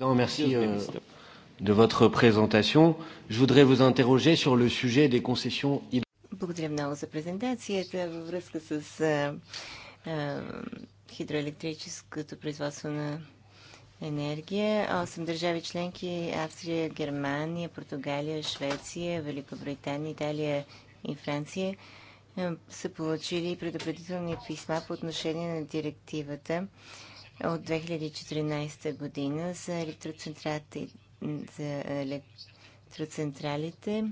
[SPEAKER 3] Non,
[SPEAKER 1] de votre présentation.
[SPEAKER 4] Je voudrais vous interroger sur le sujet des concessions
[SPEAKER 2] Благодаря много за презентацията във връзка с хидроелектрическото енергия. Осем държави членки Австрия, Германия, Португалия, Швеция, Великобритания, Италия и Франция са получили предупредителни писма по отношение на директивата от 2014 година за електроцентрата за електроцентралите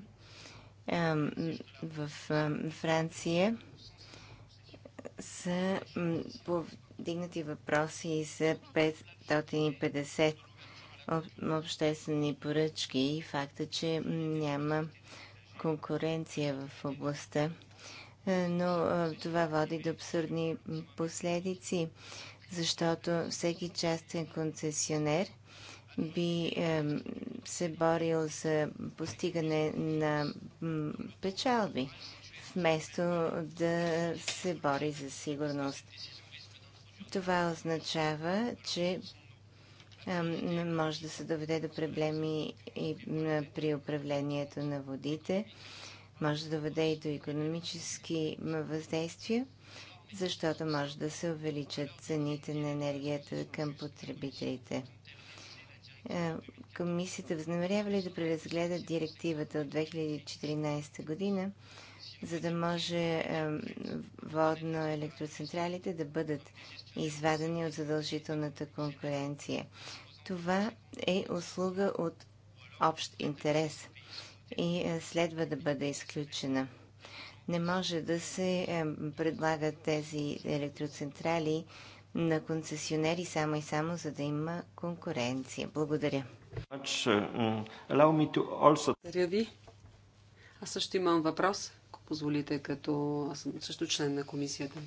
[SPEAKER 2] в Франция са повдигнати въпроси за 550 обществени поръчки и факта, че няма конкуренция в областта. Е, но това води до абсурдни последици, защото всеки частен концесионер – би се борил за постигане на печалби, вместо да се бори за сигурност. Това означава, че може да се доведе до проблеми и при управлението на водите, може да доведе и до економически въздействия, защото може да се увеличат цените на енергията към потребителите. Е, комисията възнамерява ли да преразгледа директивата от 2014 година, за да може е, водно електроцентралите да бъдат извадени от задължителната конкуренция? Това е услуга от общ интерес и е, следва да бъде изключена. Не може да се предлагат тези електроцентрали на концесионери само и само за да има конкуренция. Благодаря.
[SPEAKER 1] Благодаря
[SPEAKER 3] ви. Аз също имам въпрос, ако позволите, като аз съм също член на комисията.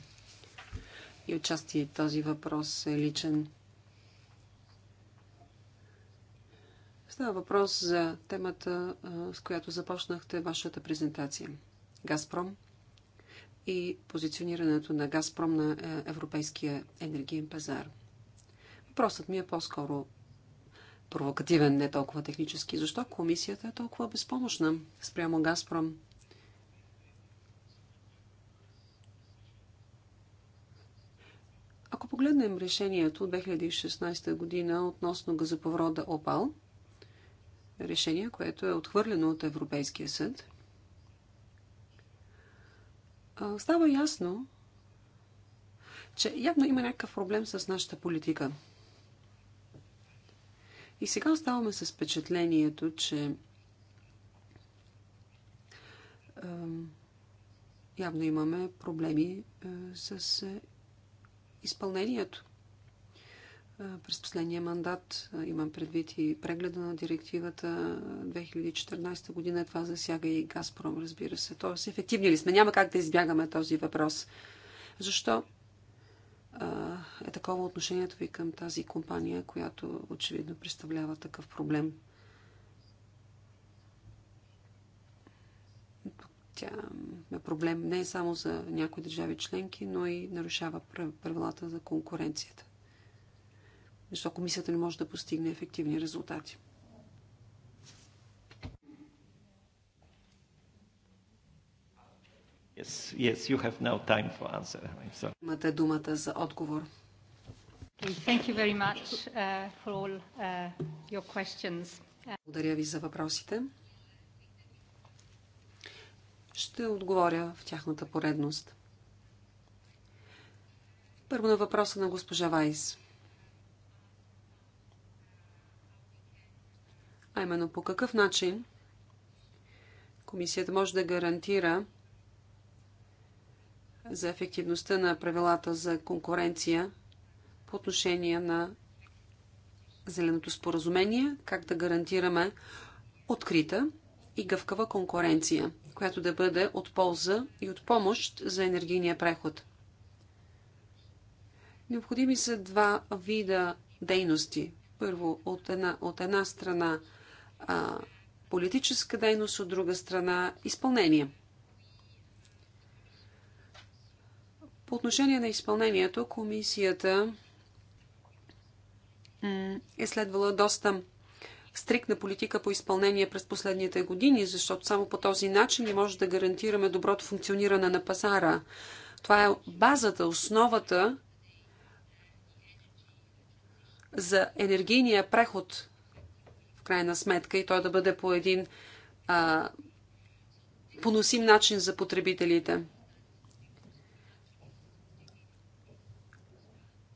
[SPEAKER 3] И отчасти този въпрос е личен. Става въпрос за темата, с която започнахте вашата презентация. Газпром – и позиционирането на Газпром на е, европейския енергиен пазар. Въпросът ми е по-скоро провокативен, не толкова технически. Защо комисията е толкова безпомощна спрямо Газпром? Ако погледнем решението от 2016 година относно газопровода ОПАЛ, решение, което е отхвърлено от Европейския съд, става ясно, че явно има някакъв проблем с нашата политика. И сега оставаме с впечатлението, че явно имаме проблеми с е, изпълнението през последния мандат. Имам предвид и прегледа на директивата 2014 година. Това засяга и Газпром, разбира се. Тоест, ефективни ли сме? Няма как да избягаме този въпрос. Защо е такова отношението ви към тази компания, която очевидно представлява такъв проблем? Тя е проблем не само за някои държави членки, но и нарушава правилата за конкуренцията защо комисията не може да постигне ефективни резултати.
[SPEAKER 1] Yes, yes, you have now time for answer. I'm
[SPEAKER 3] Имате думата за отговор. thank you
[SPEAKER 2] very much uh, for all uh, your questions.
[SPEAKER 3] Благодаря ви за въпросите. Ще отговоря в тяхната поредност. Първо на въпроса на госпожа Вайс. А именно по какъв начин комисията може да гарантира за ефективността на правилата за конкуренция по отношение на зеленото споразумение, как да гарантираме открита и гъвкава конкуренция, която да бъде от полза и от помощ за енергийния преход. Необходими са два вида дейности. Първо, от една, от една страна а, политическа дейност, от друга страна изпълнение. По отношение на изпълнението, комисията е следвала доста стрикна политика по изпълнение през последните години, защото само по този начин не може да гарантираме доброто функциониране на пазара. Това е базата, основата за енергийния преход в крайна сметка и той да бъде по един а, поносим начин за потребителите.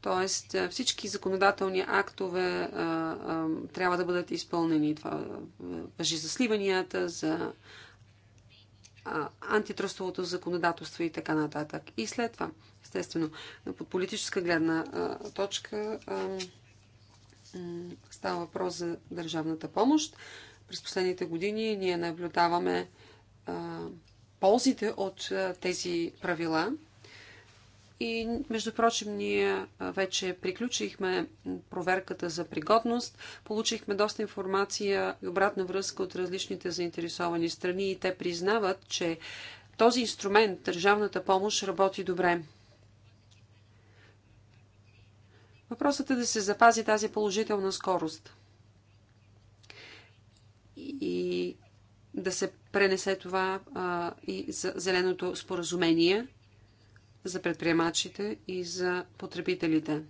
[SPEAKER 3] Тоест всички законодателни актове а, а, трябва да бъдат изпълнени. Това въжи за сливанията, за антитръстовото законодателство и така нататък. И след това, естествено, под политическа гледна а, точка. А, става въпрос за държавната помощ. През последните години ние наблюдаваме ползите от тези правила. И, между прочим, ние вече приключихме проверката за пригодност, получихме доста информация и обратна връзка от различните заинтересовани страни и те признават, че този инструмент, държавната помощ, работи добре. Въпросът е да се запази тази положителна скорост и да се пренесе това а, и за зеленото споразумение за предприемачите и за потребителите.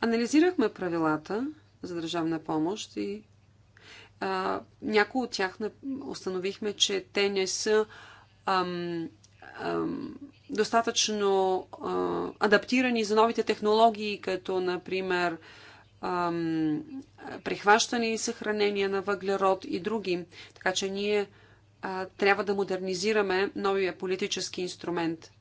[SPEAKER 3] Анализирахме правилата за държавна помощ и а, някои от тях установихме, че те не са ам, ам, достатъчно а, адаптирани за новите технологии, като например ам, прихващане и съхранение на въглерод и други. Така че ние а, трябва да модернизираме новия политически инструмент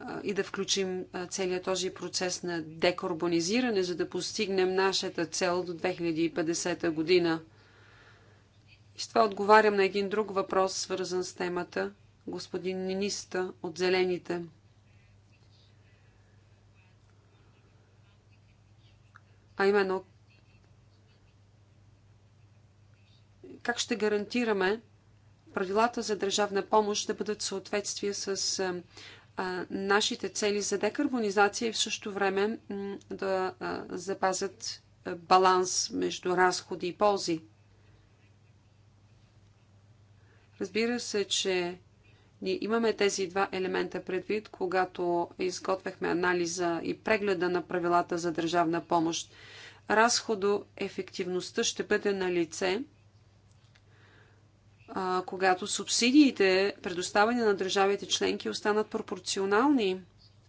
[SPEAKER 3] а, и да включим а, целият този процес на декарбонизиране, за да постигнем нашата цел до 2050 година. И с това отговарям на един друг въпрос, свързан с темата – господин Ниниста от Зелените. А именно, как ще гарантираме правилата за държавна помощ да бъдат в съответствие с а, нашите цели за декарбонизация и в същото време да а, запазят баланс между разходи и ползи. Разбира се, че ние имаме тези два елемента предвид, когато изготвяхме анализа и прегледа на правилата за държавна помощ. Разходоефективността ще бъде на лице, когато субсидиите, предоставени на държавите членки, останат пропорционални,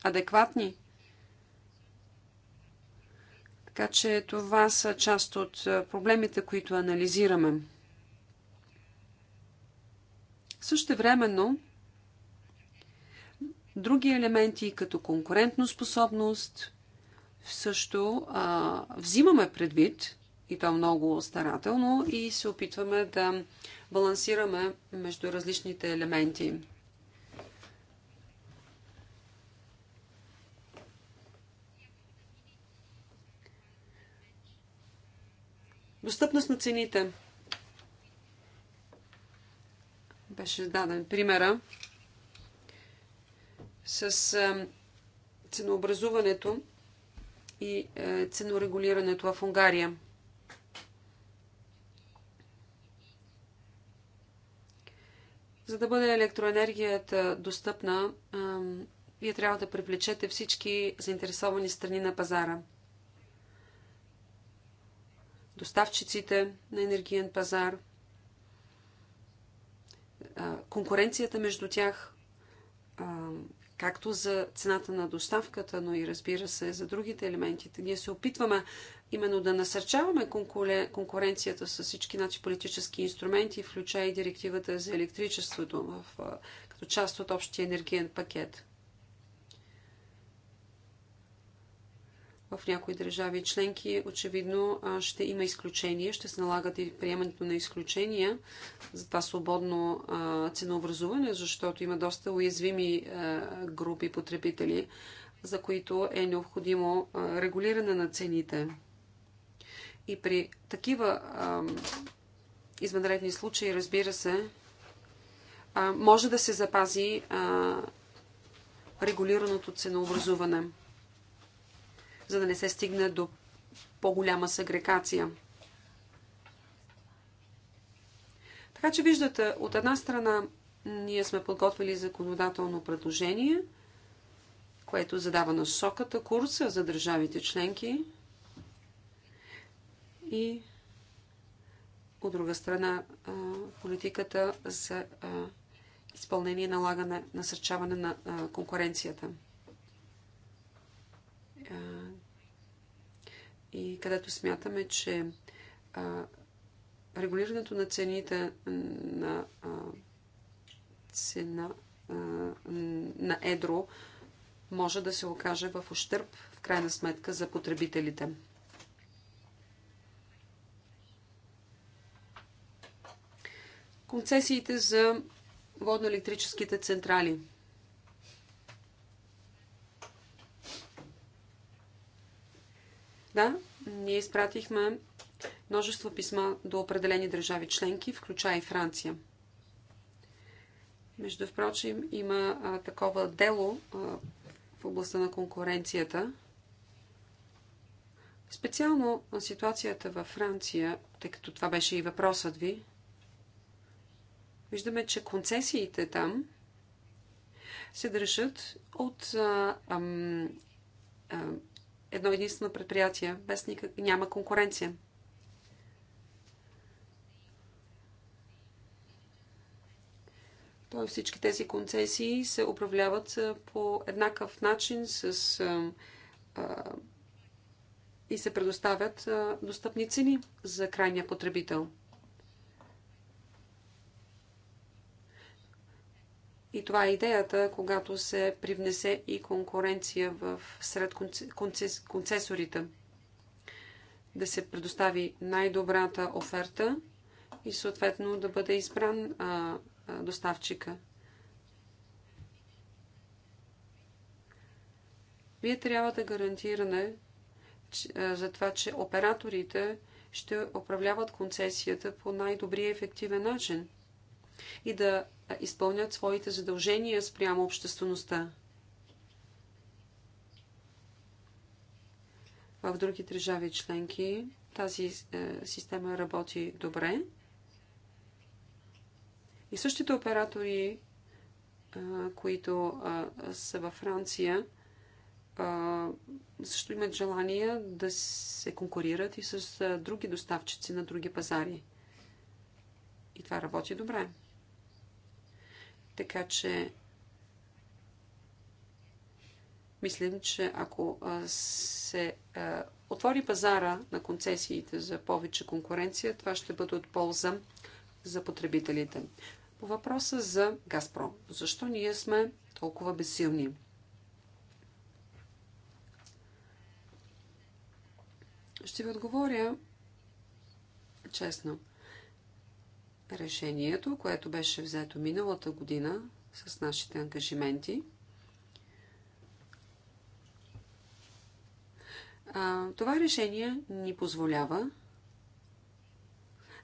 [SPEAKER 3] адекватни. Така че това са част от проблемите, които анализираме. Също времено Други елементи, като конкурентно способност, също а, взимаме предвид, и то много старателно, и се опитваме да балансираме между различните елементи. Достъпност на цените. Беше даден примера с ценообразуването и е, ценорегулирането в Унгария. За да бъде електроенергията достъпна, вие трябва да привлечете всички заинтересовани страни на пазара. Доставчиците на енергиен пазар, конкуренцията между тях, както за цената на доставката, но и разбира се за другите елементи. Ние се опитваме именно да насърчаваме конкуренцията с всички наши политически инструменти, включая и директивата за електричеството в, като част от общия енергиен пакет. в някои държави членки очевидно ще има изключения, ще се налагат и приемането на изключения за това свободно ценообразуване, защото има доста уязвими групи потребители, за които е необходимо регулиране на цените. И при такива извънредни случаи, разбира се, може да се запази регулираното ценообразуване за да не се стигне до по-голяма сегрегация. Така че виждате, от една страна ние сме подготвили законодателно предложение, което задава насоката, курса за държавите членки и от друга страна политиката за изпълнение, налагане, насърчаване на конкуренцията. и където смятаме, че регулирането на цените на цена на едро може да се окаже в ущърп, в крайна сметка, за потребителите. Концесиите за водно-електрическите централи – Да, ние изпратихме множество писма до определени държави членки, включая и Франция. Между впрочем, има а, такова дело а, в областта на конкуренцията. Специално ситуацията във Франция, тъй като това беше и въпросът ви, виждаме, че концесиите там се държат от а, ам, а, едно единствено предприятие, без никак, няма конкуренция. Тоест всички тези концесии се управляват по еднакъв начин с, а, а, и се предоставят а, достъпни цени за крайния потребител. И това е идеята, когато се привнесе и конкуренция в, сред концесорите. Да се предостави най-добрата оферта и съответно да бъде избран а, а, доставчика. Вие трябва да гарантиране за това, че операторите ще управляват концесията по най-добрия ефективен начин – и да изпълнят своите задължения спрямо обществеността. В други държави членки тази е, система работи добре. И същите оператори, е, които са във Франция, също имат желание да се конкурират и с други доставчици на други пазари. И това работи добре. Така че мислим, че ако се отвори пазара на концесиите за повече конкуренция, това ще бъде от полза за потребителите. По въпроса за Газпром. Защо ние сме толкова безсилни? Ще ви отговоря честно решението, което беше взето миналата година с нашите ангажименти. Това решение ни позволява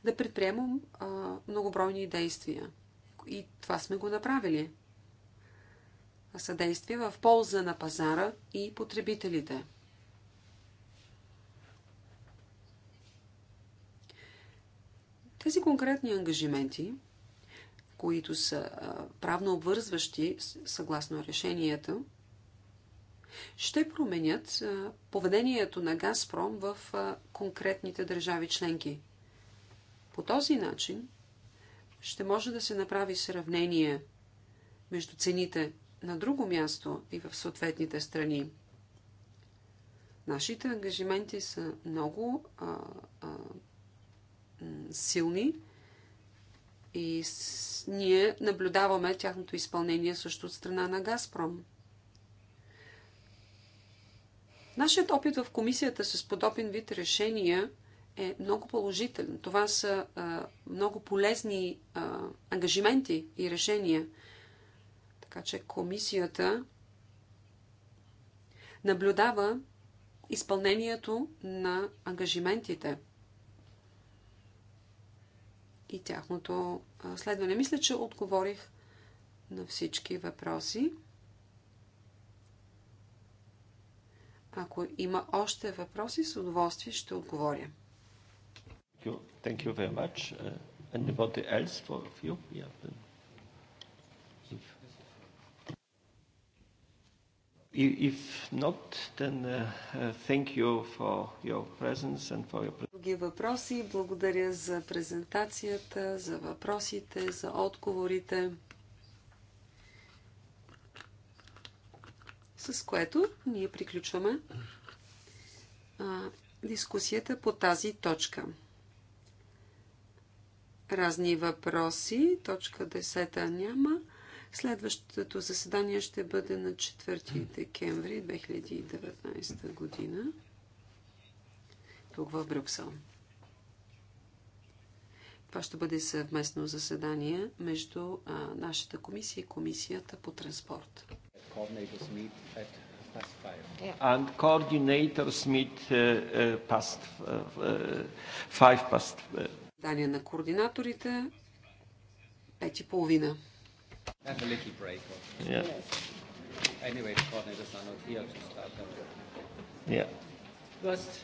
[SPEAKER 3] да предприемам многобройни действия. И това сме го направили. Съдействие в полза на пазара и потребителите – Тези конкретни ангажименти, които са правно обвързващи съгласно решенията, ще променят поведението на Газпром в конкретните държави членки. По този начин ще може да се направи сравнение между цените на друго място и в съответните страни. Нашите ангажименти са много а, а, силни и ние наблюдаваме тяхното изпълнение също от страна на Газпром. Нашият опит в комисията с подобен вид решения е много положителен. Това са а, много полезни а, ангажименти и решения. Така че комисията наблюдава изпълнението на ангажиментите – и тяхното следване. Мисля, че отговорих на всички въпроси. Ако има още въпроси, с удоволствие ще отговоря.
[SPEAKER 1] Thank you very much. Uh, anybody else for you? Yeah. If not, then uh, uh, thank you for your presence and for your...
[SPEAKER 3] Други въпроси. Благодаря за презентацията, за въпросите, за отговорите. С което ние приключваме а, дискусията по тази точка. Разни въпроси. Точка 10 няма. Следващото заседание ще бъде на 4 декември 2019 година тук в Брюксел. Това ще бъде съвместно заседание между а, нашата комисия и комисията по транспорт.
[SPEAKER 1] And coordinators meet uh, uh, past uh, uh five past. Uh.
[SPEAKER 3] Дания на координаторите пет и половина. And a little
[SPEAKER 1] break. Also. Yeah. Anyway, the coordinators are not here to start.
[SPEAKER 2] Yeah. First.